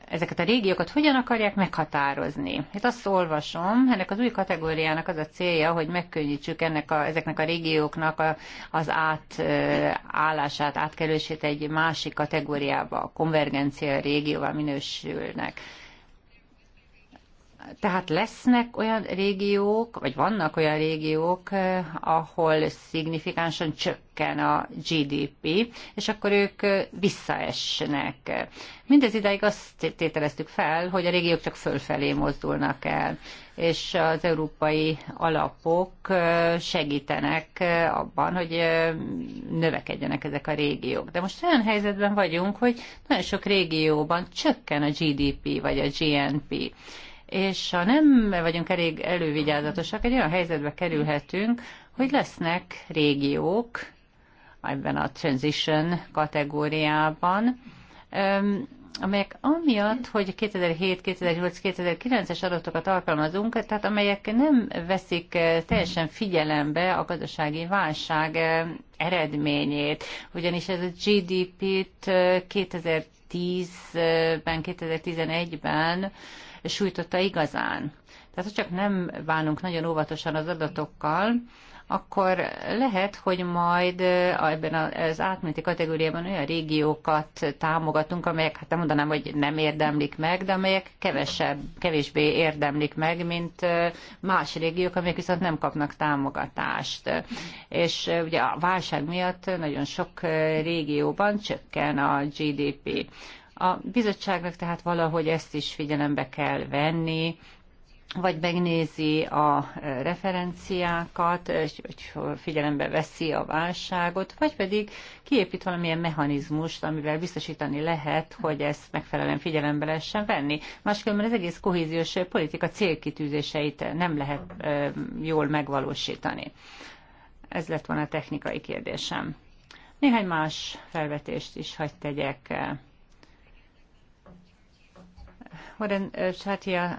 ezeket a régiókat hogyan akarják meghatározni. Hát azt olvasom, ennek az új kategóriának az a célja, hogy megkönnyítsük ennek a, ezeknek a régióknak a, az átállását, átkerülését egy másik kategóriába, a konvergencia régióval minősülnek. Tehát lesznek olyan régiók, vagy vannak olyan régiók, eh, ahol szignifikánsan csökken a GDP, és akkor ők eh, visszaesnek. Mindez ideig azt tételeztük fel, hogy a régiók csak fölfelé mozdulnak el, és az európai alapok eh, segítenek abban, hogy növekedjenek ezek a régiók. De most olyan helyzetben vagyunk, hogy nagyon sok régióban csökken a GDP vagy a GNP és ha nem vagyunk elég elővigyázatosak, egy olyan helyzetbe kerülhetünk, hogy lesznek régiók ebben a transition kategóriában, amelyek amiatt, hogy 2007, 2008, 2009-es adatokat alkalmazunk, tehát amelyek nem veszik teljesen figyelembe a gazdasági válság eredményét, ugyanis ez a GDP-t 2010-ben, 2011-ben sújtotta igazán. Tehát, ha csak nem bánunk nagyon óvatosan az adatokkal, akkor lehet, hogy majd ebben az átmeneti kategóriában olyan régiókat támogatunk, amelyek, hát nem mondanám, hogy nem érdemlik meg, de amelyek kevesebb, kevésbé érdemlik meg, mint más régiók, amelyek viszont nem kapnak támogatást. És ugye a válság miatt nagyon sok régióban csökken a GDP. A bizottságnak tehát valahogy ezt is figyelembe kell venni, vagy megnézi a referenciákat, hogy figyelembe veszi a válságot, vagy pedig kiépít valamilyen mechanizmust, amivel biztosítani lehet, hogy ezt megfelelően figyelembe lehessen venni. Máskülönben az egész kohéziós politika célkitűzéseit nem lehet jól megvalósítani. Ez lett volna a technikai kérdésem. Néhány más felvetést is hagyd tegyek. Modern Sátia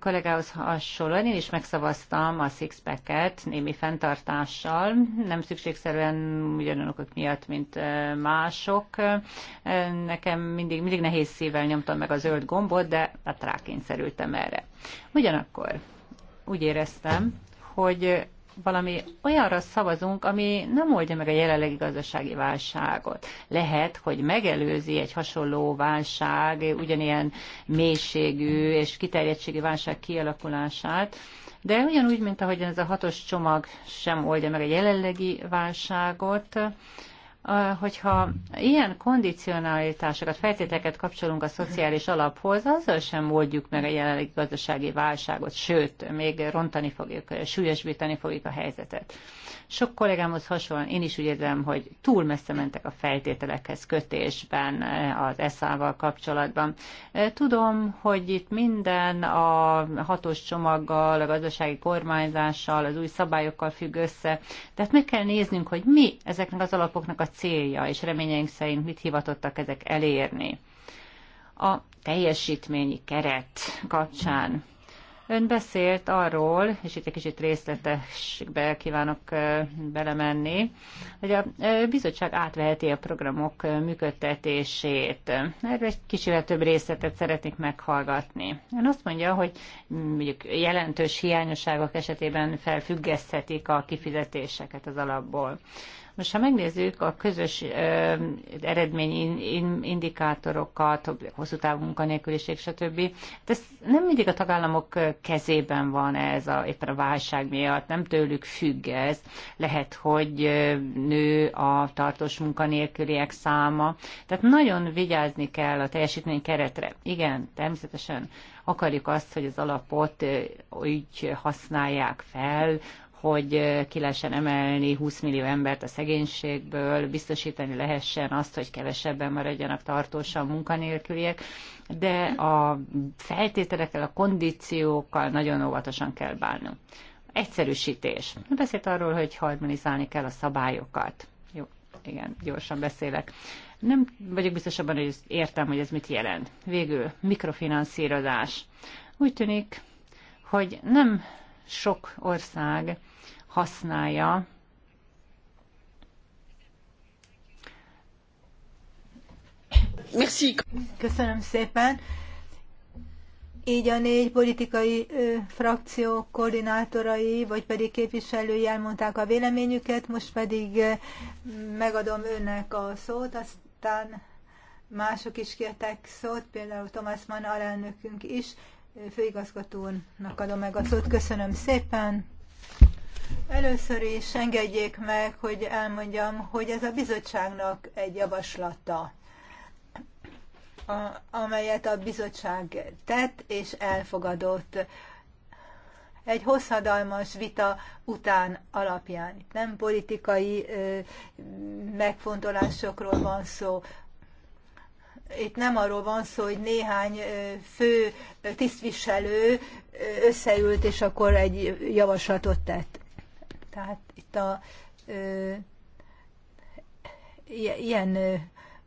kollégához hasonlóan én is megszavaztam a sixpacket némi fenntartással, nem szükségszerűen ugyanolyanok miatt, mint mások. Nekem mindig, mindig nehéz szívvel nyomtam meg a zöld gombot, de hát rákényszerültem erre. Ugyanakkor úgy éreztem, hogy valami olyanra szavazunk, ami nem oldja meg a jelenlegi gazdasági válságot. Lehet, hogy megelőzi egy hasonló válság, ugyanilyen mélységű és kiterjedtségi válság kialakulását, de ugyanúgy, mint ahogy ez a hatos csomag sem oldja meg a jelenlegi válságot, hogyha ilyen kondicionalitásokat, feltételeket kapcsolunk a szociális alaphoz, azzal sem oldjuk meg a jelenlegi gazdasági válságot, sőt, még rontani fogjuk, súlyosbítani fogjuk a helyzetet. Sok kollégámhoz hasonlóan én is úgy érzem, hogy túl messze mentek a feltételekhez kötésben eh, az ESZÁ-val kapcsolatban. Eh, tudom, hogy itt minden a hatos csomaggal, a gazdasági kormányzással, az új szabályokkal függ össze, tehát meg kell néznünk, hogy mi ezeknek az alapoknak a célja, és reményeink szerint mit hivatottak ezek elérni. A teljesítményi keret kapcsán Ön beszélt arról, és itt egy kicsit részletesbe kívánok belemenni, hogy a bizottság átveheti a programok működtetését. Erről egy kicsivel több részletet szeretnék meghallgatni. Ön azt mondja, hogy mondjuk jelentős hiányosságok esetében felfüggeszthetik a kifizetéseket az alapból. Most ha megnézzük a közös indikátorokat, hosszú távú munkanélküliség, stb. de ez nem mindig a tagállamok kezében van ez a, éppen a válság miatt, nem tőlük függ ez. Lehet, hogy nő a tartós munkanélküliek száma. Tehát nagyon vigyázni kell a teljesítmény keretre. Igen, természetesen akarjuk azt, hogy az alapot úgy használják fel, hogy ki lehessen emelni 20 millió embert a szegénységből, biztosítani lehessen azt, hogy kevesebben maradjanak tartósan munkanélküliek, de a feltételekkel, a kondíciókkal nagyon óvatosan kell bánnunk. Egyszerűsítés. Beszélt arról, hogy harmonizálni kell a szabályokat. Jó, igen, gyorsan beszélek. Nem vagyok biztos abban, hogy értem, hogy ez mit jelent. Végül, mikrofinanszírozás. Úgy tűnik, hogy nem sok ország használja. Merci. Köszönöm szépen. Így a négy politikai ö, frakció koordinátorai, vagy pedig képviselői elmondták a véleményüket, most pedig ö, megadom önnek a szót, aztán mások is kértek szót, például Thomas Mann alelnökünk is, főigazgatónak adom meg a szót. Köszönöm szépen! Először is engedjék meg, hogy elmondjam, hogy ez a bizottságnak egy javaslata, amelyet a bizottság tett és elfogadott egy hosszadalmas vita után alapján. Nem politikai megfontolásokról van szó, itt nem arról van szó, hogy néhány fő tisztviselő összeült, és akkor egy javaslatot tett. Tehát itt a ö, ilyen ö,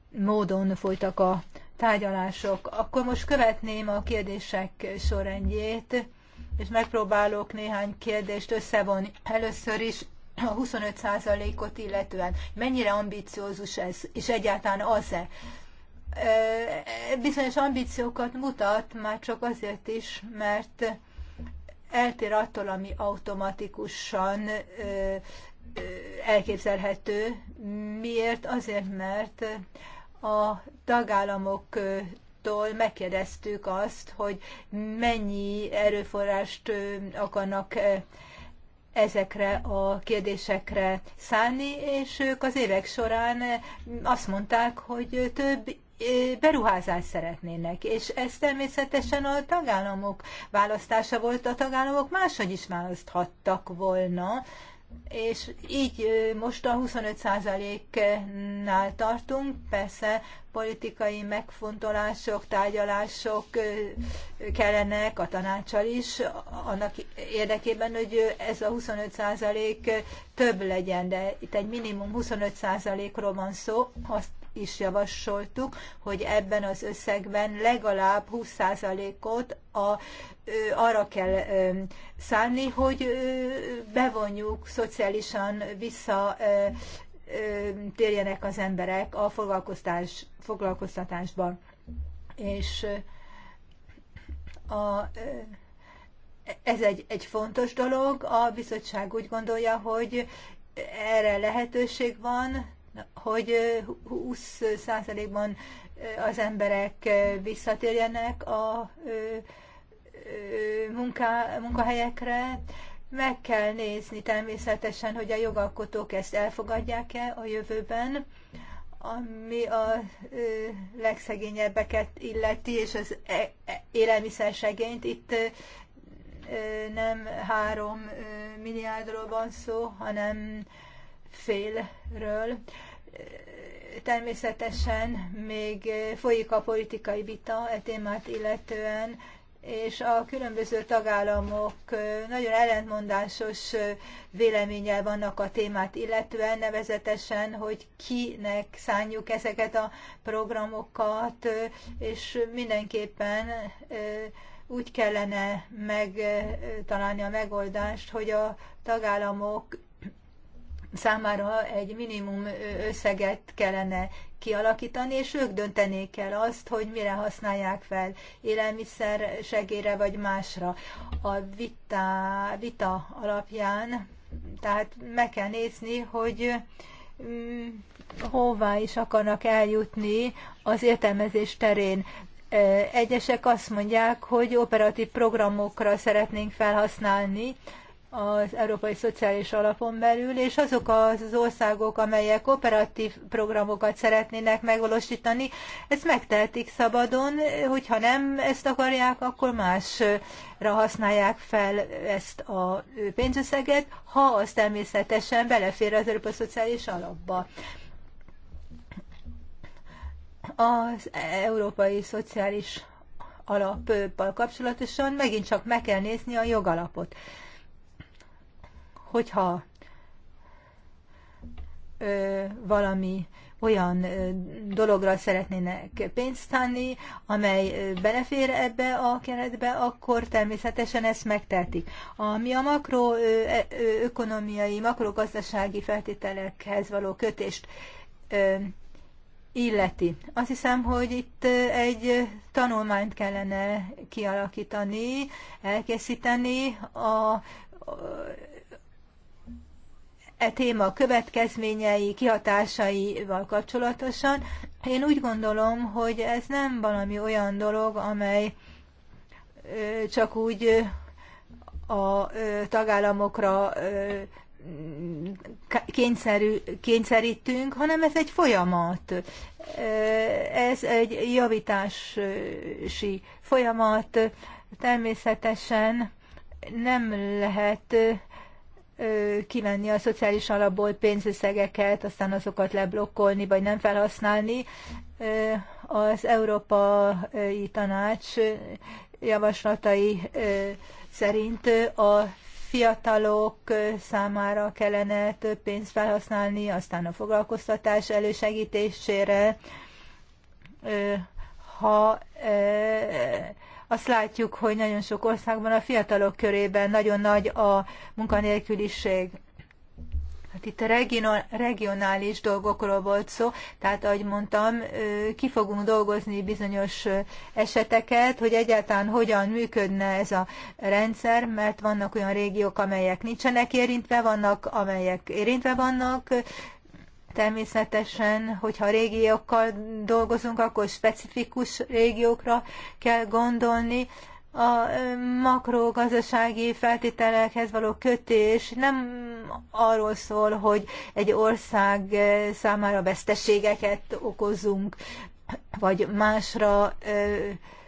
módon folytak a tárgyalások. Akkor most követném a kérdések sorrendjét, és megpróbálok néhány kérdést összevonni. Először is a 25%-ot illetően. Mennyire ambiciózus ez, és egyáltalán az-e? Bizonyos ambíciókat mutat, már csak azért is, mert eltér attól, ami automatikusan elképzelhető. Miért? Azért, mert a tagállamoktól megkérdeztük azt, hogy mennyi erőforrást akarnak ezekre a kérdésekre szállni, és ők az évek során azt mondták, hogy több beruházást szeretnének, és ez természetesen a tagállamok választása volt, a tagállamok máshogy is választhattak volna, és így most a 25%-nál tartunk, persze politikai megfontolások, tárgyalások kellenek a tanácsal is, annak érdekében, hogy ez a 25% több legyen, de itt egy minimum 25%-ról van szó, azt is javasoltuk, hogy ebben az összegben legalább 20%-ot a, arra kell szánni, hogy bevonjuk szociálisan vissza térjenek az emberek a foglalkoztás, foglalkoztatásba. És a, ez egy, egy fontos dolog. A bizottság úgy gondolja, hogy erre lehetőség van, hogy 20%-ban az emberek visszatérjenek a munká, munkahelyekre. Meg kell nézni természetesen, hogy a jogalkotók ezt elfogadják-e a jövőben, ami a legszegényebbeket illeti, és az e, e, segényt. Itt nem három milliárdról van szó, hanem félről. Természetesen még folyik a politikai vita e témát illetően, és a különböző tagállamok nagyon ellentmondásos véleménnyel vannak a témát illetően, nevezetesen, hogy kinek szánjuk ezeket a programokat, és mindenképpen úgy kellene megtalálni a megoldást, hogy a tagállamok számára egy minimum összeget kellene kialakítani, és ők döntenék el azt, hogy mire használják fel, élelmiszer segére vagy másra. A vita, vita alapján, tehát meg kell nézni, hogy mm, hová is akarnak eljutni az értelmezés terén. Egyesek azt mondják, hogy operatív programokra szeretnénk felhasználni az Európai Szociális Alapon belül, és azok az országok, amelyek operatív programokat szeretnének megvalósítani, ezt megtehetik szabadon, hogyha nem ezt akarják, akkor másra használják fel ezt a pénzösszeget, ha az természetesen belefér az Európai Szociális Alapba. Az Európai Szociális alappal kapcsolatosan megint csak meg kell nézni a jogalapot hogyha ö, valami olyan ö, dologra szeretnének pénzt tenni, amely belefér ebbe a keretbe, akkor természetesen ezt megtehetik. Ami a makroökonomiai, e, makrogazdasági feltételekhez való kötést ö, illeti. Azt hiszem, hogy itt egy tanulmányt kellene kialakítani, elkészíteni a e téma következményei, kihatásaival kapcsolatosan. Én úgy gondolom, hogy ez nem valami olyan dolog, amely csak úgy a tagállamokra kényszerű, kényszerítünk, hanem ez egy folyamat. Ez egy javítási folyamat. Természetesen nem lehet kivenni a szociális alapból pénzösszegeket, aztán azokat leblokkolni, vagy nem felhasználni. Az Európai Tanács javaslatai szerint a fiatalok számára kellene több pénzt felhasználni, aztán a foglalkoztatás elősegítésére, ha azt látjuk, hogy nagyon sok országban a fiatalok körében nagyon nagy a munkanélküliség. Hát itt a regionális dolgokról volt szó, tehát ahogy mondtam, ki fogunk dolgozni bizonyos eseteket, hogy egyáltalán hogyan működne ez a rendszer, mert vannak olyan régiók, amelyek nincsenek érintve, vannak, amelyek érintve vannak, Természetesen, hogyha régiókkal dolgozunk, akkor specifikus régiókra kell gondolni. A makrogazdasági feltételekhez való kötés nem arról szól, hogy egy ország számára veszteségeket okozunk, vagy másra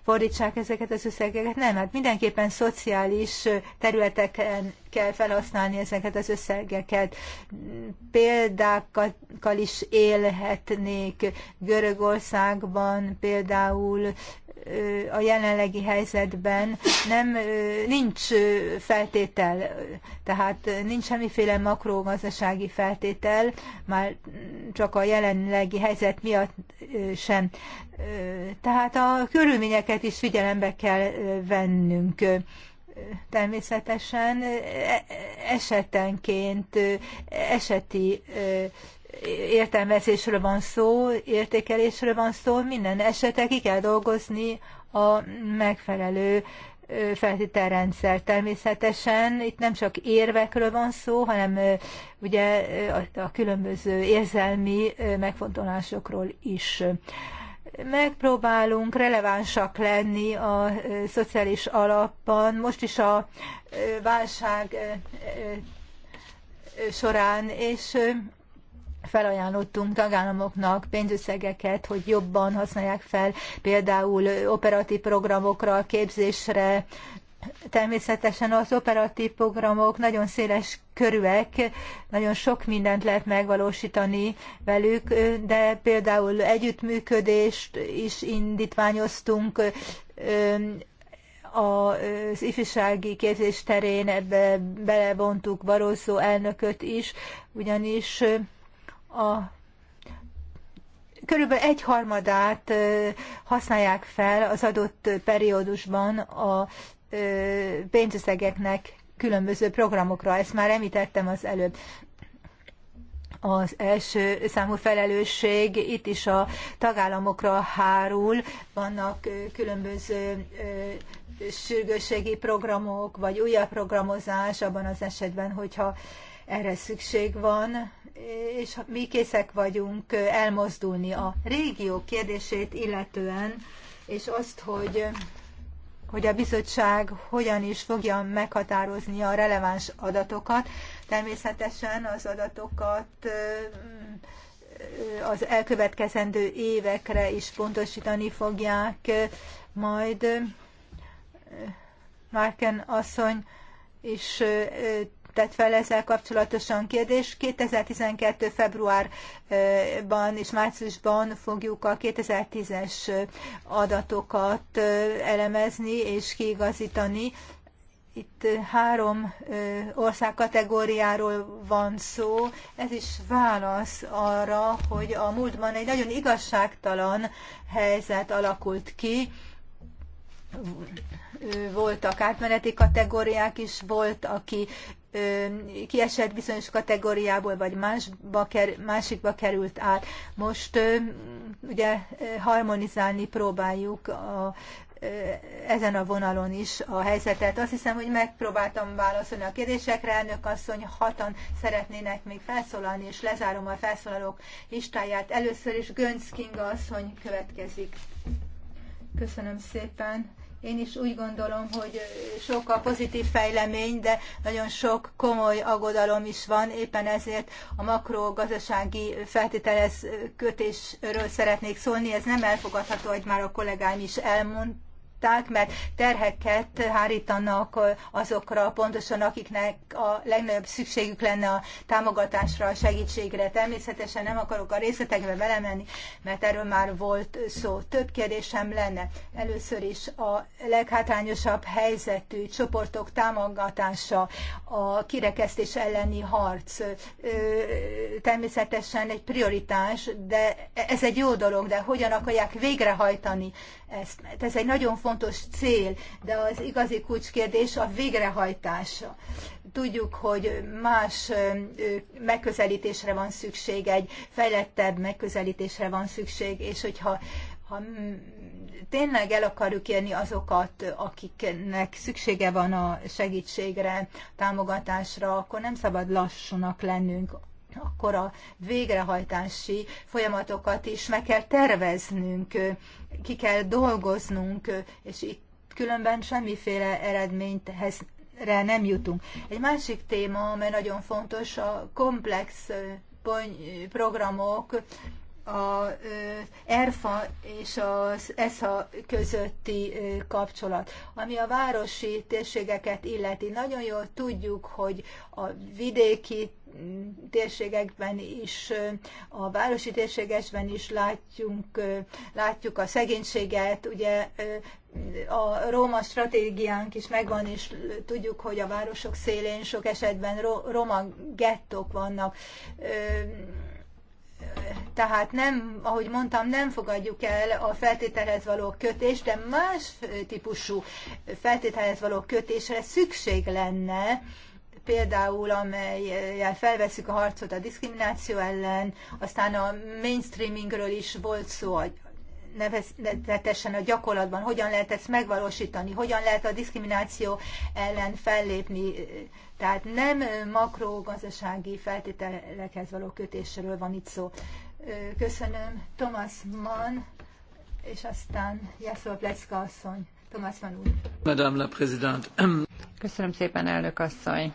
fordítsák ezeket az összegeket. Nem, hát mindenképpen szociális területeken kell felhasználni ezeket az összegeket. Példákkal is élhetnék Görögországban, például a jelenlegi helyzetben nem, nincs feltétel, tehát nincs semmiféle makrogazdasági feltétel, már csak a jelenlegi helyzet miatt sem. Tehát a körülményeket is figyelembe kell vennünk. Természetesen e, e, esetenként, eseti értelmezésről van szó, értékelésről van szó, minden esetre ki kell dolgozni a megfelelő feltételrendszer. Természetesen itt nem csak érvekről van szó, hanem ugye a, a különböző érzelmi megfontolásokról is. Megpróbálunk relevánsak lenni a szociális alapban. Most is a válság során, és felajánlottunk tagállamoknak pénzösszegeket, hogy jobban használják fel például operatív programokra, képzésre, Természetesen az operatív programok nagyon széles körűek, nagyon sok mindent lehet megvalósítani velük, de például együttműködést is indítványoztunk az ifjúsági képzés terén, ebbe belevontuk Barroso elnököt is, ugyanis a körülbelül egy harmadát használják fel az adott periódusban a pénzösszegeknek különböző programokra. Ezt már említettem az előbb. Az első számú felelősség itt is a tagállamokra hárul, vannak különböző sürgősségi programok, vagy újabb programozás abban az esetben, hogyha erre szükség van és mi készek vagyunk elmozdulni a régió kérdését illetően, és azt, hogy, hogy a bizottság hogyan is fogja meghatározni a releváns adatokat. Természetesen az adatokat az elkövetkezendő évekre is pontosítani fogják, majd Márken asszony is tett fel ezzel kapcsolatosan kérdés 2012. februárban és márciusban fogjuk a 2010-es adatokat elemezni és kiigazítani. Itt három ország kategóriáról van szó. Ez is válasz arra, hogy a múltban egy nagyon igazságtalan helyzet alakult ki voltak átmeneti kategóriák is, volt, aki kiesett bizonyos kategóriából, vagy másba, másikba került át. Most ugye harmonizálni próbáljuk a, ezen a vonalon is a helyzetet. Azt hiszem, hogy megpróbáltam válaszolni a kérdésekre. Elnök asszony, hatan szeretnének még felszólalni, és lezárom a felszólalók listáját. Először is Gönc Kinga asszony következik. Köszönöm szépen. Én is úgy gondolom, hogy sok a pozitív fejlemény, de nagyon sok komoly aggodalom is van, éppen ezért a makrogazdasági feltételez kötésről szeretnék szólni. Ez nem elfogadható, hogy már a kollégám is elmondta megtámadták, mert terheket hárítanak azokra pontosan, akiknek a legnagyobb szükségük lenne a támogatásra, a segítségre. Természetesen nem akarok a részletekbe belemenni, mert erről már volt szó. Több kérdésem lenne. Először is a leghátrányosabb helyzetű csoportok támogatása, a kirekesztés elleni harc. Természetesen egy prioritás, de ez egy jó dolog, de hogyan akarják végrehajtani ezt? Ez egy nagyon fontos fontos cél, de az igazi kulcskérdés a végrehajtása. Tudjuk, hogy más megközelítésre van szükség, egy fejlettebb megközelítésre van szükség, és hogyha ha tényleg el akarjuk érni azokat, akiknek szüksége van a segítségre, támogatásra, akkor nem szabad lassúnak lennünk akkor a végrehajtási folyamatokat is meg kell terveznünk, ki kell dolgoznunk, és itt különben semmiféle eredményhez nem jutunk. Egy másik téma, amely nagyon fontos, a komplex programok, a ERFA és az ESHA közötti kapcsolat. Ami a városi térségeket illeti, nagyon jól tudjuk, hogy a vidéki térségekben is, a városi térségesben is látjunk, látjuk a szegénységet, ugye a Róma stratégiánk is megvan, és tudjuk, hogy a városok szélén sok esetben roma gettók vannak. Tehát nem, ahogy mondtam, nem fogadjuk el a feltételhez való kötést, de más típusú feltételhez való kötésre szükség lenne, például amelyel felveszük a harcot a diszkrimináció ellen, aztán a mainstreamingről is volt szó, nevezetesen a gyakorlatban, hogyan lehet ezt megvalósítani, hogyan lehet a diszkrimináció ellen fellépni. Tehát nem makrogazdasági feltételekhez való kötésről van itt szó. Köszönöm Thomas Mann, és aztán Jászol Pleszka asszony. Thomas Mann úr. Madame la Présidente. Köszönöm szépen, elnök asszony.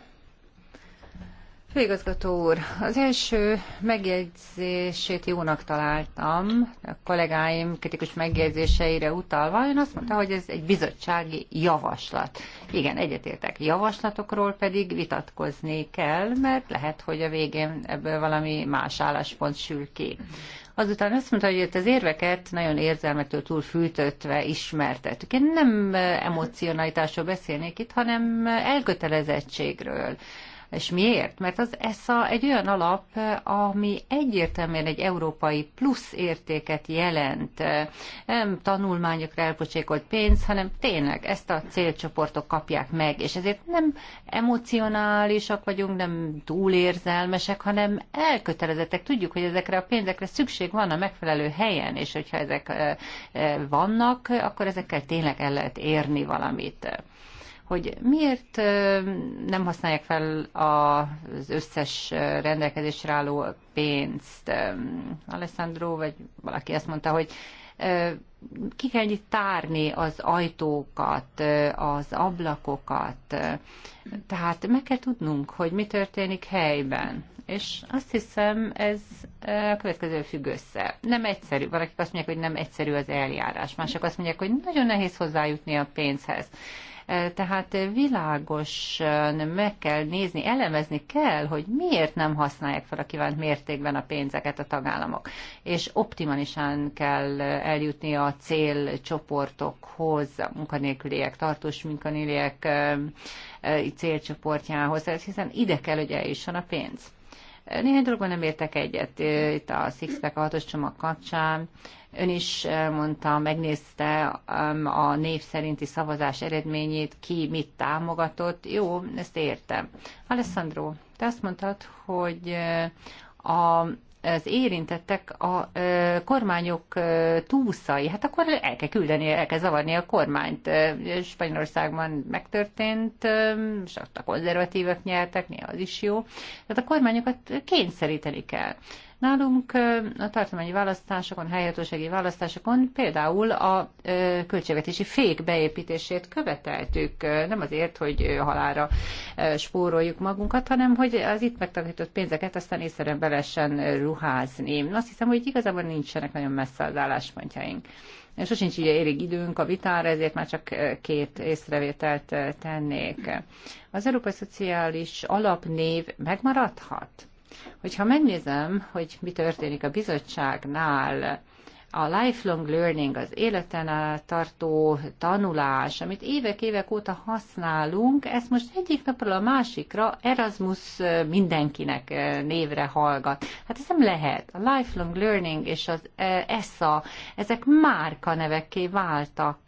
Főigazgató úr, az első megjegyzését jónak találtam, a kollégáim kritikus megjegyzéseire utalva, ön azt mondta, hogy ez egy bizottsági javaslat. Igen, egyetértek. Javaslatokról pedig vitatkozni kell, mert lehet, hogy a végén ebből valami más álláspont sül ki. Azután azt mondta, hogy itt az érveket nagyon érzelmetől túl fűtöttve ismertettük. Én nem emocionalitásról beszélnék itt, hanem elkötelezettségről és miért? Mert az ESA egy olyan alap, ami egyértelműen egy európai plusz értéket jelent. Nem tanulmányokra elpocsékolt pénz, hanem tényleg ezt a célcsoportok kapják meg, és ezért nem emocionálisak vagyunk, nem túlérzelmesek, hanem elkötelezettek. Tudjuk, hogy ezekre a pénzekre szükség van a megfelelő helyen, és hogyha ezek eh, eh, vannak, akkor ezekkel tényleg el lehet érni valamit hogy miért nem használják fel az összes rendelkezésre álló pénzt. Alessandro, vagy valaki ezt mondta, hogy ki kell tárni az ajtókat, az ablakokat. Tehát meg kell tudnunk, hogy mi történik helyben. És azt hiszem, ez a következő függ össze. Nem egyszerű. Valakik azt mondják, hogy nem egyszerű az eljárás. Mások azt mondják, hogy nagyon nehéz hozzájutni a pénzhez. E, tehát világosan meg kell nézni, elemezni kell, hogy miért nem használják fel a kívánt mértékben a pénzeket a tagállamok. És optimálisan kell eljutni a célcsoportokhoz, a munkanélküliek, tartós munkanélküliek e, e, célcsoportjához, hiszen ide kell, hogy eljusson a pénz. Néhány dologban nem értek egyet itt a Sixpack 6 csomag kapcsán. Ön is mondta, megnézte um, a név szerinti szavazás eredményét, ki mit támogatott. Jó, ezt értem. Alessandro, te azt mondtad, hogy uh, a az érintettek a ö, uh, kormányok ö, uh, túszai. Hát akkor el kell küldeni, el kell zavarni a kormányt. Spanyolországban megtörtént, ö, um, és ott a konzervatívek nyertek, néha az is jó. Tehát a kormányokat kényszeríteni kell. Nálunk a tartományi választásokon, helyhatósági választásokon például a költségvetési fék beépítését követeltük, nem azért, hogy halára spóroljuk magunkat, hanem hogy az itt megtakarított pénzeket aztán észszerűen be lehessen ruházni. Azt hiszem, hogy igazából nincsenek nagyon messze az álláspontjaink. Sosincs így érig időnk a vitára, ezért már csak két észrevételt tennék. Az Európai Szociális Alapnév megmaradhat? Hogyha megnézem, hogy mi történik a bizottságnál, a lifelong learning, az életen tartó tanulás, amit évek-évek óta használunk, ezt most egyik napról a másikra Erasmus mindenkinek névre hallgat. Hát ez nem lehet. A lifelong learning és az ESSA, ezek márka nevekké váltak.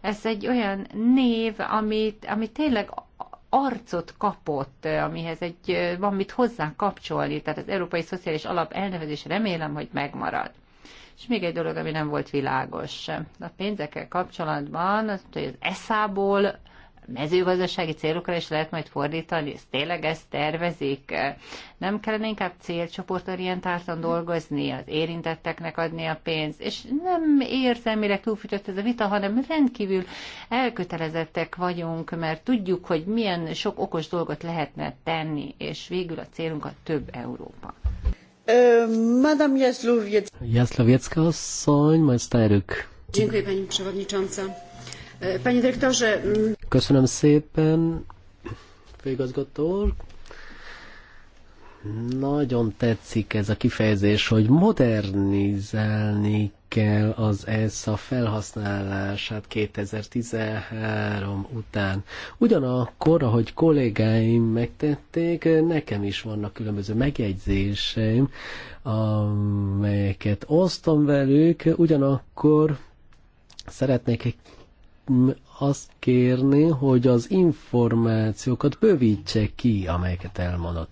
Ez egy olyan név, amit, amit tényleg arcot kapott, eh, amihez egy, eh, van mit hozzá kapcsolni, tehát az Európai Szociális Alap elnevezés remélem, hogy megmarad. És még egy dolog, ami nem volt világos. A pénzekkel kapcsolatban, az, hogy az ESZÁ-ból mezőgazdasági célokra is lehet majd fordítani? Ezt tényleg ezt tervezik? Nem kellene inkább célcsoportorientáltan dolgozni, az érintetteknek adni a pénzt? És nem érzem, mire túlfütött ez a vita, hanem rendkívül elkötelezettek vagyunk, mert tudjuk, hogy milyen sok okos dolgot lehetne tenni, és végül a célunk a több Európa. Madame Jaslowiecka. Jaslowiecka asszony, majd sztárjuk. Dziękuję Pani Przewodnicząca. Mm, Köszönöm szépen, főigazgató úr. Nagyon tetszik ez a kifejezés, hogy modernizálni kell az ESZA felhasználását 2013 után. Ugyanakkor, ahogy kollégáim megtették, nekem is vannak különböző megjegyzéseim, amelyeket osztom velük, ugyanakkor szeretnék azt kérni, hogy az információkat bővítse ki, amelyeket elmondott.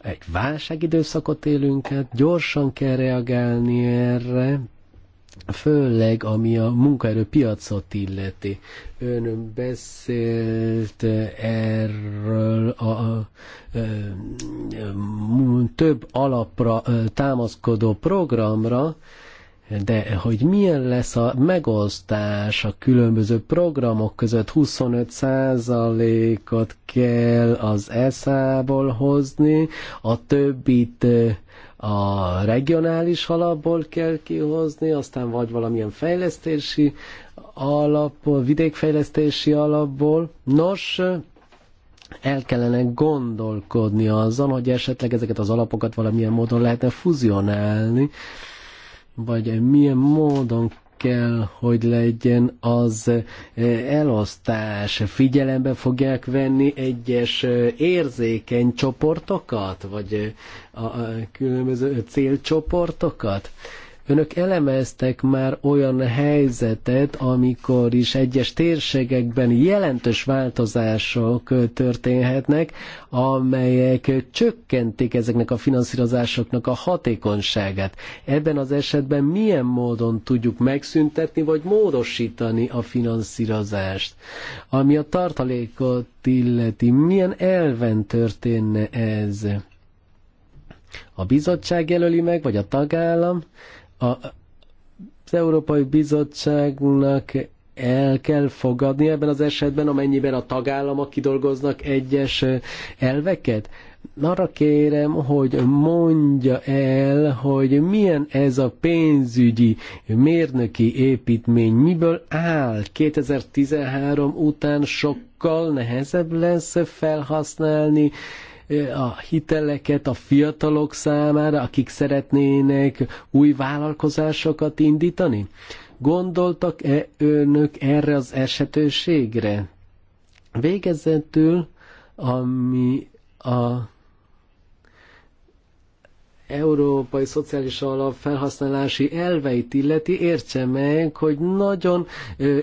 Egy válságidőszakot élünk át, gyorsan kell reagálni erre, főleg ami a munkaerőpiacot illeti. Ön beszélt eh, erről a, a, a, eh, a több alapra eh, támaszkodó programra, de hogy milyen lesz a megosztás a különböző programok között, 25%-ot kell az ESZA-ból hozni, a többit a regionális alapból kell kihozni, aztán vagy valamilyen fejlesztési alap, vidékfejlesztési alapból. Nos, el kellene gondolkodni azon, hogy esetleg ezeket az alapokat valamilyen módon lehetne fuzionálni, vagy milyen módon kell, hogy legyen az eh, elosztás. Figyelembe fogják venni egyes eh, érzékeny csoportokat, vagy eh, a különböző célcsoportokat. Önök elemeztek már olyan helyzetet, amikor is egyes térségekben jelentős változások történhetnek, amelyek csökkentik ezeknek a finanszírozásoknak a hatékonyságát. Ebben az esetben milyen módon tudjuk megszüntetni vagy módosítani a finanszírozást? Ami a tartalékot illeti, milyen elven történne ez? A bizottság jelöli meg, vagy a tagállam? A, az Európai Bizottságnak el kell fogadni ebben az esetben, amennyiben a tagállamok kidolgoznak egyes elveket? Arra kérem, hogy mondja el, hogy milyen ez a pénzügyi mérnöki építmény, miből áll 2013 után sokkal nehezebb lesz felhasználni, a hiteleket a fiatalok számára, akik szeretnének új vállalkozásokat indítani? Gondoltak-e önök erre az esetőségre? Végezetül, ami a európai szociális alap felhasználási elveit illeti, értse meg, hogy nagyon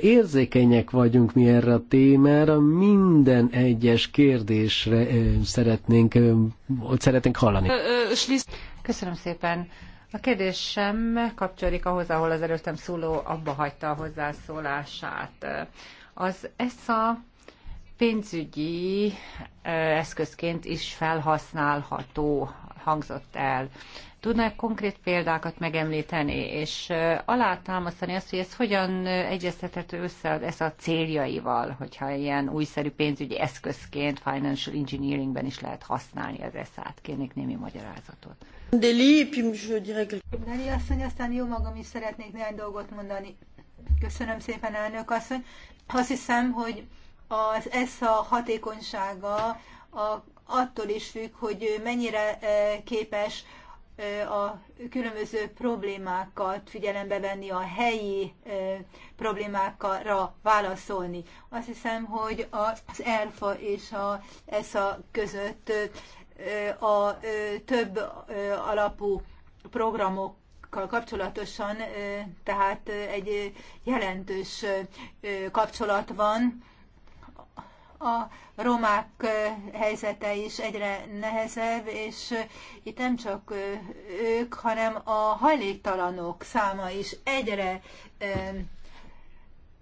érzékenyek vagyunk mi erre a témára, minden egyes kérdésre szeretnénk, ott szeretnénk hallani. Köszönöm szépen. A kérdésem kapcsolódik ahhoz, ahol az előttem szóló abba hagyta a hozzászólását. Az ESZA pénzügyi eszközként is felhasználható hangzott el. Tudnák konkrét példákat megemlíteni, és alátámasztani azt, hogy ez hogyan egyeztethető össze ez a céljaival, hogyha ilyen újszerű pénzügyi eszközként, financial engineeringben is lehet használni az eszát. Kérnék némi magyarázatot. Deli, puis Deli asszony, aztán jó magam is szeretnék néhány dolgot mondani. Köszönöm szépen, elnök asszony. Azt hiszem, hogy az ESZA hatékonysága a attól is függ, hogy mennyire e, képes e, a különböző problémákat figyelembe venni, a helyi e, problémákra válaszolni. Azt hiszem, hogy az ERFA és a ESA között a több alapú programokkal kapcsolatosan, tehát egy jelentős kapcsolat van, a romák helyzete is egyre nehezebb, és itt nem csak ők, hanem a hajléktalanok száma is egyre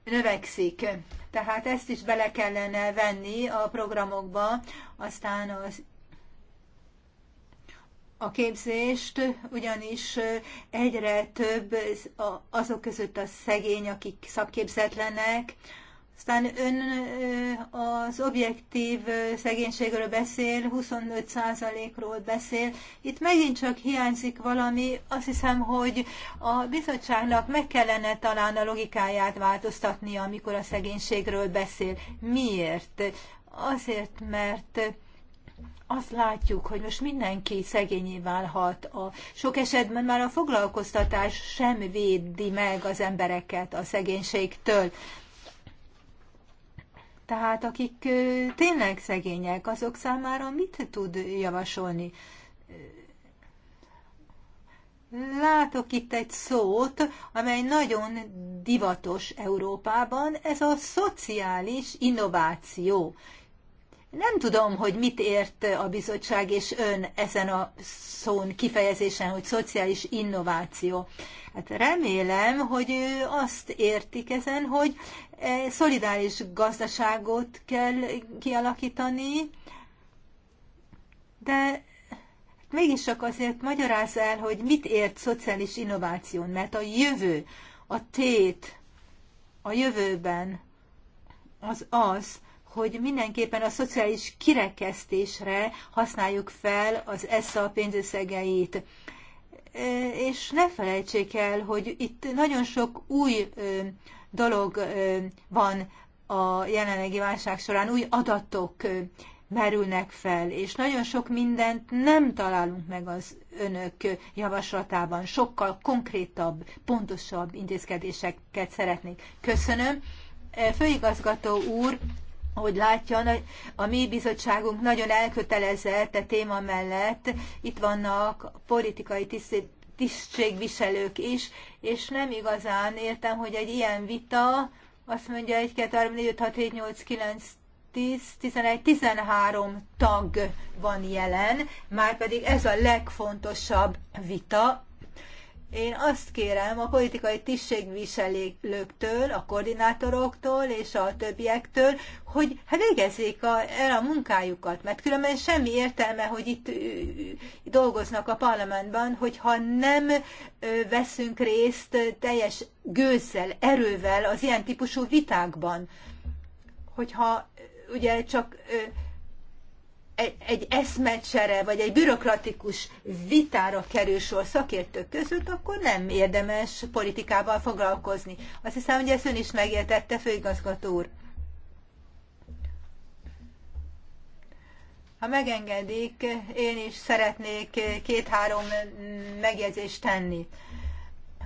növekszik. Tehát ezt is bele kellene venni a programokba, aztán az a képzést, ugyanis egyre több azok között a szegény, akik szakképzetlenek, aztán ön az objektív szegénységről beszél, 25%-ról beszél. Itt megint csak hiányzik valami. Azt hiszem, hogy a bizottságnak meg kellene talán a logikáját változtatnia, amikor a szegénységről beszél. Miért? Azért, mert azt látjuk, hogy most mindenki szegényé válhat. A, sok esetben már a foglalkoztatás sem védi meg az embereket a szegénységtől. Tehát akik tényleg szegények, azok számára mit tud javasolni? Látok itt egy szót, amely nagyon divatos Európában, ez a szociális innováció. Nem tudom, hogy mit ért a bizottság és ön ezen a szón kifejezésen, hogy szociális innováció. Hát remélem, hogy ő azt értik ezen, hogy Eh, szolidáris gazdaságot kell kialakítani, de mégis csak azért magyaráz el, hogy mit ért szociális innováción, mert a jövő, a tét a jövőben az az, hogy mindenképpen a szociális kirekesztésre használjuk fel az ESZA pénzösszegeit. Eh, és ne felejtsék el, hogy itt nagyon sok új dolog van a jelenlegi válság során, új adatok merülnek fel, és nagyon sok mindent nem találunk meg az önök javaslatában. Sokkal konkrétabb, pontosabb intézkedéseket szeretnék. Köszönöm. Főigazgató úr, hogy látja, a mi bizottságunk nagyon elkötelezett a e téma mellett. Itt vannak politikai tisztét tisztségviselők is, és nem igazán értem, hogy egy ilyen vita azt mondja 1, 2, 3, 4, 5, 6, 7, 8, 9, 10, 11, 13 tag van jelen, már pedig ez a legfontosabb vita, én azt kérem a politikai tisztségviselőktől, a koordinátoroktól és a többiektől, hogy hát végezzék a, el a munkájukat, mert különben semmi értelme, hogy itt dolgoznak a parlamentben, hogyha nem veszünk részt teljes gőzzel, erővel az ilyen típusú vitákban. Hogyha ugye csak egy, egy eszmecsere, vagy egy bürokratikus vitára kerül sor szakértők között, akkor nem érdemes politikával foglalkozni. Azt hiszem, hogy ezt ön is megértette, főigazgató úr. Ha megengedik, én is szeretnék két-három megjegyzést tenni.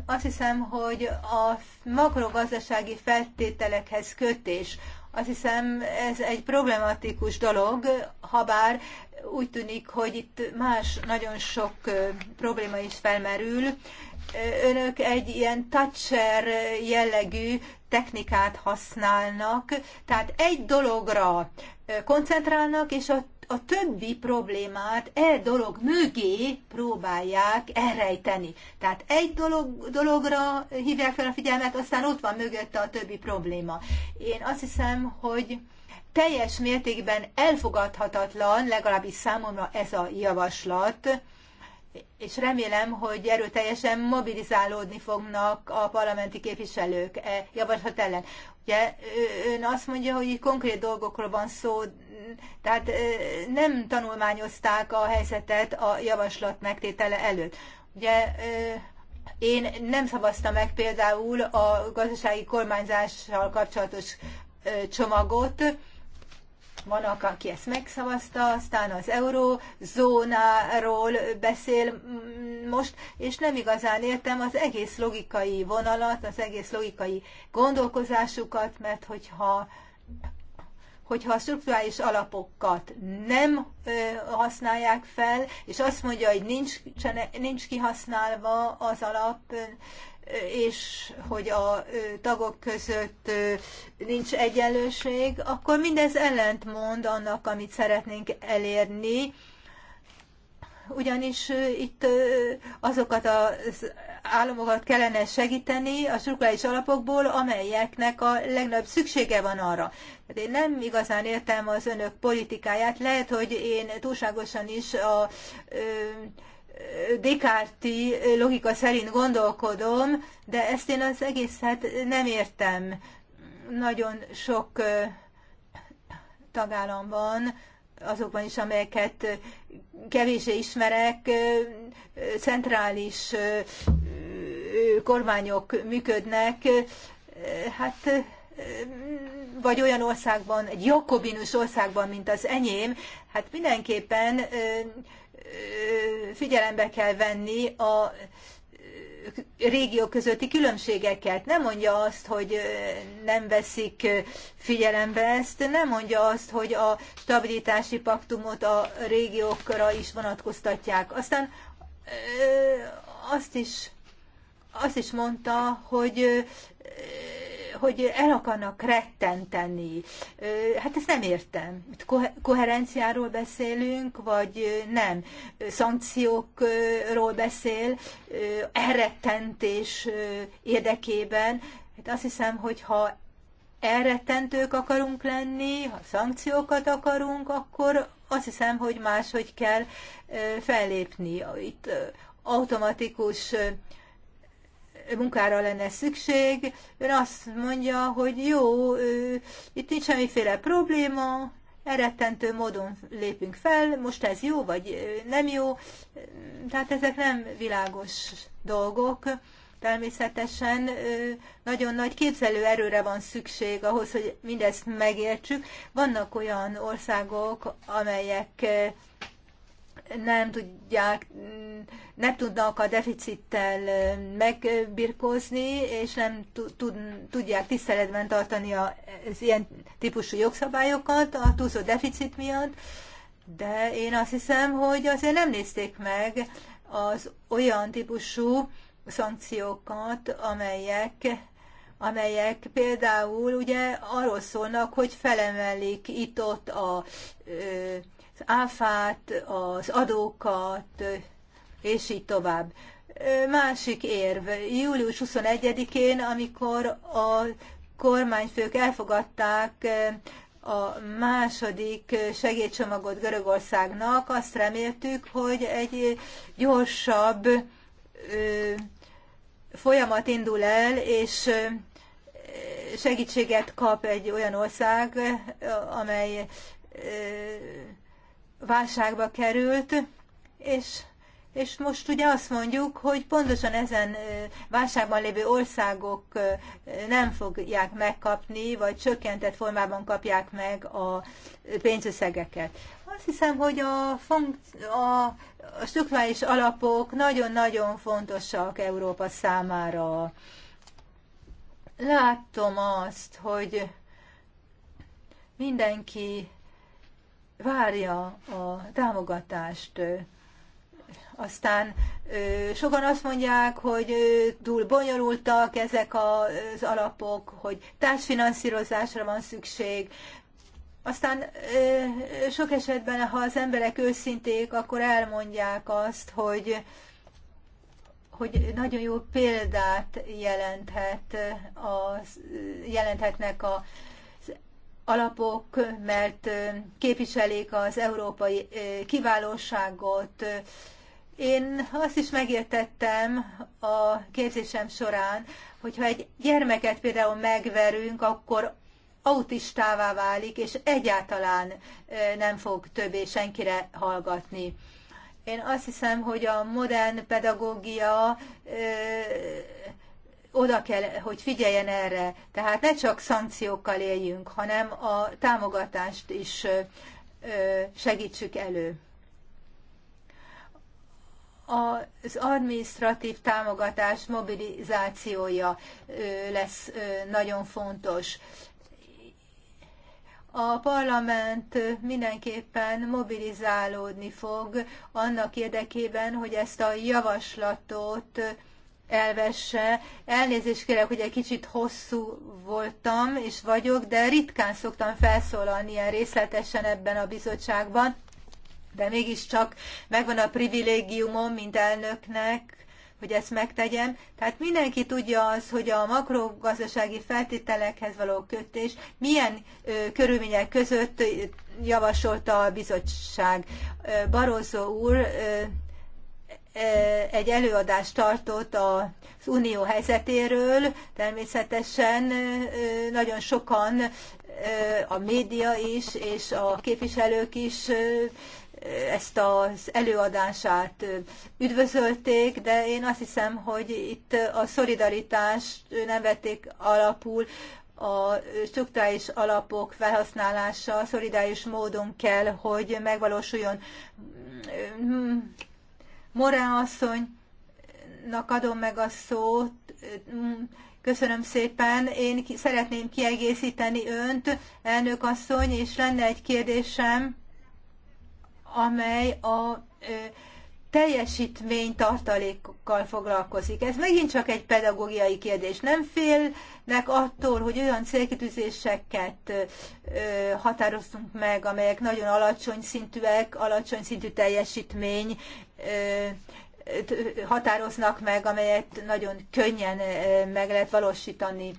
Azt hiszem, hogy a makrogazdasági feltételekhez kötés, azt hiszem, ez egy problematikus dolog, ha bár úgy tűnik, hogy itt más nagyon sok probléma is felmerül. Önök egy ilyen toucher jellegű technikát használnak, tehát egy dologra koncentrálnak, és a a többi problémát e dolog mögé próbálják elrejteni. Tehát egy dolog, dologra hívják fel a figyelmet, aztán ott van mögötte a többi probléma. Én azt hiszem, hogy teljes mértékben elfogadhatatlan, legalábbis számomra ez a javaslat, és remélem, hogy erőteljesen mobilizálódni fognak a parlamenti képviselők e javaslat ellen. Ugye ön azt mondja, hogy itt konkrét dolgokról van szó, tehát nem tanulmányozták a helyzetet a javaslat megtétele előtt. Ugye én nem szavaztam meg például a gazdasági kormányzással kapcsolatos csomagot, van, aki ezt megszavazta, aztán az eurózónáról beszél most, és nem igazán értem az egész logikai vonalat, az egész logikai gondolkozásukat, mert hogyha hogyha a struktúrális alapokat nem ö, használják fel, és azt mondja, hogy nincs, nincs kihasználva az alap, ö, és hogy a tagok között nincs egyenlőség, akkor mindez ellentmond annak, amit szeretnénk elérni, ugyanis itt azokat az államokat kellene segíteni a strukturális alapokból, amelyeknek a legnagyobb szüksége van arra. Hát én nem igazán értem az önök politikáját, lehet, hogy én túlságosan is a Descarti logika szerint gondolkodom, de ezt én az egészet nem értem. Nagyon sok tagállamban, azokban is, amelyeket kevésé ismerek, centrális kormányok működnek, hát vagy olyan országban, egy jakobinus országban, mint az enyém, hát mindenképpen figyelembe kell venni a régiók közötti különbségeket. Nem mondja azt, hogy nem veszik figyelembe ezt, nem mondja azt, hogy a stabilitási paktumot a régiókra is vonatkoztatják. Aztán azt is, azt is mondta, hogy hogy el akarnak rettenteni. Hát ezt nem értem. Koherenciáról beszélünk, vagy nem. Szankciókról beszél, elrettentés érdekében. Hát azt hiszem, hogy ha elrettentők akarunk lenni, ha szankciókat akarunk, akkor azt hiszem, hogy máshogy kell fellépni. Itt automatikus munkára lenne szükség. Ön azt mondja, hogy jó, itt nincs semmiféle probléma, eredtentő módon lépünk fel, most ez jó vagy nem jó, tehát ezek nem világos dolgok. Természetesen nagyon nagy képzelő erőre van szükség ahhoz, hogy mindezt megértsük. Vannak olyan országok, amelyek nem tudják, nem tudnak a deficittel megbirkózni, és nem tudják tiszteletben tartani az ilyen típusú jogszabályokat a túlzó deficit miatt, de én azt hiszem, hogy azért nem nézték meg az olyan típusú szankciókat, amelyek amelyek például ugye arról szólnak, hogy felemelik itt-ott a ö, áfát, az adókat, és így tovább. Másik érv, július 21-én, amikor a kormányfők elfogadták a második segédcsomagot Görögországnak, azt reméltük, hogy egy gyorsabb folyamat indul el, és segítséget kap egy olyan ország, amely válságba került, és, és most ugye azt mondjuk, hogy pontosan ezen válságban lévő országok nem fogják megkapni, vagy csökkentett formában kapják meg a pénzösszegeket. Azt hiszem, hogy a, funk- a, a alapok nagyon-nagyon fontosak Európa számára. Látom azt, hogy mindenki várja a támogatást. Aztán sokan azt mondják, hogy túl bonyolultak ezek az alapok, hogy társfinanszírozásra van szükség. Aztán sok esetben, ha az emberek őszinték, akkor elmondják azt, hogy hogy nagyon jó példát jelenthet az, jelenthetnek a alapok, mert képviselik az európai kiválóságot. Én azt is megértettem a képzésem során, hogyha egy gyermeket például megverünk, akkor autistává válik, és egyáltalán nem fog többé senkire hallgatni. Én azt hiszem, hogy a modern pedagógia oda kell, hogy figyeljen erre. Tehát ne csak szankciókkal éljünk, hanem a támogatást is segítsük elő. Az administratív támogatás mobilizációja lesz nagyon fontos. A parlament mindenképpen mobilizálódni fog annak érdekében, hogy ezt a javaslatot elvesse. Elnézést kérek, hogy egy kicsit hosszú voltam és vagyok, de ritkán szoktam felszólalni ilyen részletesen ebben a bizottságban, de mégiscsak megvan a privilégiumom, mint elnöknek, hogy ezt megtegyem. Tehát mindenki tudja az, hogy a makrogazdasági feltételekhez való kötés milyen ö, körülmények között javasolta a bizottság. Ö, úr ö, egy előadást tartott az unió helyzetéről. Természetesen nagyon sokan, a média is, és a képviselők is ezt az előadását üdvözölték, de én azt hiszem, hogy itt a szolidaritást nem vették alapul, a struktúrális alapok felhasználása szolidáris módon kell, hogy megvalósuljon. Morán asszonynak adom meg a szót. Köszönöm szépen. Én ki, szeretném kiegészíteni önt, elnök asszony, és lenne egy kérdésem, amely a ö, teljesítmény tartalékkal foglalkozik. Ez megint csak egy pedagógiai kérdés. Nem félnek attól, hogy olyan célkitűzéseket ö, határoztunk meg, amelyek nagyon alacsony szintűek, alacsony szintű teljesítmény határoznak meg, amelyet nagyon könnyen meg lehet valósítani.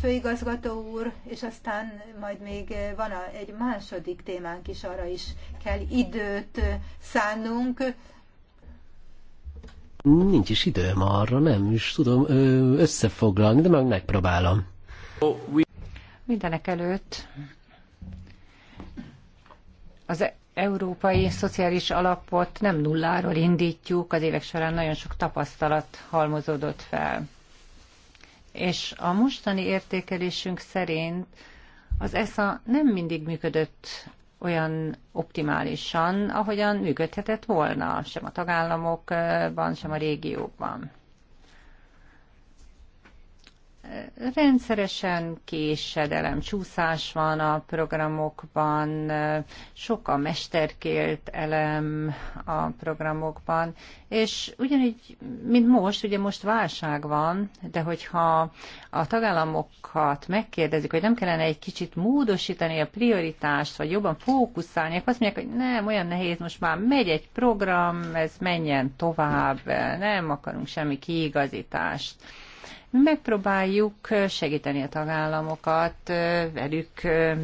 Főigazgató úr, és aztán majd még van egy második témánk is, arra is kell időt szánnunk. Nincs is időm arra, nem is tudom összefoglalni, de meg megpróbálom. Mindenek előtt az európai szociális alapot nem nulláról indítjuk, az évek során nagyon sok tapasztalat halmozódott fel. És a mostani értékelésünk szerint az ESA nem mindig működött olyan optimálisan, ahogyan működhetett volna, sem a tagállamokban, sem a régióban rendszeresen késedelem, csúszás van a programokban, sok a mesterkélt elem a programokban, és ugyanígy, mint most, ugye most válság van, de hogyha a tagállamokat megkérdezik, hogy nem kellene egy kicsit módosítani a prioritást, vagy jobban fókuszálni, akkor azt mondják, hogy nem, olyan nehéz, most már megy egy program, ez menjen tovább, nem akarunk semmi kiigazítást megpróbáljuk segíteni a tagállamokat, velük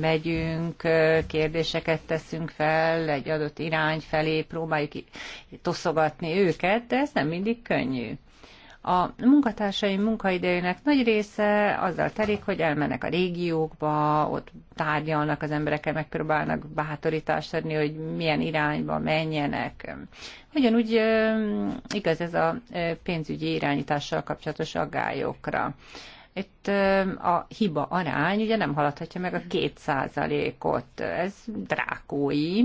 megyünk, kérdéseket teszünk fel, egy adott irány felé próbáljuk toszogatni őket, de ez nem mindig könnyű. A munkatársaim munkaidejének nagy része azzal telik, hogy elmennek a régiókba, ott tárgyalnak az emberekkel, megpróbálnak bátorítást adni, hogy milyen irányba menjenek. Ugyanúgy igaz ez a pénzügyi irányítással kapcsolatos aggályokra. Itt a hiba arány ugye nem haladhatja meg a két százalékot. Ez drákói,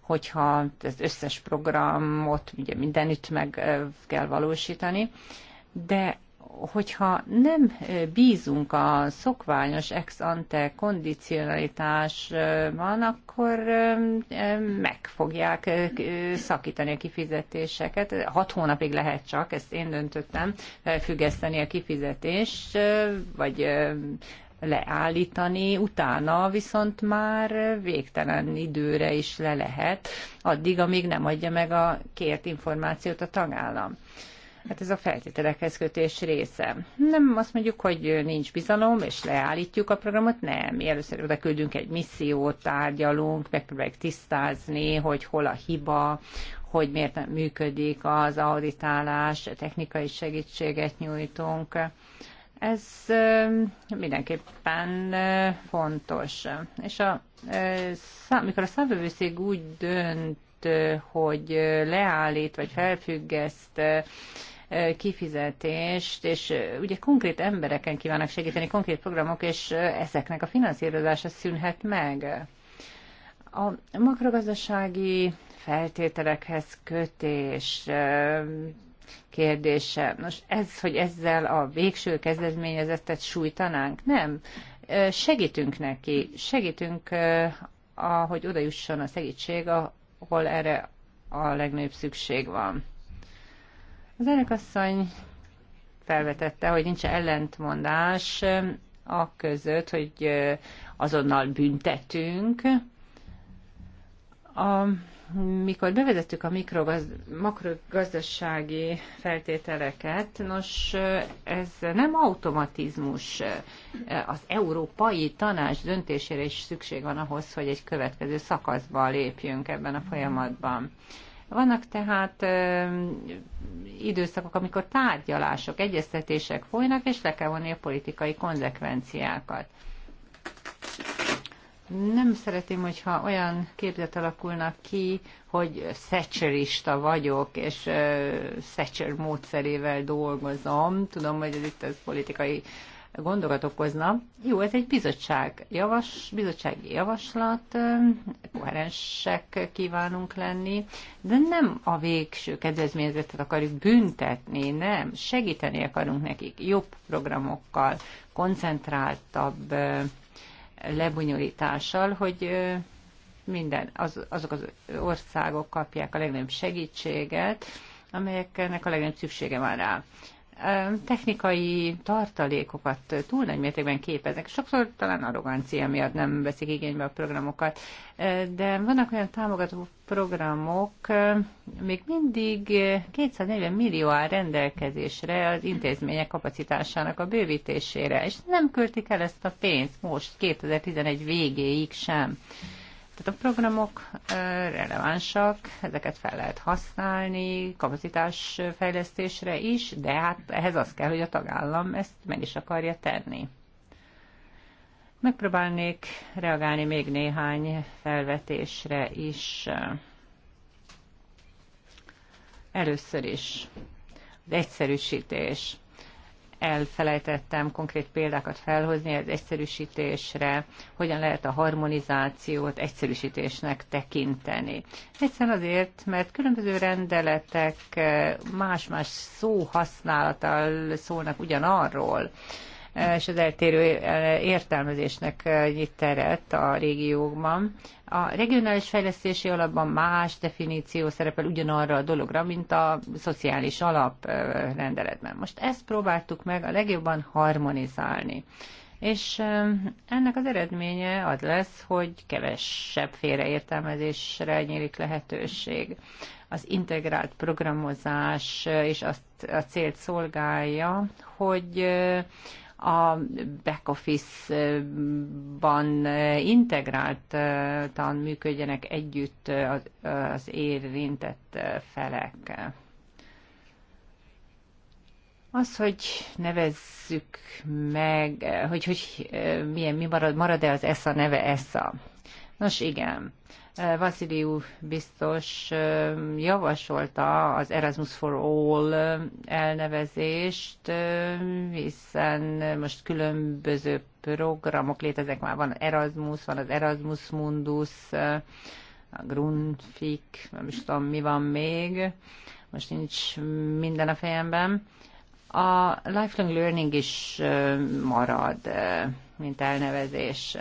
hogyha az összes programot ugye mindenütt meg kell valósítani de hogyha nem bízunk a szokványos ex ante kondicionalitásban, akkor meg fogják szakítani a kifizetéseket. Hat hónapig lehet csak, ezt én döntöttem, függeszteni a kifizetést, vagy leállítani, utána viszont már végtelen időre is le lehet, addig, amíg nem adja meg a kért információt a tagállam. Hát ez a feltételekhez kötés része. Nem azt mondjuk, hogy nincs bizalom, és leállítjuk a programot, nem. Mi először oda küldünk egy missziót, tárgyalunk, megpróbáljuk tisztázni, hogy hol a hiba, hogy miért nem működik az auditálás, technikai segítséget nyújtunk. Ez mindenképpen fontos. És a, amikor a számvevőszék úgy dönt, döntött, hogy leállít vagy felfüggeszt kifizetést, és ugye konkrét embereken kívánnak segíteni, konkrét programok, és ezeknek a finanszírozása szűnhet meg. A makrogazdasági feltételekhez kötés kérdése. Most ez, hogy ezzel a végső kezdeményezettet sújtanánk? Nem. Segítünk neki, segítünk ahogy oda jusson a segítség a hol erre a legnagyobb szükség van. Az elnökasszony felvetette, hogy nincs ellentmondás a között, hogy azonnal büntetünk. A mikor bevezettük a makrogazdasági feltételeket, nos, ez nem automatizmus. Az Európai Tanács döntésére is szükség van ahhoz, hogy egy következő szakaszba lépjünk ebben a folyamatban. Vannak tehát ö, időszakok, amikor tárgyalások, egyeztetések folynak, és le kell vonni a politikai konzekvenciákat nem szeretném, hogyha olyan képzet alakulnak ki, hogy szecserista vagyok, és uh, szecser módszerével dolgozom. Tudom, hogy ez itt az politikai gondokat okozna. Jó, ez egy bizottság javas, bizottsági javaslat, koherensek kívánunk lenni, de nem a végső kedvezményezetet akarjuk büntetni, nem, segíteni akarunk nekik jobb programokkal, koncentráltabb lebonyolítással, hogy minden, az, azok az országok kapják a legnagyobb segítséget, amelyeknek a legnagyobb szüksége van rá technikai tartalékokat túl nagy mértékben képeznek. Sokszor talán arrogancia miatt nem veszik igénybe a programokat, de vannak olyan támogató programok, még mindig 240 millió áll rendelkezésre az intézmények kapacitásának a bővítésére, és nem költik el ezt a pénzt most, 2011 végéig sem. Tehát a programok relevánsak, ezeket fel lehet használni fejlesztésre is, de hát ehhez az kell, hogy a tagállam ezt meg is akarja tenni. Megpróbálnék reagálni még néhány felvetésre is. Először is az egyszerűsítés elfelejtettem konkrét példákat felhozni az egyszerűsítésre, hogyan lehet a harmonizációt egyszerűsítésnek tekinteni. Egyszerűen azért, mert különböző rendeletek eh, más-más szóhasználattal szólnak ugyanarról és az eltérő eh, értelmezésnek eh, nyit teret a régiókban. A regionális fejlesztési alapban más definíció szerepel ugyanarra a dologra, mint a szociális alaprendeletben. Eh, Most ezt próbáltuk meg a legjobban harmonizálni. És ennek az eredménye az lesz, hogy kevesebb félreértelmezésre nyílik lehetőség. Az integrált programozás és azt a célt szolgálja, hogy a back office-ban integráltan működjenek együtt az érintett felek. Az, hogy nevezzük meg, hogy, hogy eh, milyen, mi marad, marad-e az ESSA neve ESSA? Nos igen, Vasiliu biztos javasolta az Erasmus for All elnevezést, hiszen most különböző programok léteznek, már van Erasmus, van az Erasmus Mundus, a Grundfik, nem is tudom, mi van még, most nincs minden a fejemben. A lifelong learning is marad, mint elnevezés.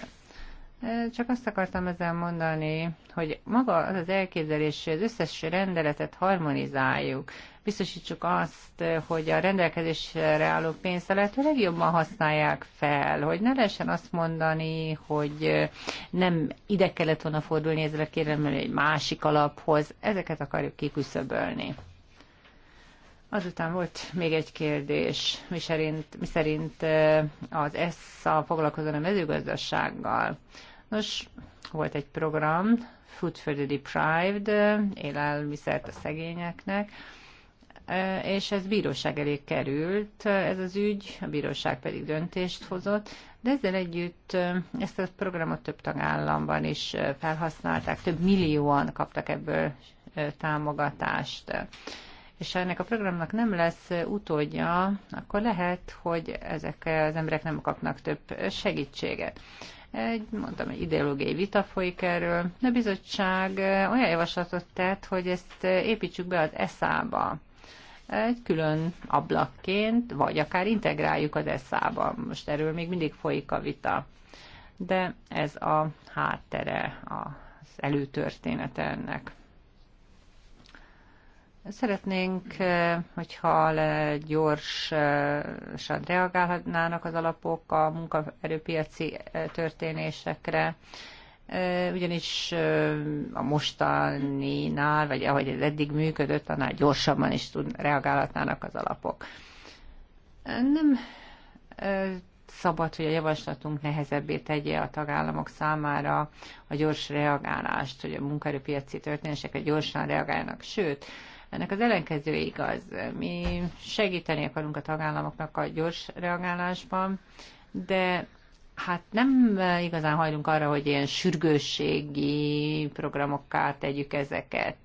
Csak azt akartam ezzel mondani, hogy maga az az elképzelés, hogy az összes rendeletet harmonizáljuk, biztosítsuk azt, hogy a rendelkezésre álló pénzt a lehető legjobban használják fel, hogy ne lehessen azt mondani, hogy nem ide kellett volna fordulni ezzel a kérelemmel egy másik alaphoz, ezeket akarjuk kiküszöbölni. Azután volt még egy kérdés, mi szerint, mi szerint az ESZA foglalkozó a mezőgazdasággal. Nos, volt egy program, Food for the Deprived, élelmiszert a szegényeknek, eh, és ez bíróság elé került, ez az ügy, a bíróság pedig döntést hozott, de ezzel együtt eh, ezt a programot több tagállamban is eh, felhasználták, több millióan kaptak ebből támogatást. És ha ennek a programnak nem lesz utódja, akkor lehet, hogy ezek az emberek nem kapnak több segítséget. Egy, mondtam, egy ideológiai vita folyik erről. A bizottság olyan javaslatot tett, hogy ezt építsük be az ESZÁ-ba egy külön ablakként, vagy akár integráljuk az ESZÁ-ba. Most erről még mindig folyik a vita. De ez a háttere, az előtörténete ennek. Szeretnénk, eh, hogyha gyorsan reagálhatnának az alapok a munkaerőpiaci eh, történésekre, eh, ugyanis a mostaninál, vagy ahogy ez eddig működött, annál gyorsabban is tud, reagálhatnának az alapok. Nem szabad, hogy a javaslatunk nehezebbé tegye a tagállamok számára a gyors reagálást, hogy a munkaerőpiaci történésekre gyorsan reagálnak. Sőt, ennek az ellenkezője igaz. Mi segíteni akarunk a tagállamoknak a gyors reagálásban, de hát nem igazán hajlunk arra, hogy ilyen sürgősségi programokká tegyük ezeket.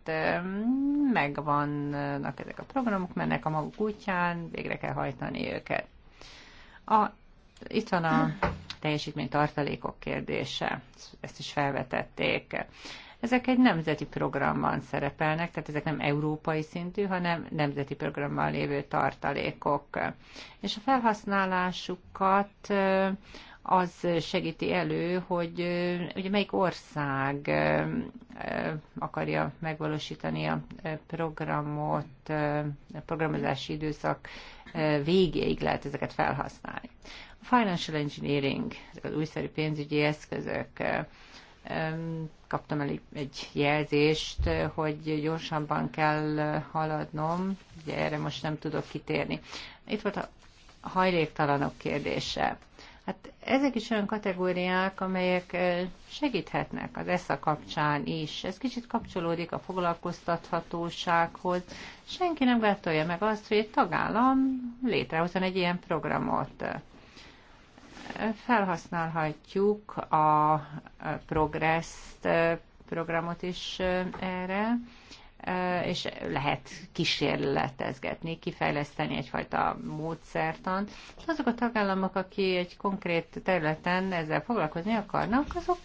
Megvannak ezek a programok, mennek a maguk útján, végre kell hajtani őket. A, itt van a teljesítmény tartalékok kérdése, ezt is felvetették ezek egy nemzeti programban szerepelnek, tehát ezek nem európai szintű, hanem nemzeti programban lévő tartalékok. És a felhasználásukat az segíti elő, hogy ugye melyik ország akarja megvalósítani a programot, a programozási időszak végéig lehet ezeket felhasználni. A financial engineering, az újszerű pénzügyi eszközök, kaptam el egy jelzést, hogy gyorsabban kell haladnom, ugye erre most nem tudok kitérni. Itt volt a hajléktalanok kérdése. Hát ezek is olyan kategóriák, amelyek eh, segíthetnek az ESZA kapcsán is. Ez kicsit kapcsolódik a foglalkoztathatósághoz. Senki nem gátolja meg azt, hogy egy tagállam létrehozzon egy ilyen programot. Felhasználhatjuk a progress programot is erre, és lehet kísérletezgetni, kifejleszteni egyfajta módszertant. És azok a tagállamok, aki egy konkrét területen ezzel foglalkozni akarnak, azok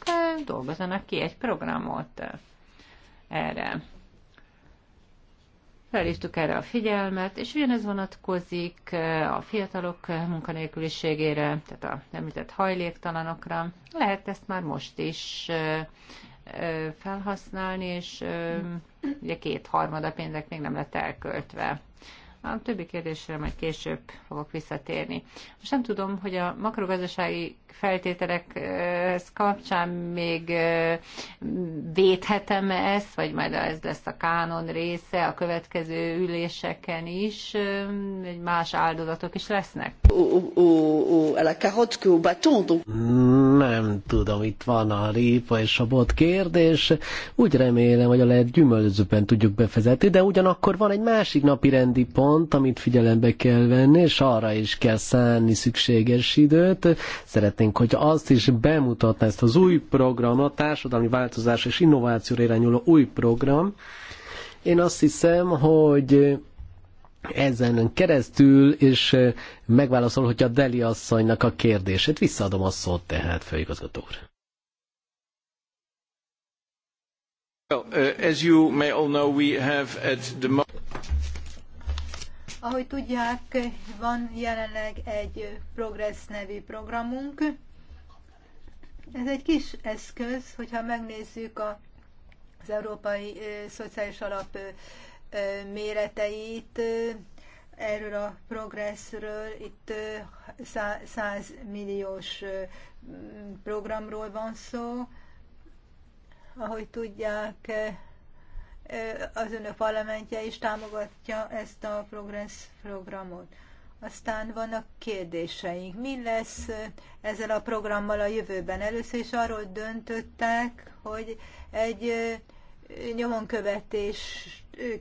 dolgozanak ki egy programot erre. Felhívtuk erre a figyelmet, és ugyanez vonatkozik eh, a fiatalok munkanélküliségére, tehát a említett hajléktalanokra. Lehet ezt már most is eh, eh, felhasználni, és ugye kétharmada pénzek még nem lett elköltve. A többi kérdésre majd később fogok visszatérni. Most nem tudom, hogy a makrogazdasági feltételek kapcsán még védhetem -e ezt, vagy majd ez lesz a kánon része a következő üléseken is, egy más áldozatok is lesznek? Nem tudom, itt van a ripa és a bot kérdés. Úgy remélem, hogy a lehet gyümölcsöben tudjuk befezetni, de ugyanakkor van egy másik napi rendi pont, amit figyelembe kell venni, és arra is kell szánni szükséges időt. Szeretnénk szeretnénk, hogy azt is bemutatná ezt az új programot, társadalmi változás és innovációra irányuló új program. Én azt hiszem, hogy ezen keresztül és megválaszolhatja a Deli asszonynak a kérdését. Visszaadom a szót tehát, főigazgató úr. Well, uh, as you may all know, we have at the ahogy tudják, van jelenleg egy Progress nevű programunk. Ez egy kis eszköz, hogyha megnézzük a, az Európai Szociális Alap méreteit, erről a progresszről, itt 100 milliós programról van szó. Ahogy tudják, az önök parlamentje is támogatja ezt a progress programot. Aztán vannak kérdéseink. Mi lesz ezzel a programmal a jövőben? Először is arról döntöttek, hogy egy nyomonkövetés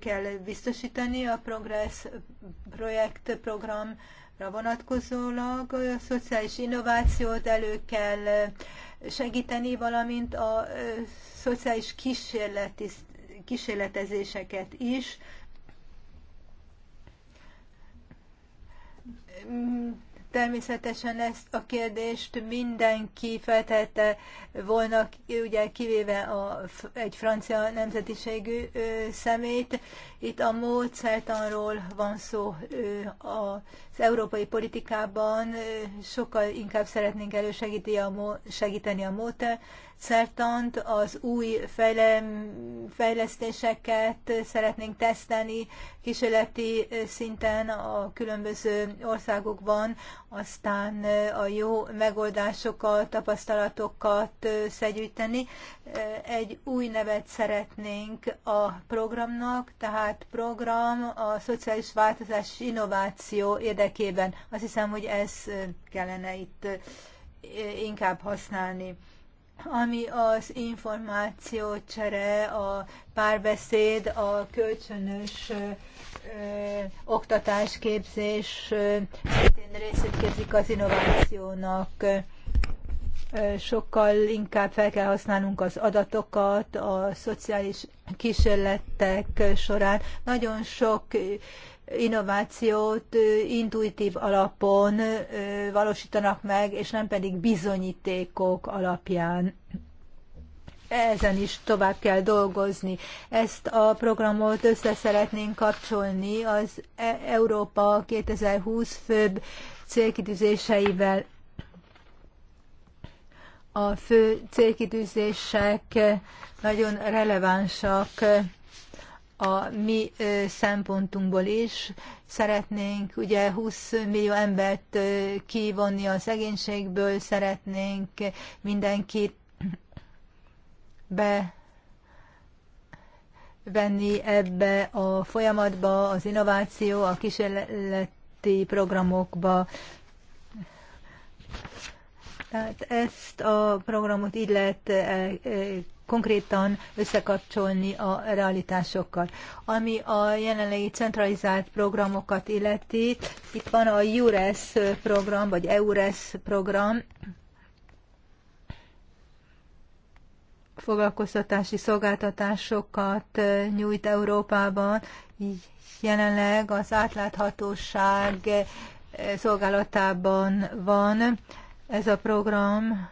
kell biztosítani a Progress projekt programra vonatkozólag. A szociális innovációt elő kell segíteni, valamint a szociális kísérleti kísérletezéseket is. Természetesen ezt a kérdést mindenki feltette volna, ugye kivéve a, egy francia nemzetiségű ö, szemét. Itt a módszertanról van szó ö, az európai politikában, ö, sokkal inkább szeretnénk elősegíteni a, segíteni a módszert, szertant, az új fejlesztéseket szeretnénk tesztelni kísérleti szinten a különböző országokban, aztán a jó megoldásokat, tapasztalatokat szegyűjteni. Egy új nevet szeretnénk a programnak, tehát program a szociális változás innováció érdekében. Azt hiszem, hogy ez kellene itt inkább használni ami az információcsere, a párbeszéd, a kölcsönös oktatásképzés oktatás, képzés szintén részét képzik az innovációnak. sokkal inkább fel kell használnunk az adatokat a szociális kísérletek során. Nagyon sok innovációt intuitív alapon valósítanak meg, és nem pedig bizonyítékok alapján. Ezen is tovább kell dolgozni. Ezt a programot össze szeretnénk kapcsolni az e- Európa 2020 főbb célkitűzéseivel. A fő célkitűzések nagyon relevánsak a mi szempontunkból is. Szeretnénk ugye 20 millió embert kivonni a szegénységből, szeretnénk mindenkit bevenni ebbe a folyamatba, az innováció, a kísérleti programokba. Tehát ezt a programot így lehet konkrétan összekapcsolni a realitásokkal. Ami a jelenlegi centralizált programokat illeti, itt van a EURES program, vagy EURES program, foglalkoztatási szolgáltatásokat nyújt Európában, így jelenleg az átláthatóság szolgálatában van ez a program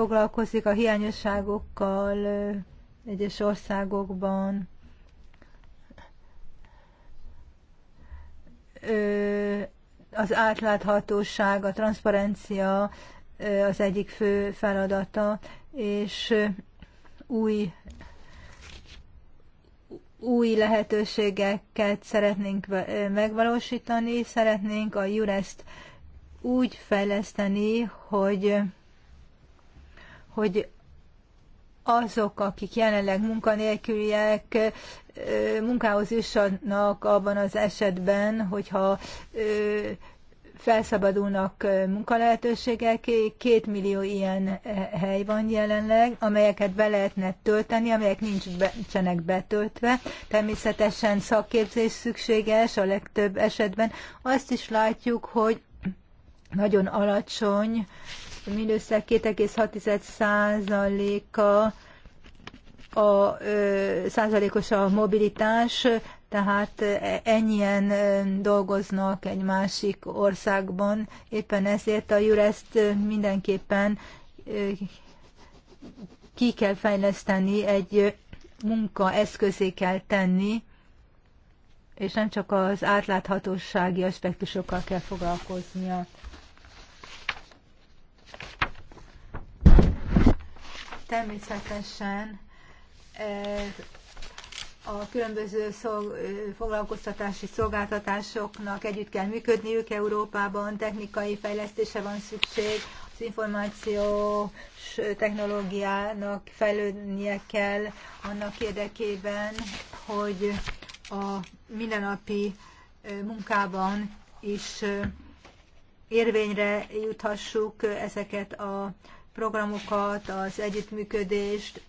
foglalkozik a hiányosságokkal egyes országokban. Az átláthatóság, a transzparencia az egyik fő feladata, és új új lehetőségeket szeretnénk megvalósítani, szeretnénk a Jurest úgy fejleszteni, hogy hogy azok, akik jelenleg munkanélküliek, munkához jussanak abban az esetben, hogyha felszabadulnak munkalehetőségek, két millió ilyen hely van jelenleg, amelyeket be lehetne tölteni, amelyek nincsenek betöltve. Természetesen szakképzés szükséges a legtöbb esetben. Azt is látjuk, hogy nagyon alacsony mindössze 2,6%-a a százalékos a mobilitás, tehát e, ennyien dolgoznak egy másik országban, éppen ezért a Jurest mindenképpen ki kell fejleszteni, egy munka eszközé kell tenni, és nem csak az átláthatósági aspektusokkal kell foglalkoznia. Természetesen a különböző szolg, foglalkoztatási szolgáltatásoknak együtt kell működniük Európában, technikai fejlesztése van szükség, az információs technológiának fejlődnie kell annak érdekében, hogy a mindennapi munkában is érvényre juthassuk ezeket a programokat, az együttműködést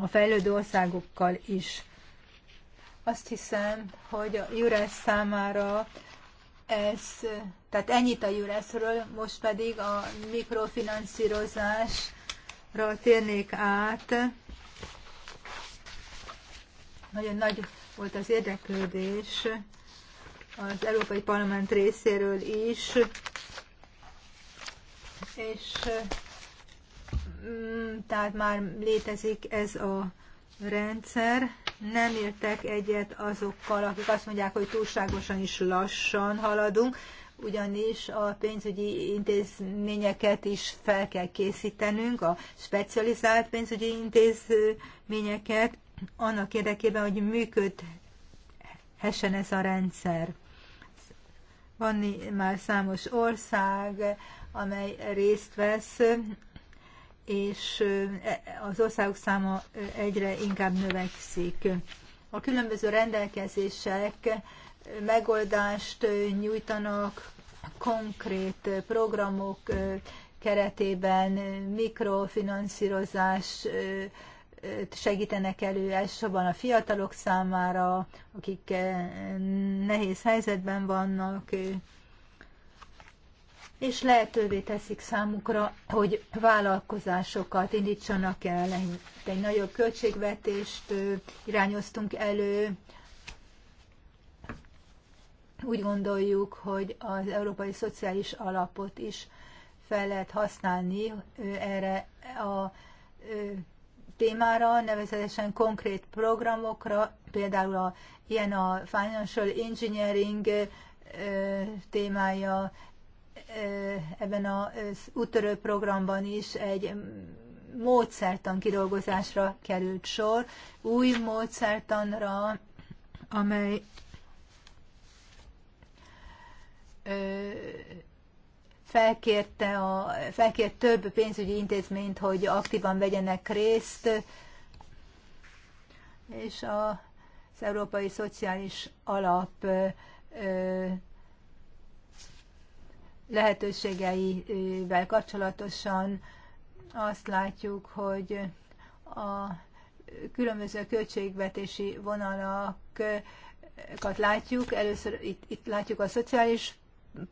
a fejlődő országokkal is. Azt hiszem, hogy a Juresz számára ez, tehát ennyit a Jureszről, most pedig a mikrofinanszírozásra térnék át. Nagyon nagy volt az érdeklődés az Európai Parlament részéről is és mm, tehát már létezik ez a rendszer. Nem értek egyet azokkal, akik azt mondják, hogy túlságosan is lassan haladunk, ugyanis a pénzügyi intézményeket is fel kell készítenünk, a specializált pénzügyi intézményeket, annak érdekében, hogy működhessen ez a rendszer. Van már számos ország, amely részt vesz, és e, az országok száma e, egyre inkább növekszik. A különböző rendelkezések e, megoldást nyújtanak konkrét programok keretében mikrofinanszírozás segítenek elő elsősorban a fiatalok számára, akik nehéz helyzetben vannak, és lehetővé teszik számukra, hogy vállalkozásokat indítsanak el. Egy nagyobb költségvetést irányoztunk elő. Úgy gondoljuk, hogy az Európai Szociális Alapot is fel lehet használni erre a témára, nevezetesen konkrét programokra, például a, ilyen a financial engineering ö, témája ebben az úttörő programban is egy módszertan kidolgozásra került sor, új módszertanra, amely ö, felkérte a, felkért több pénzügyi intézményt, hogy aktívan vegyenek részt, és a, az Európai Szociális Alap ö, ö, lehetőségeivel kapcsolatosan azt látjuk, hogy a különböző költségvetési vonalakat látjuk. Először itt, itt látjuk a szociális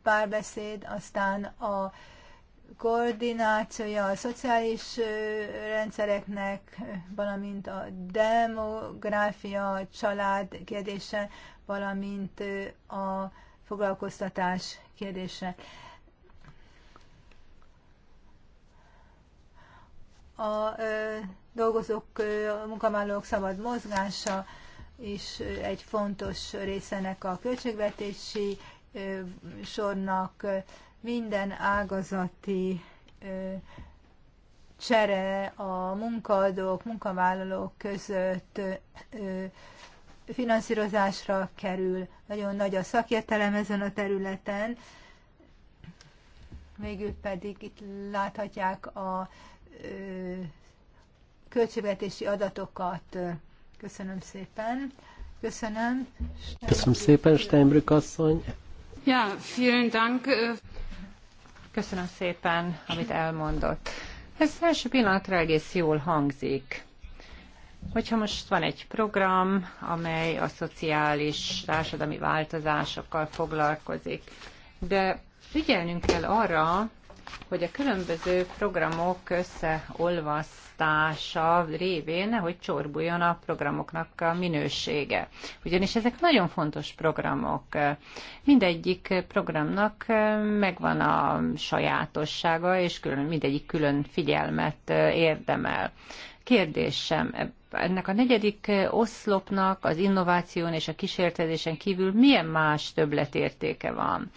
párbeszéd, aztán a koordinációja a szociális rendszereknek, valamint a demográfia, a család kérdése, valamint a foglalkoztatás kérdése. A dolgozók, a munkavállalók szabad mozgása is egy fontos része a költségvetési sornak minden ágazati csere a munkaadók, munkavállalók között finanszírozásra kerül. Nagyon nagy a szakértelem ezen a területen. Végül pedig itt láthatják a költségvetési adatokat. Köszönöm szépen. Köszönöm. Köszönöm szépen, Steinbrück asszony. Ja, äh. Köszönöm szépen, amit elmondott. Ez első pillanatra egész jól hangzik. Hogyha most van egy program, amely a szociális, társadalmi változásokkal foglalkozik, de figyelnünk kell arra, hogy a különböző programok összeolvasztása révén nehogy csorbuljon a programoknak a minősége. Ugyanis ezek nagyon fontos programok. Mindegyik programnak megvan a sajátossága, és külön, mindegyik külön figyelmet érdemel. Kérdésem, ennek a negyedik oszlopnak az innováción és a kísértezésen kívül milyen más többletértéke van?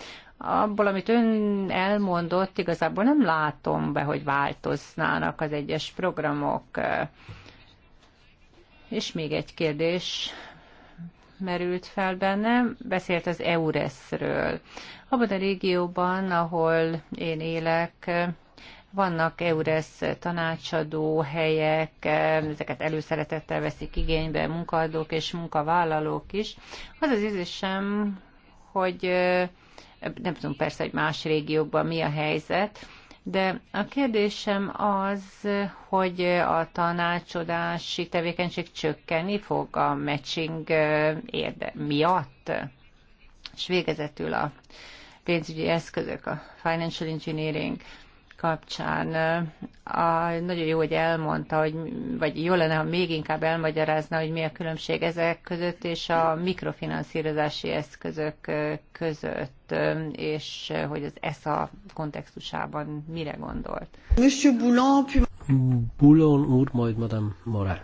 abból, amit ön elmondott, igazából nem látom be, hogy változnának az egyes programok. És még egy kérdés merült fel bennem, beszélt az EURES-ről. Abban a régióban, ahol én élek, vannak EURES tanácsadó helyek, ezeket előszeretettel veszik igénybe munkaadók és munkavállalók is. Az az érzésem, hogy nem tudom persze, hogy más régiókban mi a helyzet, de a kérdésem az, hogy a tanácsodási tevékenység csökkenni fog a matching érde miatt, és végezetül a pénzügyi eszközök, a financial engineering kapcsán. A, nagyon jó, hogy elmondta, hogy, vagy jó lenne, ha még inkább elmagyarázna, hogy mi a különbség ezek között és a mikrofinanszírozási eszközök között, és hogy az ESA kontextusában mire gondolt. Monsieur Boulon, puis... Boulon úr, majd Madame Morel.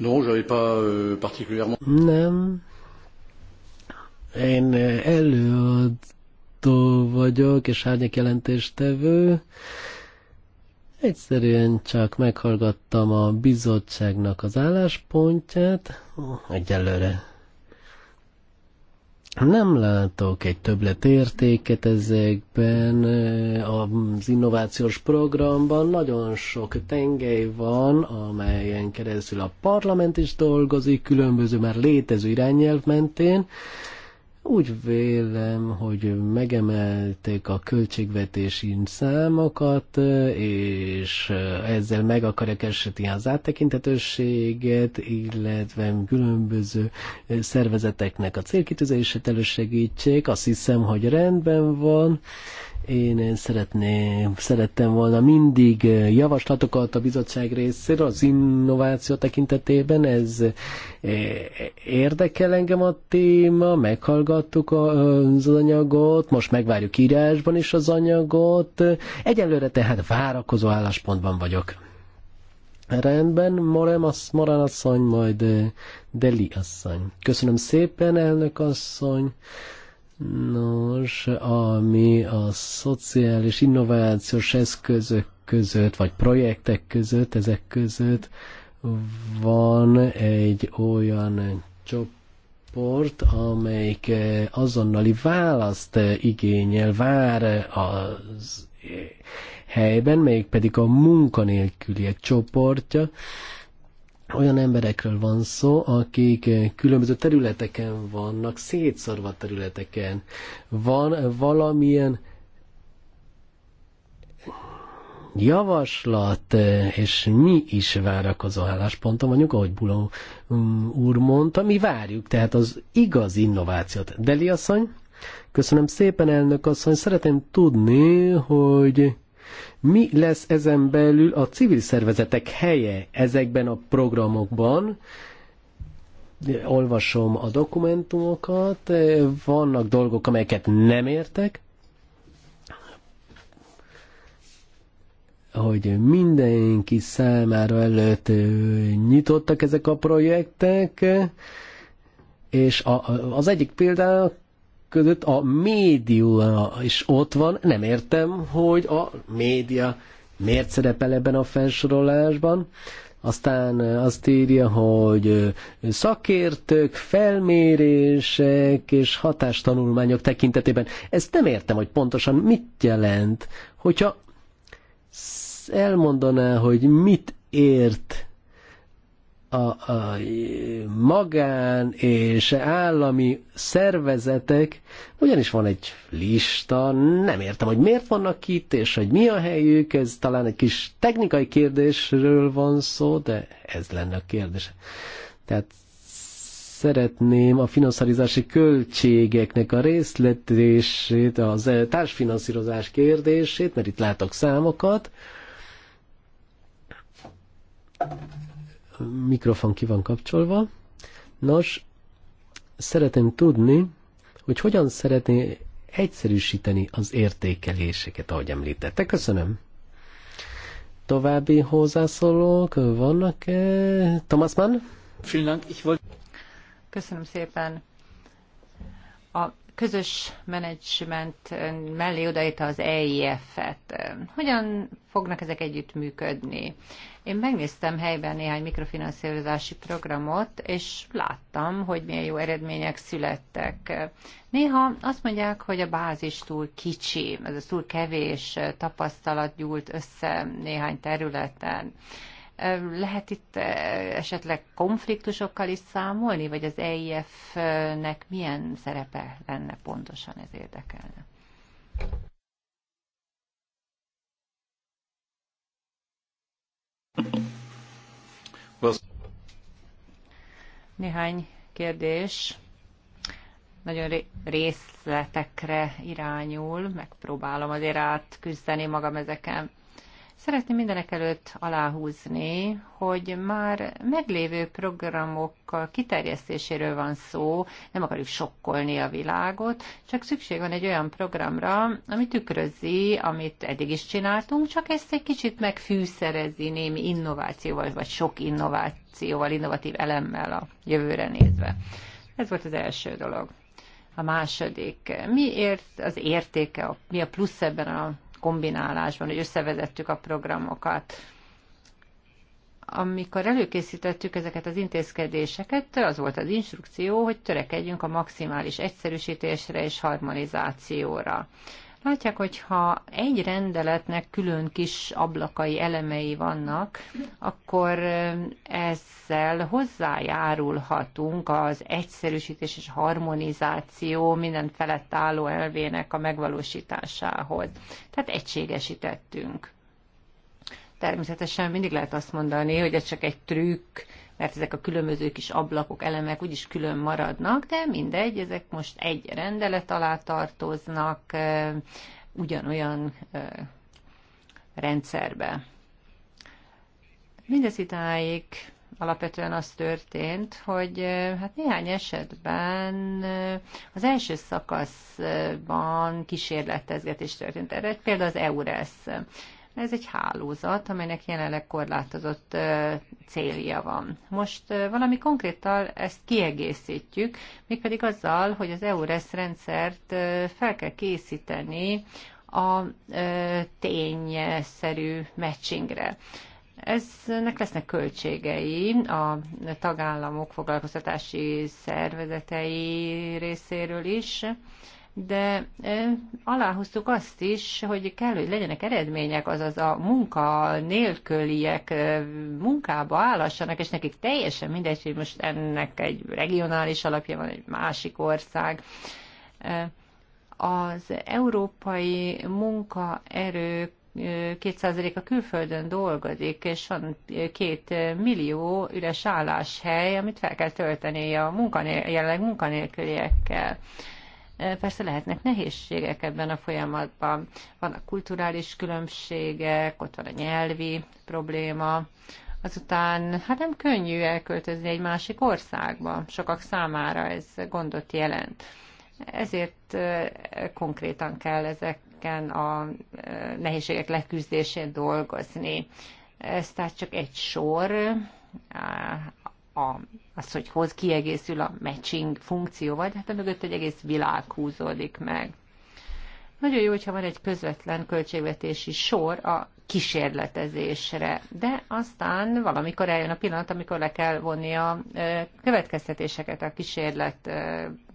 Non, j'avais pas euh, particulièrement. Nem, én előadó vagyok, és árnyék jelentéstevő. Egyszerűen csak meghallgattam a bizottságnak az álláspontját. Egyelőre nem látok egy többletértéket ezekben eh, az innovációs programban. Nagyon sok tengely van, amelyen keresztül a parlament is dolgozik, különböző már létező irányelv mentén. Úgy vélem, hogy megemelték a költségvetési számokat, és ezzel meg akarják esetni az áttekintetőséget, illetve különböző szervezeteknek a célkitűzését elősegítsék. Azt hiszem, hogy rendben van. Én szeretném, szerettem volna mindig eh, javaslatokat a bizottság részéről az innováció tekintetében, ez eh, érdekel engem a téma, meghallgattuk az anyagot, most megvárjuk írásban is az anyagot, egyelőre tehát várakozó álláspontban vagyok. Rendben, Morem asz, Morán asszony, majd eh, Deli asszony. Köszönöm szépen, elnök asszony. Nos, ami a szociális innovációs eszközök között, vagy projektek között, ezek között van egy olyan csoport, amelyik azonnali választ igényel, vár az helyben, melyik pedig a munkanélküliek csoportja olyan emberekről van szó, akik eh, különböző területeken vannak, szétszorva területeken. Van valamilyen javaslat, eh, és mi is várakozó állásponton vagyunk, ahogy Buló mm, úr mondta, mi várjuk, tehát az igaz innovációt. Deli asszony, köszönöm szépen, elnök asszony, szeretném tudni, hogy mi lesz ezen belül a civil szervezetek helye ezekben a programokban? Olvasom a dokumentumokat, vannak dolgok, amelyeket nem értek, hogy mindenki számára előtt nyitottak ezek a projektek, és a, az egyik példa között a média is ott van. Nem értem, hogy a média miért szerepel ebben a felsorolásban. Aztán eh, azt írja, hogy eh, szakértők, felmérések és hatástanulmányok tekintetében. Ezt nem értem, hogy pontosan mit jelent, hogyha elmondaná, hogy mit ért a, a magán és állami szervezetek, ugyanis van egy lista, nem értem, hogy miért vannak itt, és hogy mi a helyük, ez talán egy kis technikai kérdésről van szó, de ez lenne a kérdés. Tehát szeretném a finanszírozási költségeknek a részletését, az eh, társfinanszírozás kérdését, mert itt látok számokat mikrofon ki van kapcsolva. Nos, szeretném tudni, hogy hogyan szeretné egyszerűsíteni az értékeléseket, ahogy említette. Köszönöm. További hozzászólók vannak-e? Thomas Mann? Köszönöm szépen. A közös menedzsment mellé odaíta az EIF-et. Hogyan fognak ezek együtt működni? Én megnéztem helyben néhány mikrofinanszírozási programot, és láttam, hogy milyen jó eredmények születtek. Néha azt mondják, hogy a bázis túl kicsi, ez túl kevés tapasztalat gyúlt össze néhány területen. Lehet itt eh, esetleg konfliktusokkal is számolni, vagy az EIF-nek milyen szerepe lenne pontosan, ez érdekelne. Néhány kérdés nagyon részletekre irányul, megpróbálom azért átküzdeni magam ezeken. Szeretném mindenek előtt aláhúzni, hogy már meglévő programok kiterjesztéséről van szó, nem akarjuk sokkolni a világot, csak szükség van egy olyan programra, ami tükrözi, amit eddig is csináltunk, csak ezt egy kicsit megfűszerezi némi innovációval, vagy sok innovációval, innovatív elemmel a jövőre nézve. Ez volt az első dolog. A második, mi az értéke, mi a plusz ebben a kombinálásban, hogy összevezettük a programokat. Amikor előkészítettük ezeket az intézkedéseket, az volt az instrukció, hogy törekedjünk a maximális egyszerűsítésre és harmonizációra. Látják, hogyha egy rendeletnek külön kis ablakai elemei vannak, akkor ezzel hozzájárulhatunk az egyszerűsítés és harmonizáció minden felett álló elvének a megvalósításához. Tehát egységesítettünk. Természetesen mindig lehet azt mondani, hogy ez csak egy trükk, mert ezek a különböző kis ablakok, elemek úgyis külön maradnak, de mindegy, ezek most egy rendelet alá tartoznak, ugyanolyan rendszerbe. Mindez idáig alapvetően az történt, hogy hát néhány esetben az első szakaszban kísérletezgetés történt. Erre például az EURES. Ez egy hálózat, amelynek jelenleg korlátozott célja van. Most valami konkréttal ezt kiegészítjük, mégpedig azzal, hogy az EURES rendszert fel kell készíteni a tényszerű matchingre. Eznek lesznek költségei a tagállamok foglalkoztatási szervezetei részéről is, de aláhoztuk azt is, hogy kell, hogy legyenek eredmények, azaz a munka nélküliek munkába állassanak, és nekik teljesen mindegy, hogy most ennek egy regionális alapja van, egy másik ország az európai munkaerő 2%-a külföldön dolgozik, és van két millió üres álláshely, amit fel kell tölteni a munkanél, jelenleg munkanélküliekkel. Eh, persze lehetnek nehézségek ebben a folyamatban. Vannak kulturális különbségek, ott van a nyelvi probléma, azután hát nem könnyű elköltözni egy másik országba. Sokak számára ez gondot jelent. Ezért eh, konkrétan kell ezeken a eh, nehézségek leküzdésén dolgozni. Ez tehát csak egy sor a az, hogy hoz kiegészül a matching funkció, vagy hát a mögött egy egész világ húzódik meg. Nagyon jó, hogyha van egy közvetlen költségvetési sor a kísérletezésre, de aztán valamikor eljön a pillanat, amikor le kell vonni a következtetéseket a kísérlet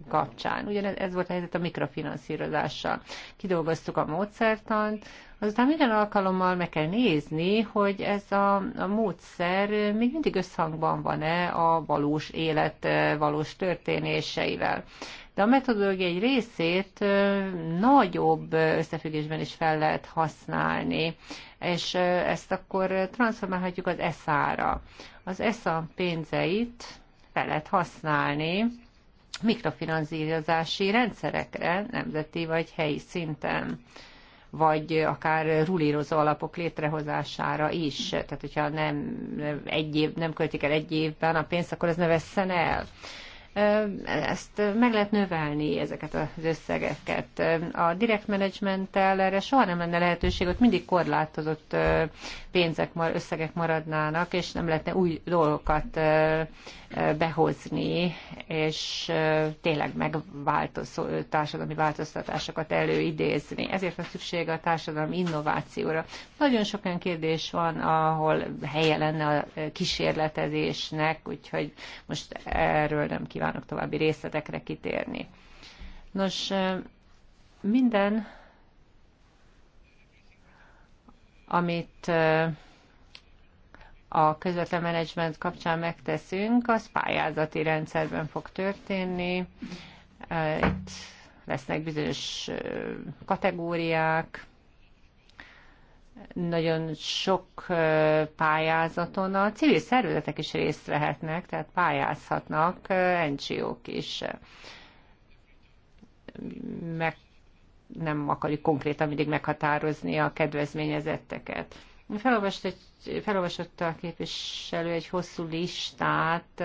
kapcsán. Ugyanez ez volt a helyzet a mikrofinanszírozással. Kidolgoztuk a módszertant, azután minden alkalommal meg kell nézni, hogy ez a, a módszer még mindig összhangban van-e a valós élet valós történéseivel de a metodológia egy részét nagyobb összefüggésben is fel lehet használni, és ezt akkor transformálhatjuk az ESZA-ra. Az ESZA pénzeit fel lehet használni mikrofinanszírozási rendszerekre, nemzeti vagy helyi szinten vagy akár rulírozó alapok létrehozására is. Tehát, hogyha nem, egy év, nem költik el egy évben a pénzt, akkor ez ne vesszen el ezt meg lehet növelni, ezeket az összegeket. A direkt menedzsmenttel erre soha nem lenne lehetőség, ott mindig korlátozott pénzek, összegek maradnának, és nem lehetne új dolgokat behozni, és tényleg megváltozó, társadalmi változtatásokat előidézni. Ezért van szüksége a társadalmi innovációra. Nagyon sok olyan kérdés van, ahol helye lenne a kísérletezésnek, úgyhogy most erről nem kívánok kívánok további részletekre kitérni. Nos, minden, amit a közvetlen menedzsment kapcsán megteszünk, az pályázati rendszerben fog történni. Itt lesznek bizonyos kategóriák, nagyon sok pályázaton a civil szervezetek is részt vehetnek, tehát pályázhatnak NGO-k is. Meg nem akarjuk konkrétan mindig meghatározni a kedvezményezetteket. Felolvast egy, felolvasott a képviselő egy hosszú listát,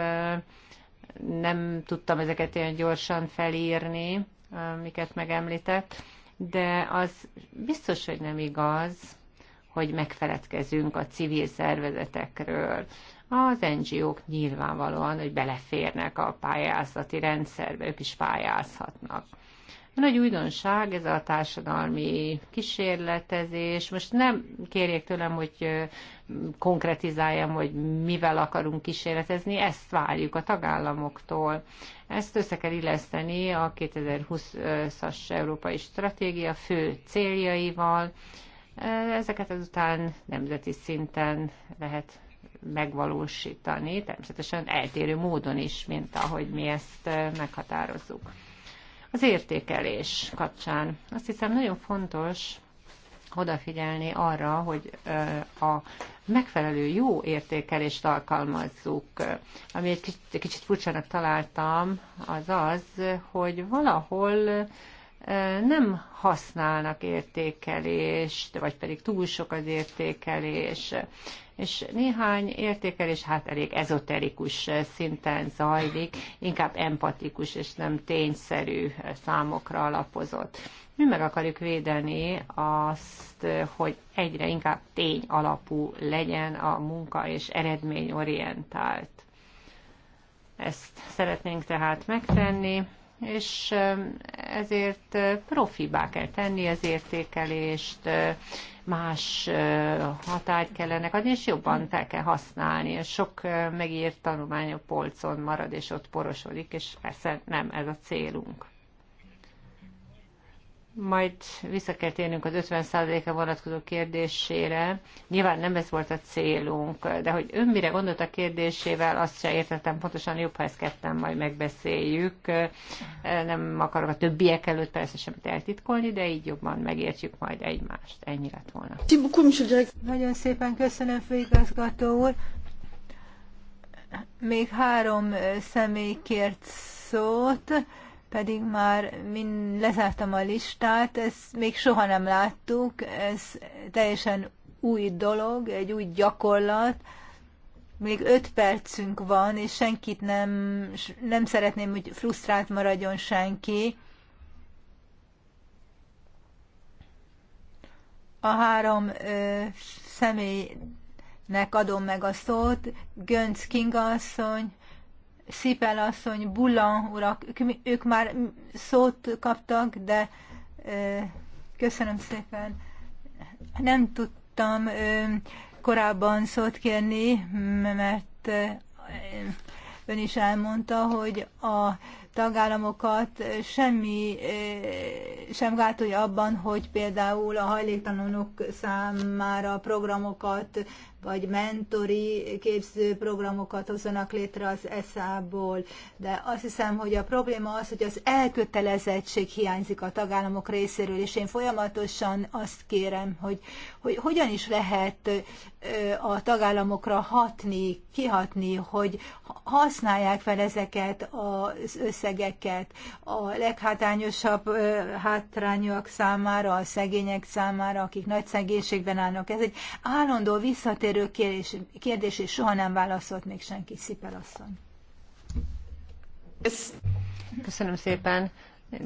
nem tudtam ezeket olyan gyorsan felírni, amiket megemlített, de az biztos, hogy nem igaz, hogy megfeledkezünk a civil szervezetekről. Az NGO-k nyilvánvalóan, hogy beleférnek a pályázati rendszerbe, ők is pályázhatnak. A nagy újdonság ez a társadalmi kísérletezés. Most nem kérjék tőlem, hogy konkretizáljam, hogy mivel akarunk kísérletezni, ezt várjuk a tagállamoktól. Ezt össze kell illeszteni a 2020-as Európai Stratégia fő céljaival, Ezeket azután nemzeti szinten lehet megvalósítani, természetesen eltérő módon is, mint ahogy mi ezt eh, meghatározzuk. Az értékelés kapcsán azt hiszem nagyon fontos odafigyelni arra, hogy eh, a megfelelő jó értékelést alkalmazzuk. Ami egy kicsit, kicsit furcsának találtam, az az, hogy valahol nem használnak értékelést, vagy pedig túl sok az értékelés. És néhány értékelés hát elég ezoterikus szinten zajlik, inkább empatikus és nem tényszerű számokra alapozott. Mi meg akarjuk védeni azt, hogy egyre inkább tény alapú legyen a munka és eredményorientált. Ezt szeretnénk tehát megtenni és ezért profibá kell tenni az értékelést, más hatályt kellene adni, és jobban fel kell használni. sok megírt tanulmány a polcon marad, és ott porosodik, és persze nem ez a célunk majd vissza kell térnünk az 50%-a vonatkozó kérdésére. Nyilván nem ez volt a célunk, de hogy ön mire gondolt a kérdésével, azt se értettem pontosan, jobb, ha ezt ketten majd megbeszéljük. Nem akarok a többiek előtt persze semmit eltitkolni, de így jobban megértjük majd egymást. Ennyi lett volna. Nagyon szépen köszönöm, főigazgató úr. Még három személy kért szót pedig már mind lezártam a listát, ezt még soha nem láttuk, ez teljesen új dolog, egy új gyakorlat. Még öt percünk van, és senkit nem, nem szeretném, hogy frusztrált maradjon senki. A három ö, személynek adom meg a szót, Gönc Kinga asszony, Szipel asszony, Bullan urak, ők már szót kaptak, de köszönöm szépen. Nem tudtam korábban szót kérni, mert ön is elmondta, hogy a tagállamokat semmi sem gátolja abban, hogy például a hajléktalanok számára programokat vagy mentori képzőprogramokat hozzanak létre az eszá ból de azt hiszem, hogy a probléma az, hogy az elkötelezettség hiányzik a tagállamok részéről, és én folyamatosan azt kérem, hogy, hogy hogyan is lehet a tagállamokra hatni, kihatni, hogy használják fel ezeket az összegeket a leghátrányosabb hátrányok számára, a szegények számára, akik nagy szegénységben állnak. Ez egy állandó visszatérő kitérő kérdés, kérdés és soha nem válaszolt még senki, Szipel asszony. Köszönöm szépen.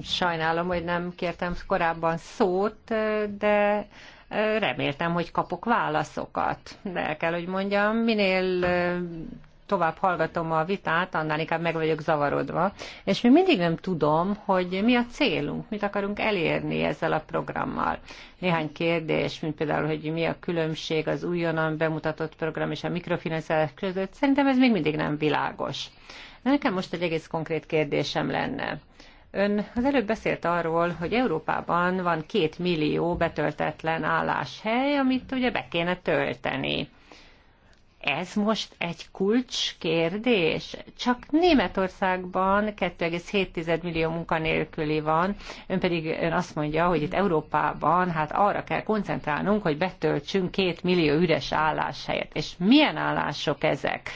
Sajnálom, hogy nem kértem korábban szót, de reméltem, hogy kapok válaszokat. De el kell, hogy mondjam, minél tovább hallgatom a vitát, annál inkább meg vagyok zavarodva, és mi mindig nem tudom, hogy mi a célunk, mit akarunk elérni ezzel a programmal. Néhány kérdés, mint például, hogy mi a különbség az újonnan bemutatott program és a mikrofinanszírozás között, szerintem ez még mindig nem világos. De nekem most egy egész konkrét kérdésem lenne. Ön az előbb beszélt arról, hogy Európában van két millió betöltetlen álláshely, amit ugye be kéne tölteni. Ez most egy kulcs kérdés. Csak Németországban 2,7 millió munkanélküli van, ön pedig ön azt mondja, hogy itt Európában hát arra kell koncentrálnunk, hogy betöltsünk két millió üres álláshelyet. És milyen állások ezek?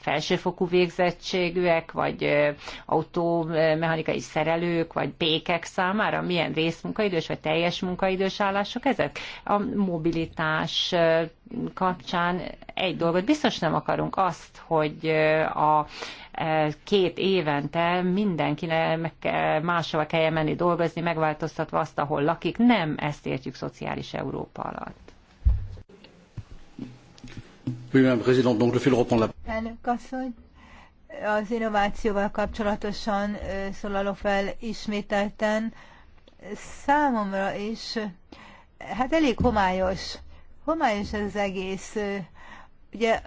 felsőfokú végzettségűek, vagy autómechanikai szerelők, vagy békek számára, milyen részmunkaidős, vagy teljes munkaidős állások ezek. A mobilitás kapcsán egy dolgot biztos nem akarunk azt, hogy a két évente mindenkinek máshova kelljen menni dolgozni, megváltoztatva azt, ahol lakik. Nem ezt értjük szociális Európa alatt. Oui, Madame Présidente, donc je fais le reprendre la... Elnök asszony, az innovációval kapcsolatosan szólalok fel ismételten. Számomra is, hát elég homályos. Homályos ez az egész. Ugye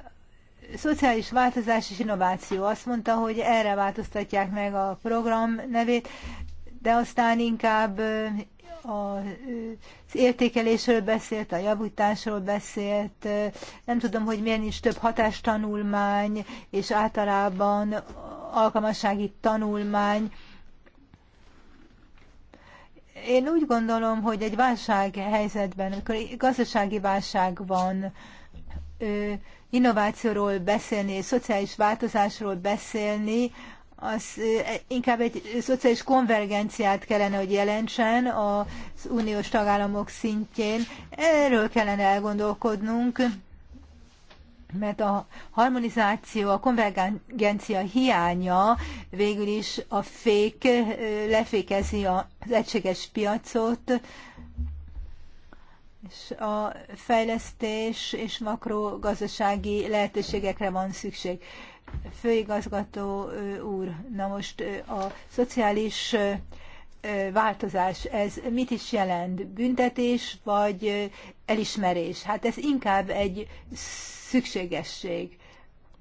szociális változás és innováció. Azt mondta, hogy erre változtatják meg a program nevét, de aztán inkább az értékelésről beszélt, a javításról beszélt, nem tudom, hogy miért nincs több hatástanulmány, és általában alkalmassági tanulmány. Én úgy gondolom, hogy egy válság helyzetben, amikor gazdasági válság van, innovációról beszélni, szociális változásról beszélni, az inkább egy szociális konvergenciát kellene, hogy jelentsen az uniós tagállamok szintjén. Erről kellene elgondolkodnunk, mert a harmonizáció, a konvergencia hiánya végül is a fék lefékezi az egységes piacot, és a fejlesztés és makrogazdasági lehetőségekre van szükség főigazgató úr, na most a szociális változás, ez mit is jelent? Büntetés vagy elismerés? Hát ez inkább egy szükségesség.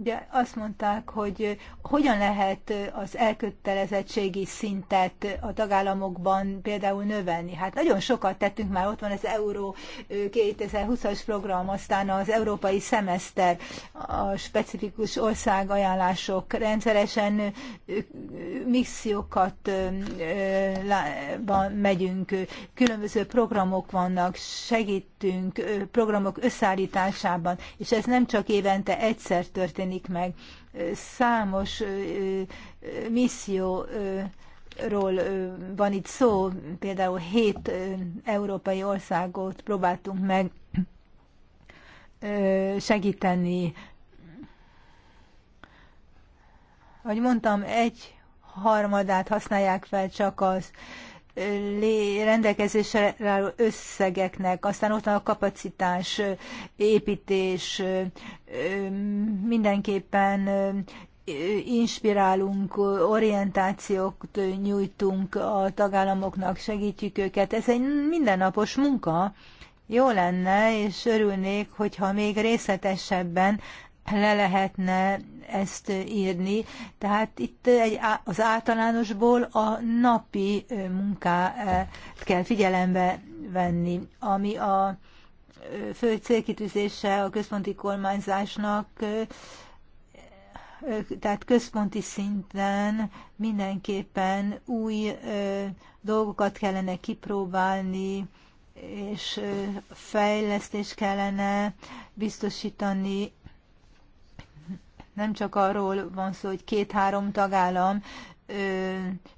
Ugye azt mondták, hogy eh, hogyan lehet eh, az elkötelezettségi szintet eh, a tagállamokban például növelni. Hát nagyon sokat tettünk már, ott van az Euró 2020-as program, aztán az európai szemeszter, a specifikus országajánlások, rendszeresen missziókat megyünk, különböző programok vannak, segít segítünk programok összeállításában, és ez nem csak évente egyszer történik meg. Számos misszió ról van itt szó, például hét európai országot próbáltunk meg segíteni. Ahogy mondtam, egy harmadát használják fel csak az rendelkezésre álló összegeknek, aztán ott van a kapacitás, építés, mindenképpen inspirálunk, orientációt nyújtunk a tagállamoknak, segítjük őket. Ez egy mindennapos munka. Jó lenne, és örülnék, hogyha még részletesebben le lehetne ezt írni. Tehát itt egy, az általánosból a napi munkát kell figyelembe venni, ami a fő célkitűzése a központi kormányzásnak, tehát központi szinten mindenképpen új dolgokat kellene kipróbálni, és fejlesztés kellene biztosítani nem csak arról van szó, hogy két-három tagállam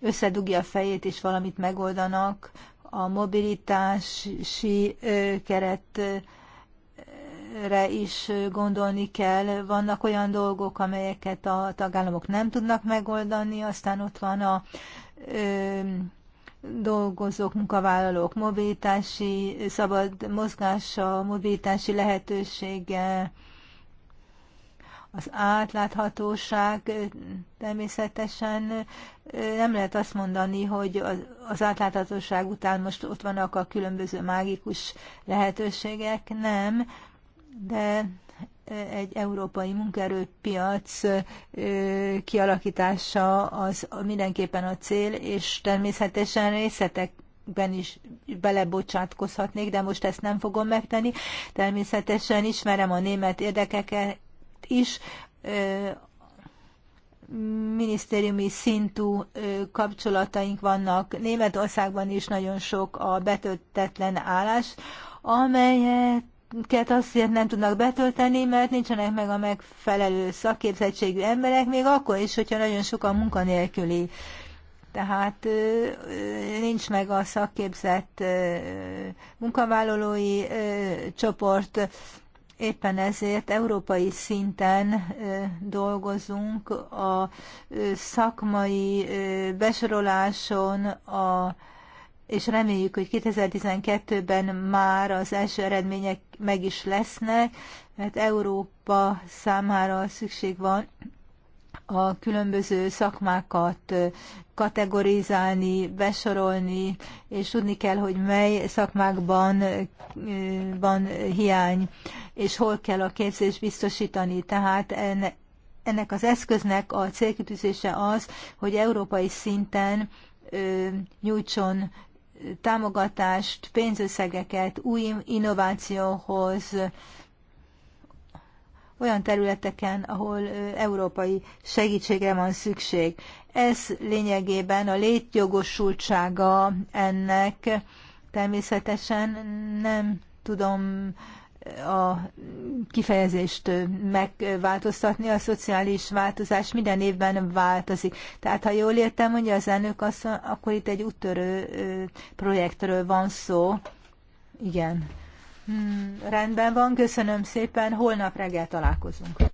összedugja a fejét és valamit megoldanak. A mobilitási keretre is gondolni kell. Vannak olyan dolgok, amelyeket a tagállamok nem tudnak megoldani, aztán ott van a dolgozók, munkavállalók mobilitási, szabad mozgása, mobilitási lehetősége, az átláthatóság természetesen nem lehet azt mondani, hogy az átláthatóság után most ott vannak a különböző mágikus lehetőségek, nem, de egy európai munkaerőpiac kialakítása az mindenképpen a cél, és természetesen részletekben is belebocsátkozhatnék, de most ezt nem fogom megtenni. Természetesen ismerem a német érdekeket, is minisztériumi szintű kapcsolataink vannak. Németországban is nagyon sok a betöltetlen állás, Ket azért nem tudnak betölteni, mert nincsenek meg a megfelelő szakképzettségű emberek, még akkor is, hogyha nagyon sokan munkanélküli. Tehát nincs meg a szakképzett munkavállalói csoport, Éppen ezért európai szinten dolgozunk a szakmai besoroláson, a, és reméljük, hogy 2012-ben már az első eredmények meg is lesznek, mert Európa számára szükség van a különböző szakmákat kategorizálni, besorolni, és tudni kell, hogy mely szakmákban van hiány, és hol kell a képzést biztosítani. Tehát ennek az eszköznek a célkitűzése az, hogy európai szinten nyújtson támogatást, pénzösszegeket új innovációhoz, olyan területeken, ahol európai segítségre van szükség. Ez lényegében a létjogosultsága ennek természetesen nem tudom a kifejezést megváltoztatni, a szociális változás minden évben változik. Tehát, ha jól értem, mondja az elnök, akkor itt egy úttörő projektről van szó. Igen. Hmm, rendben van, köszönöm szépen, holnap reggel találkozunk.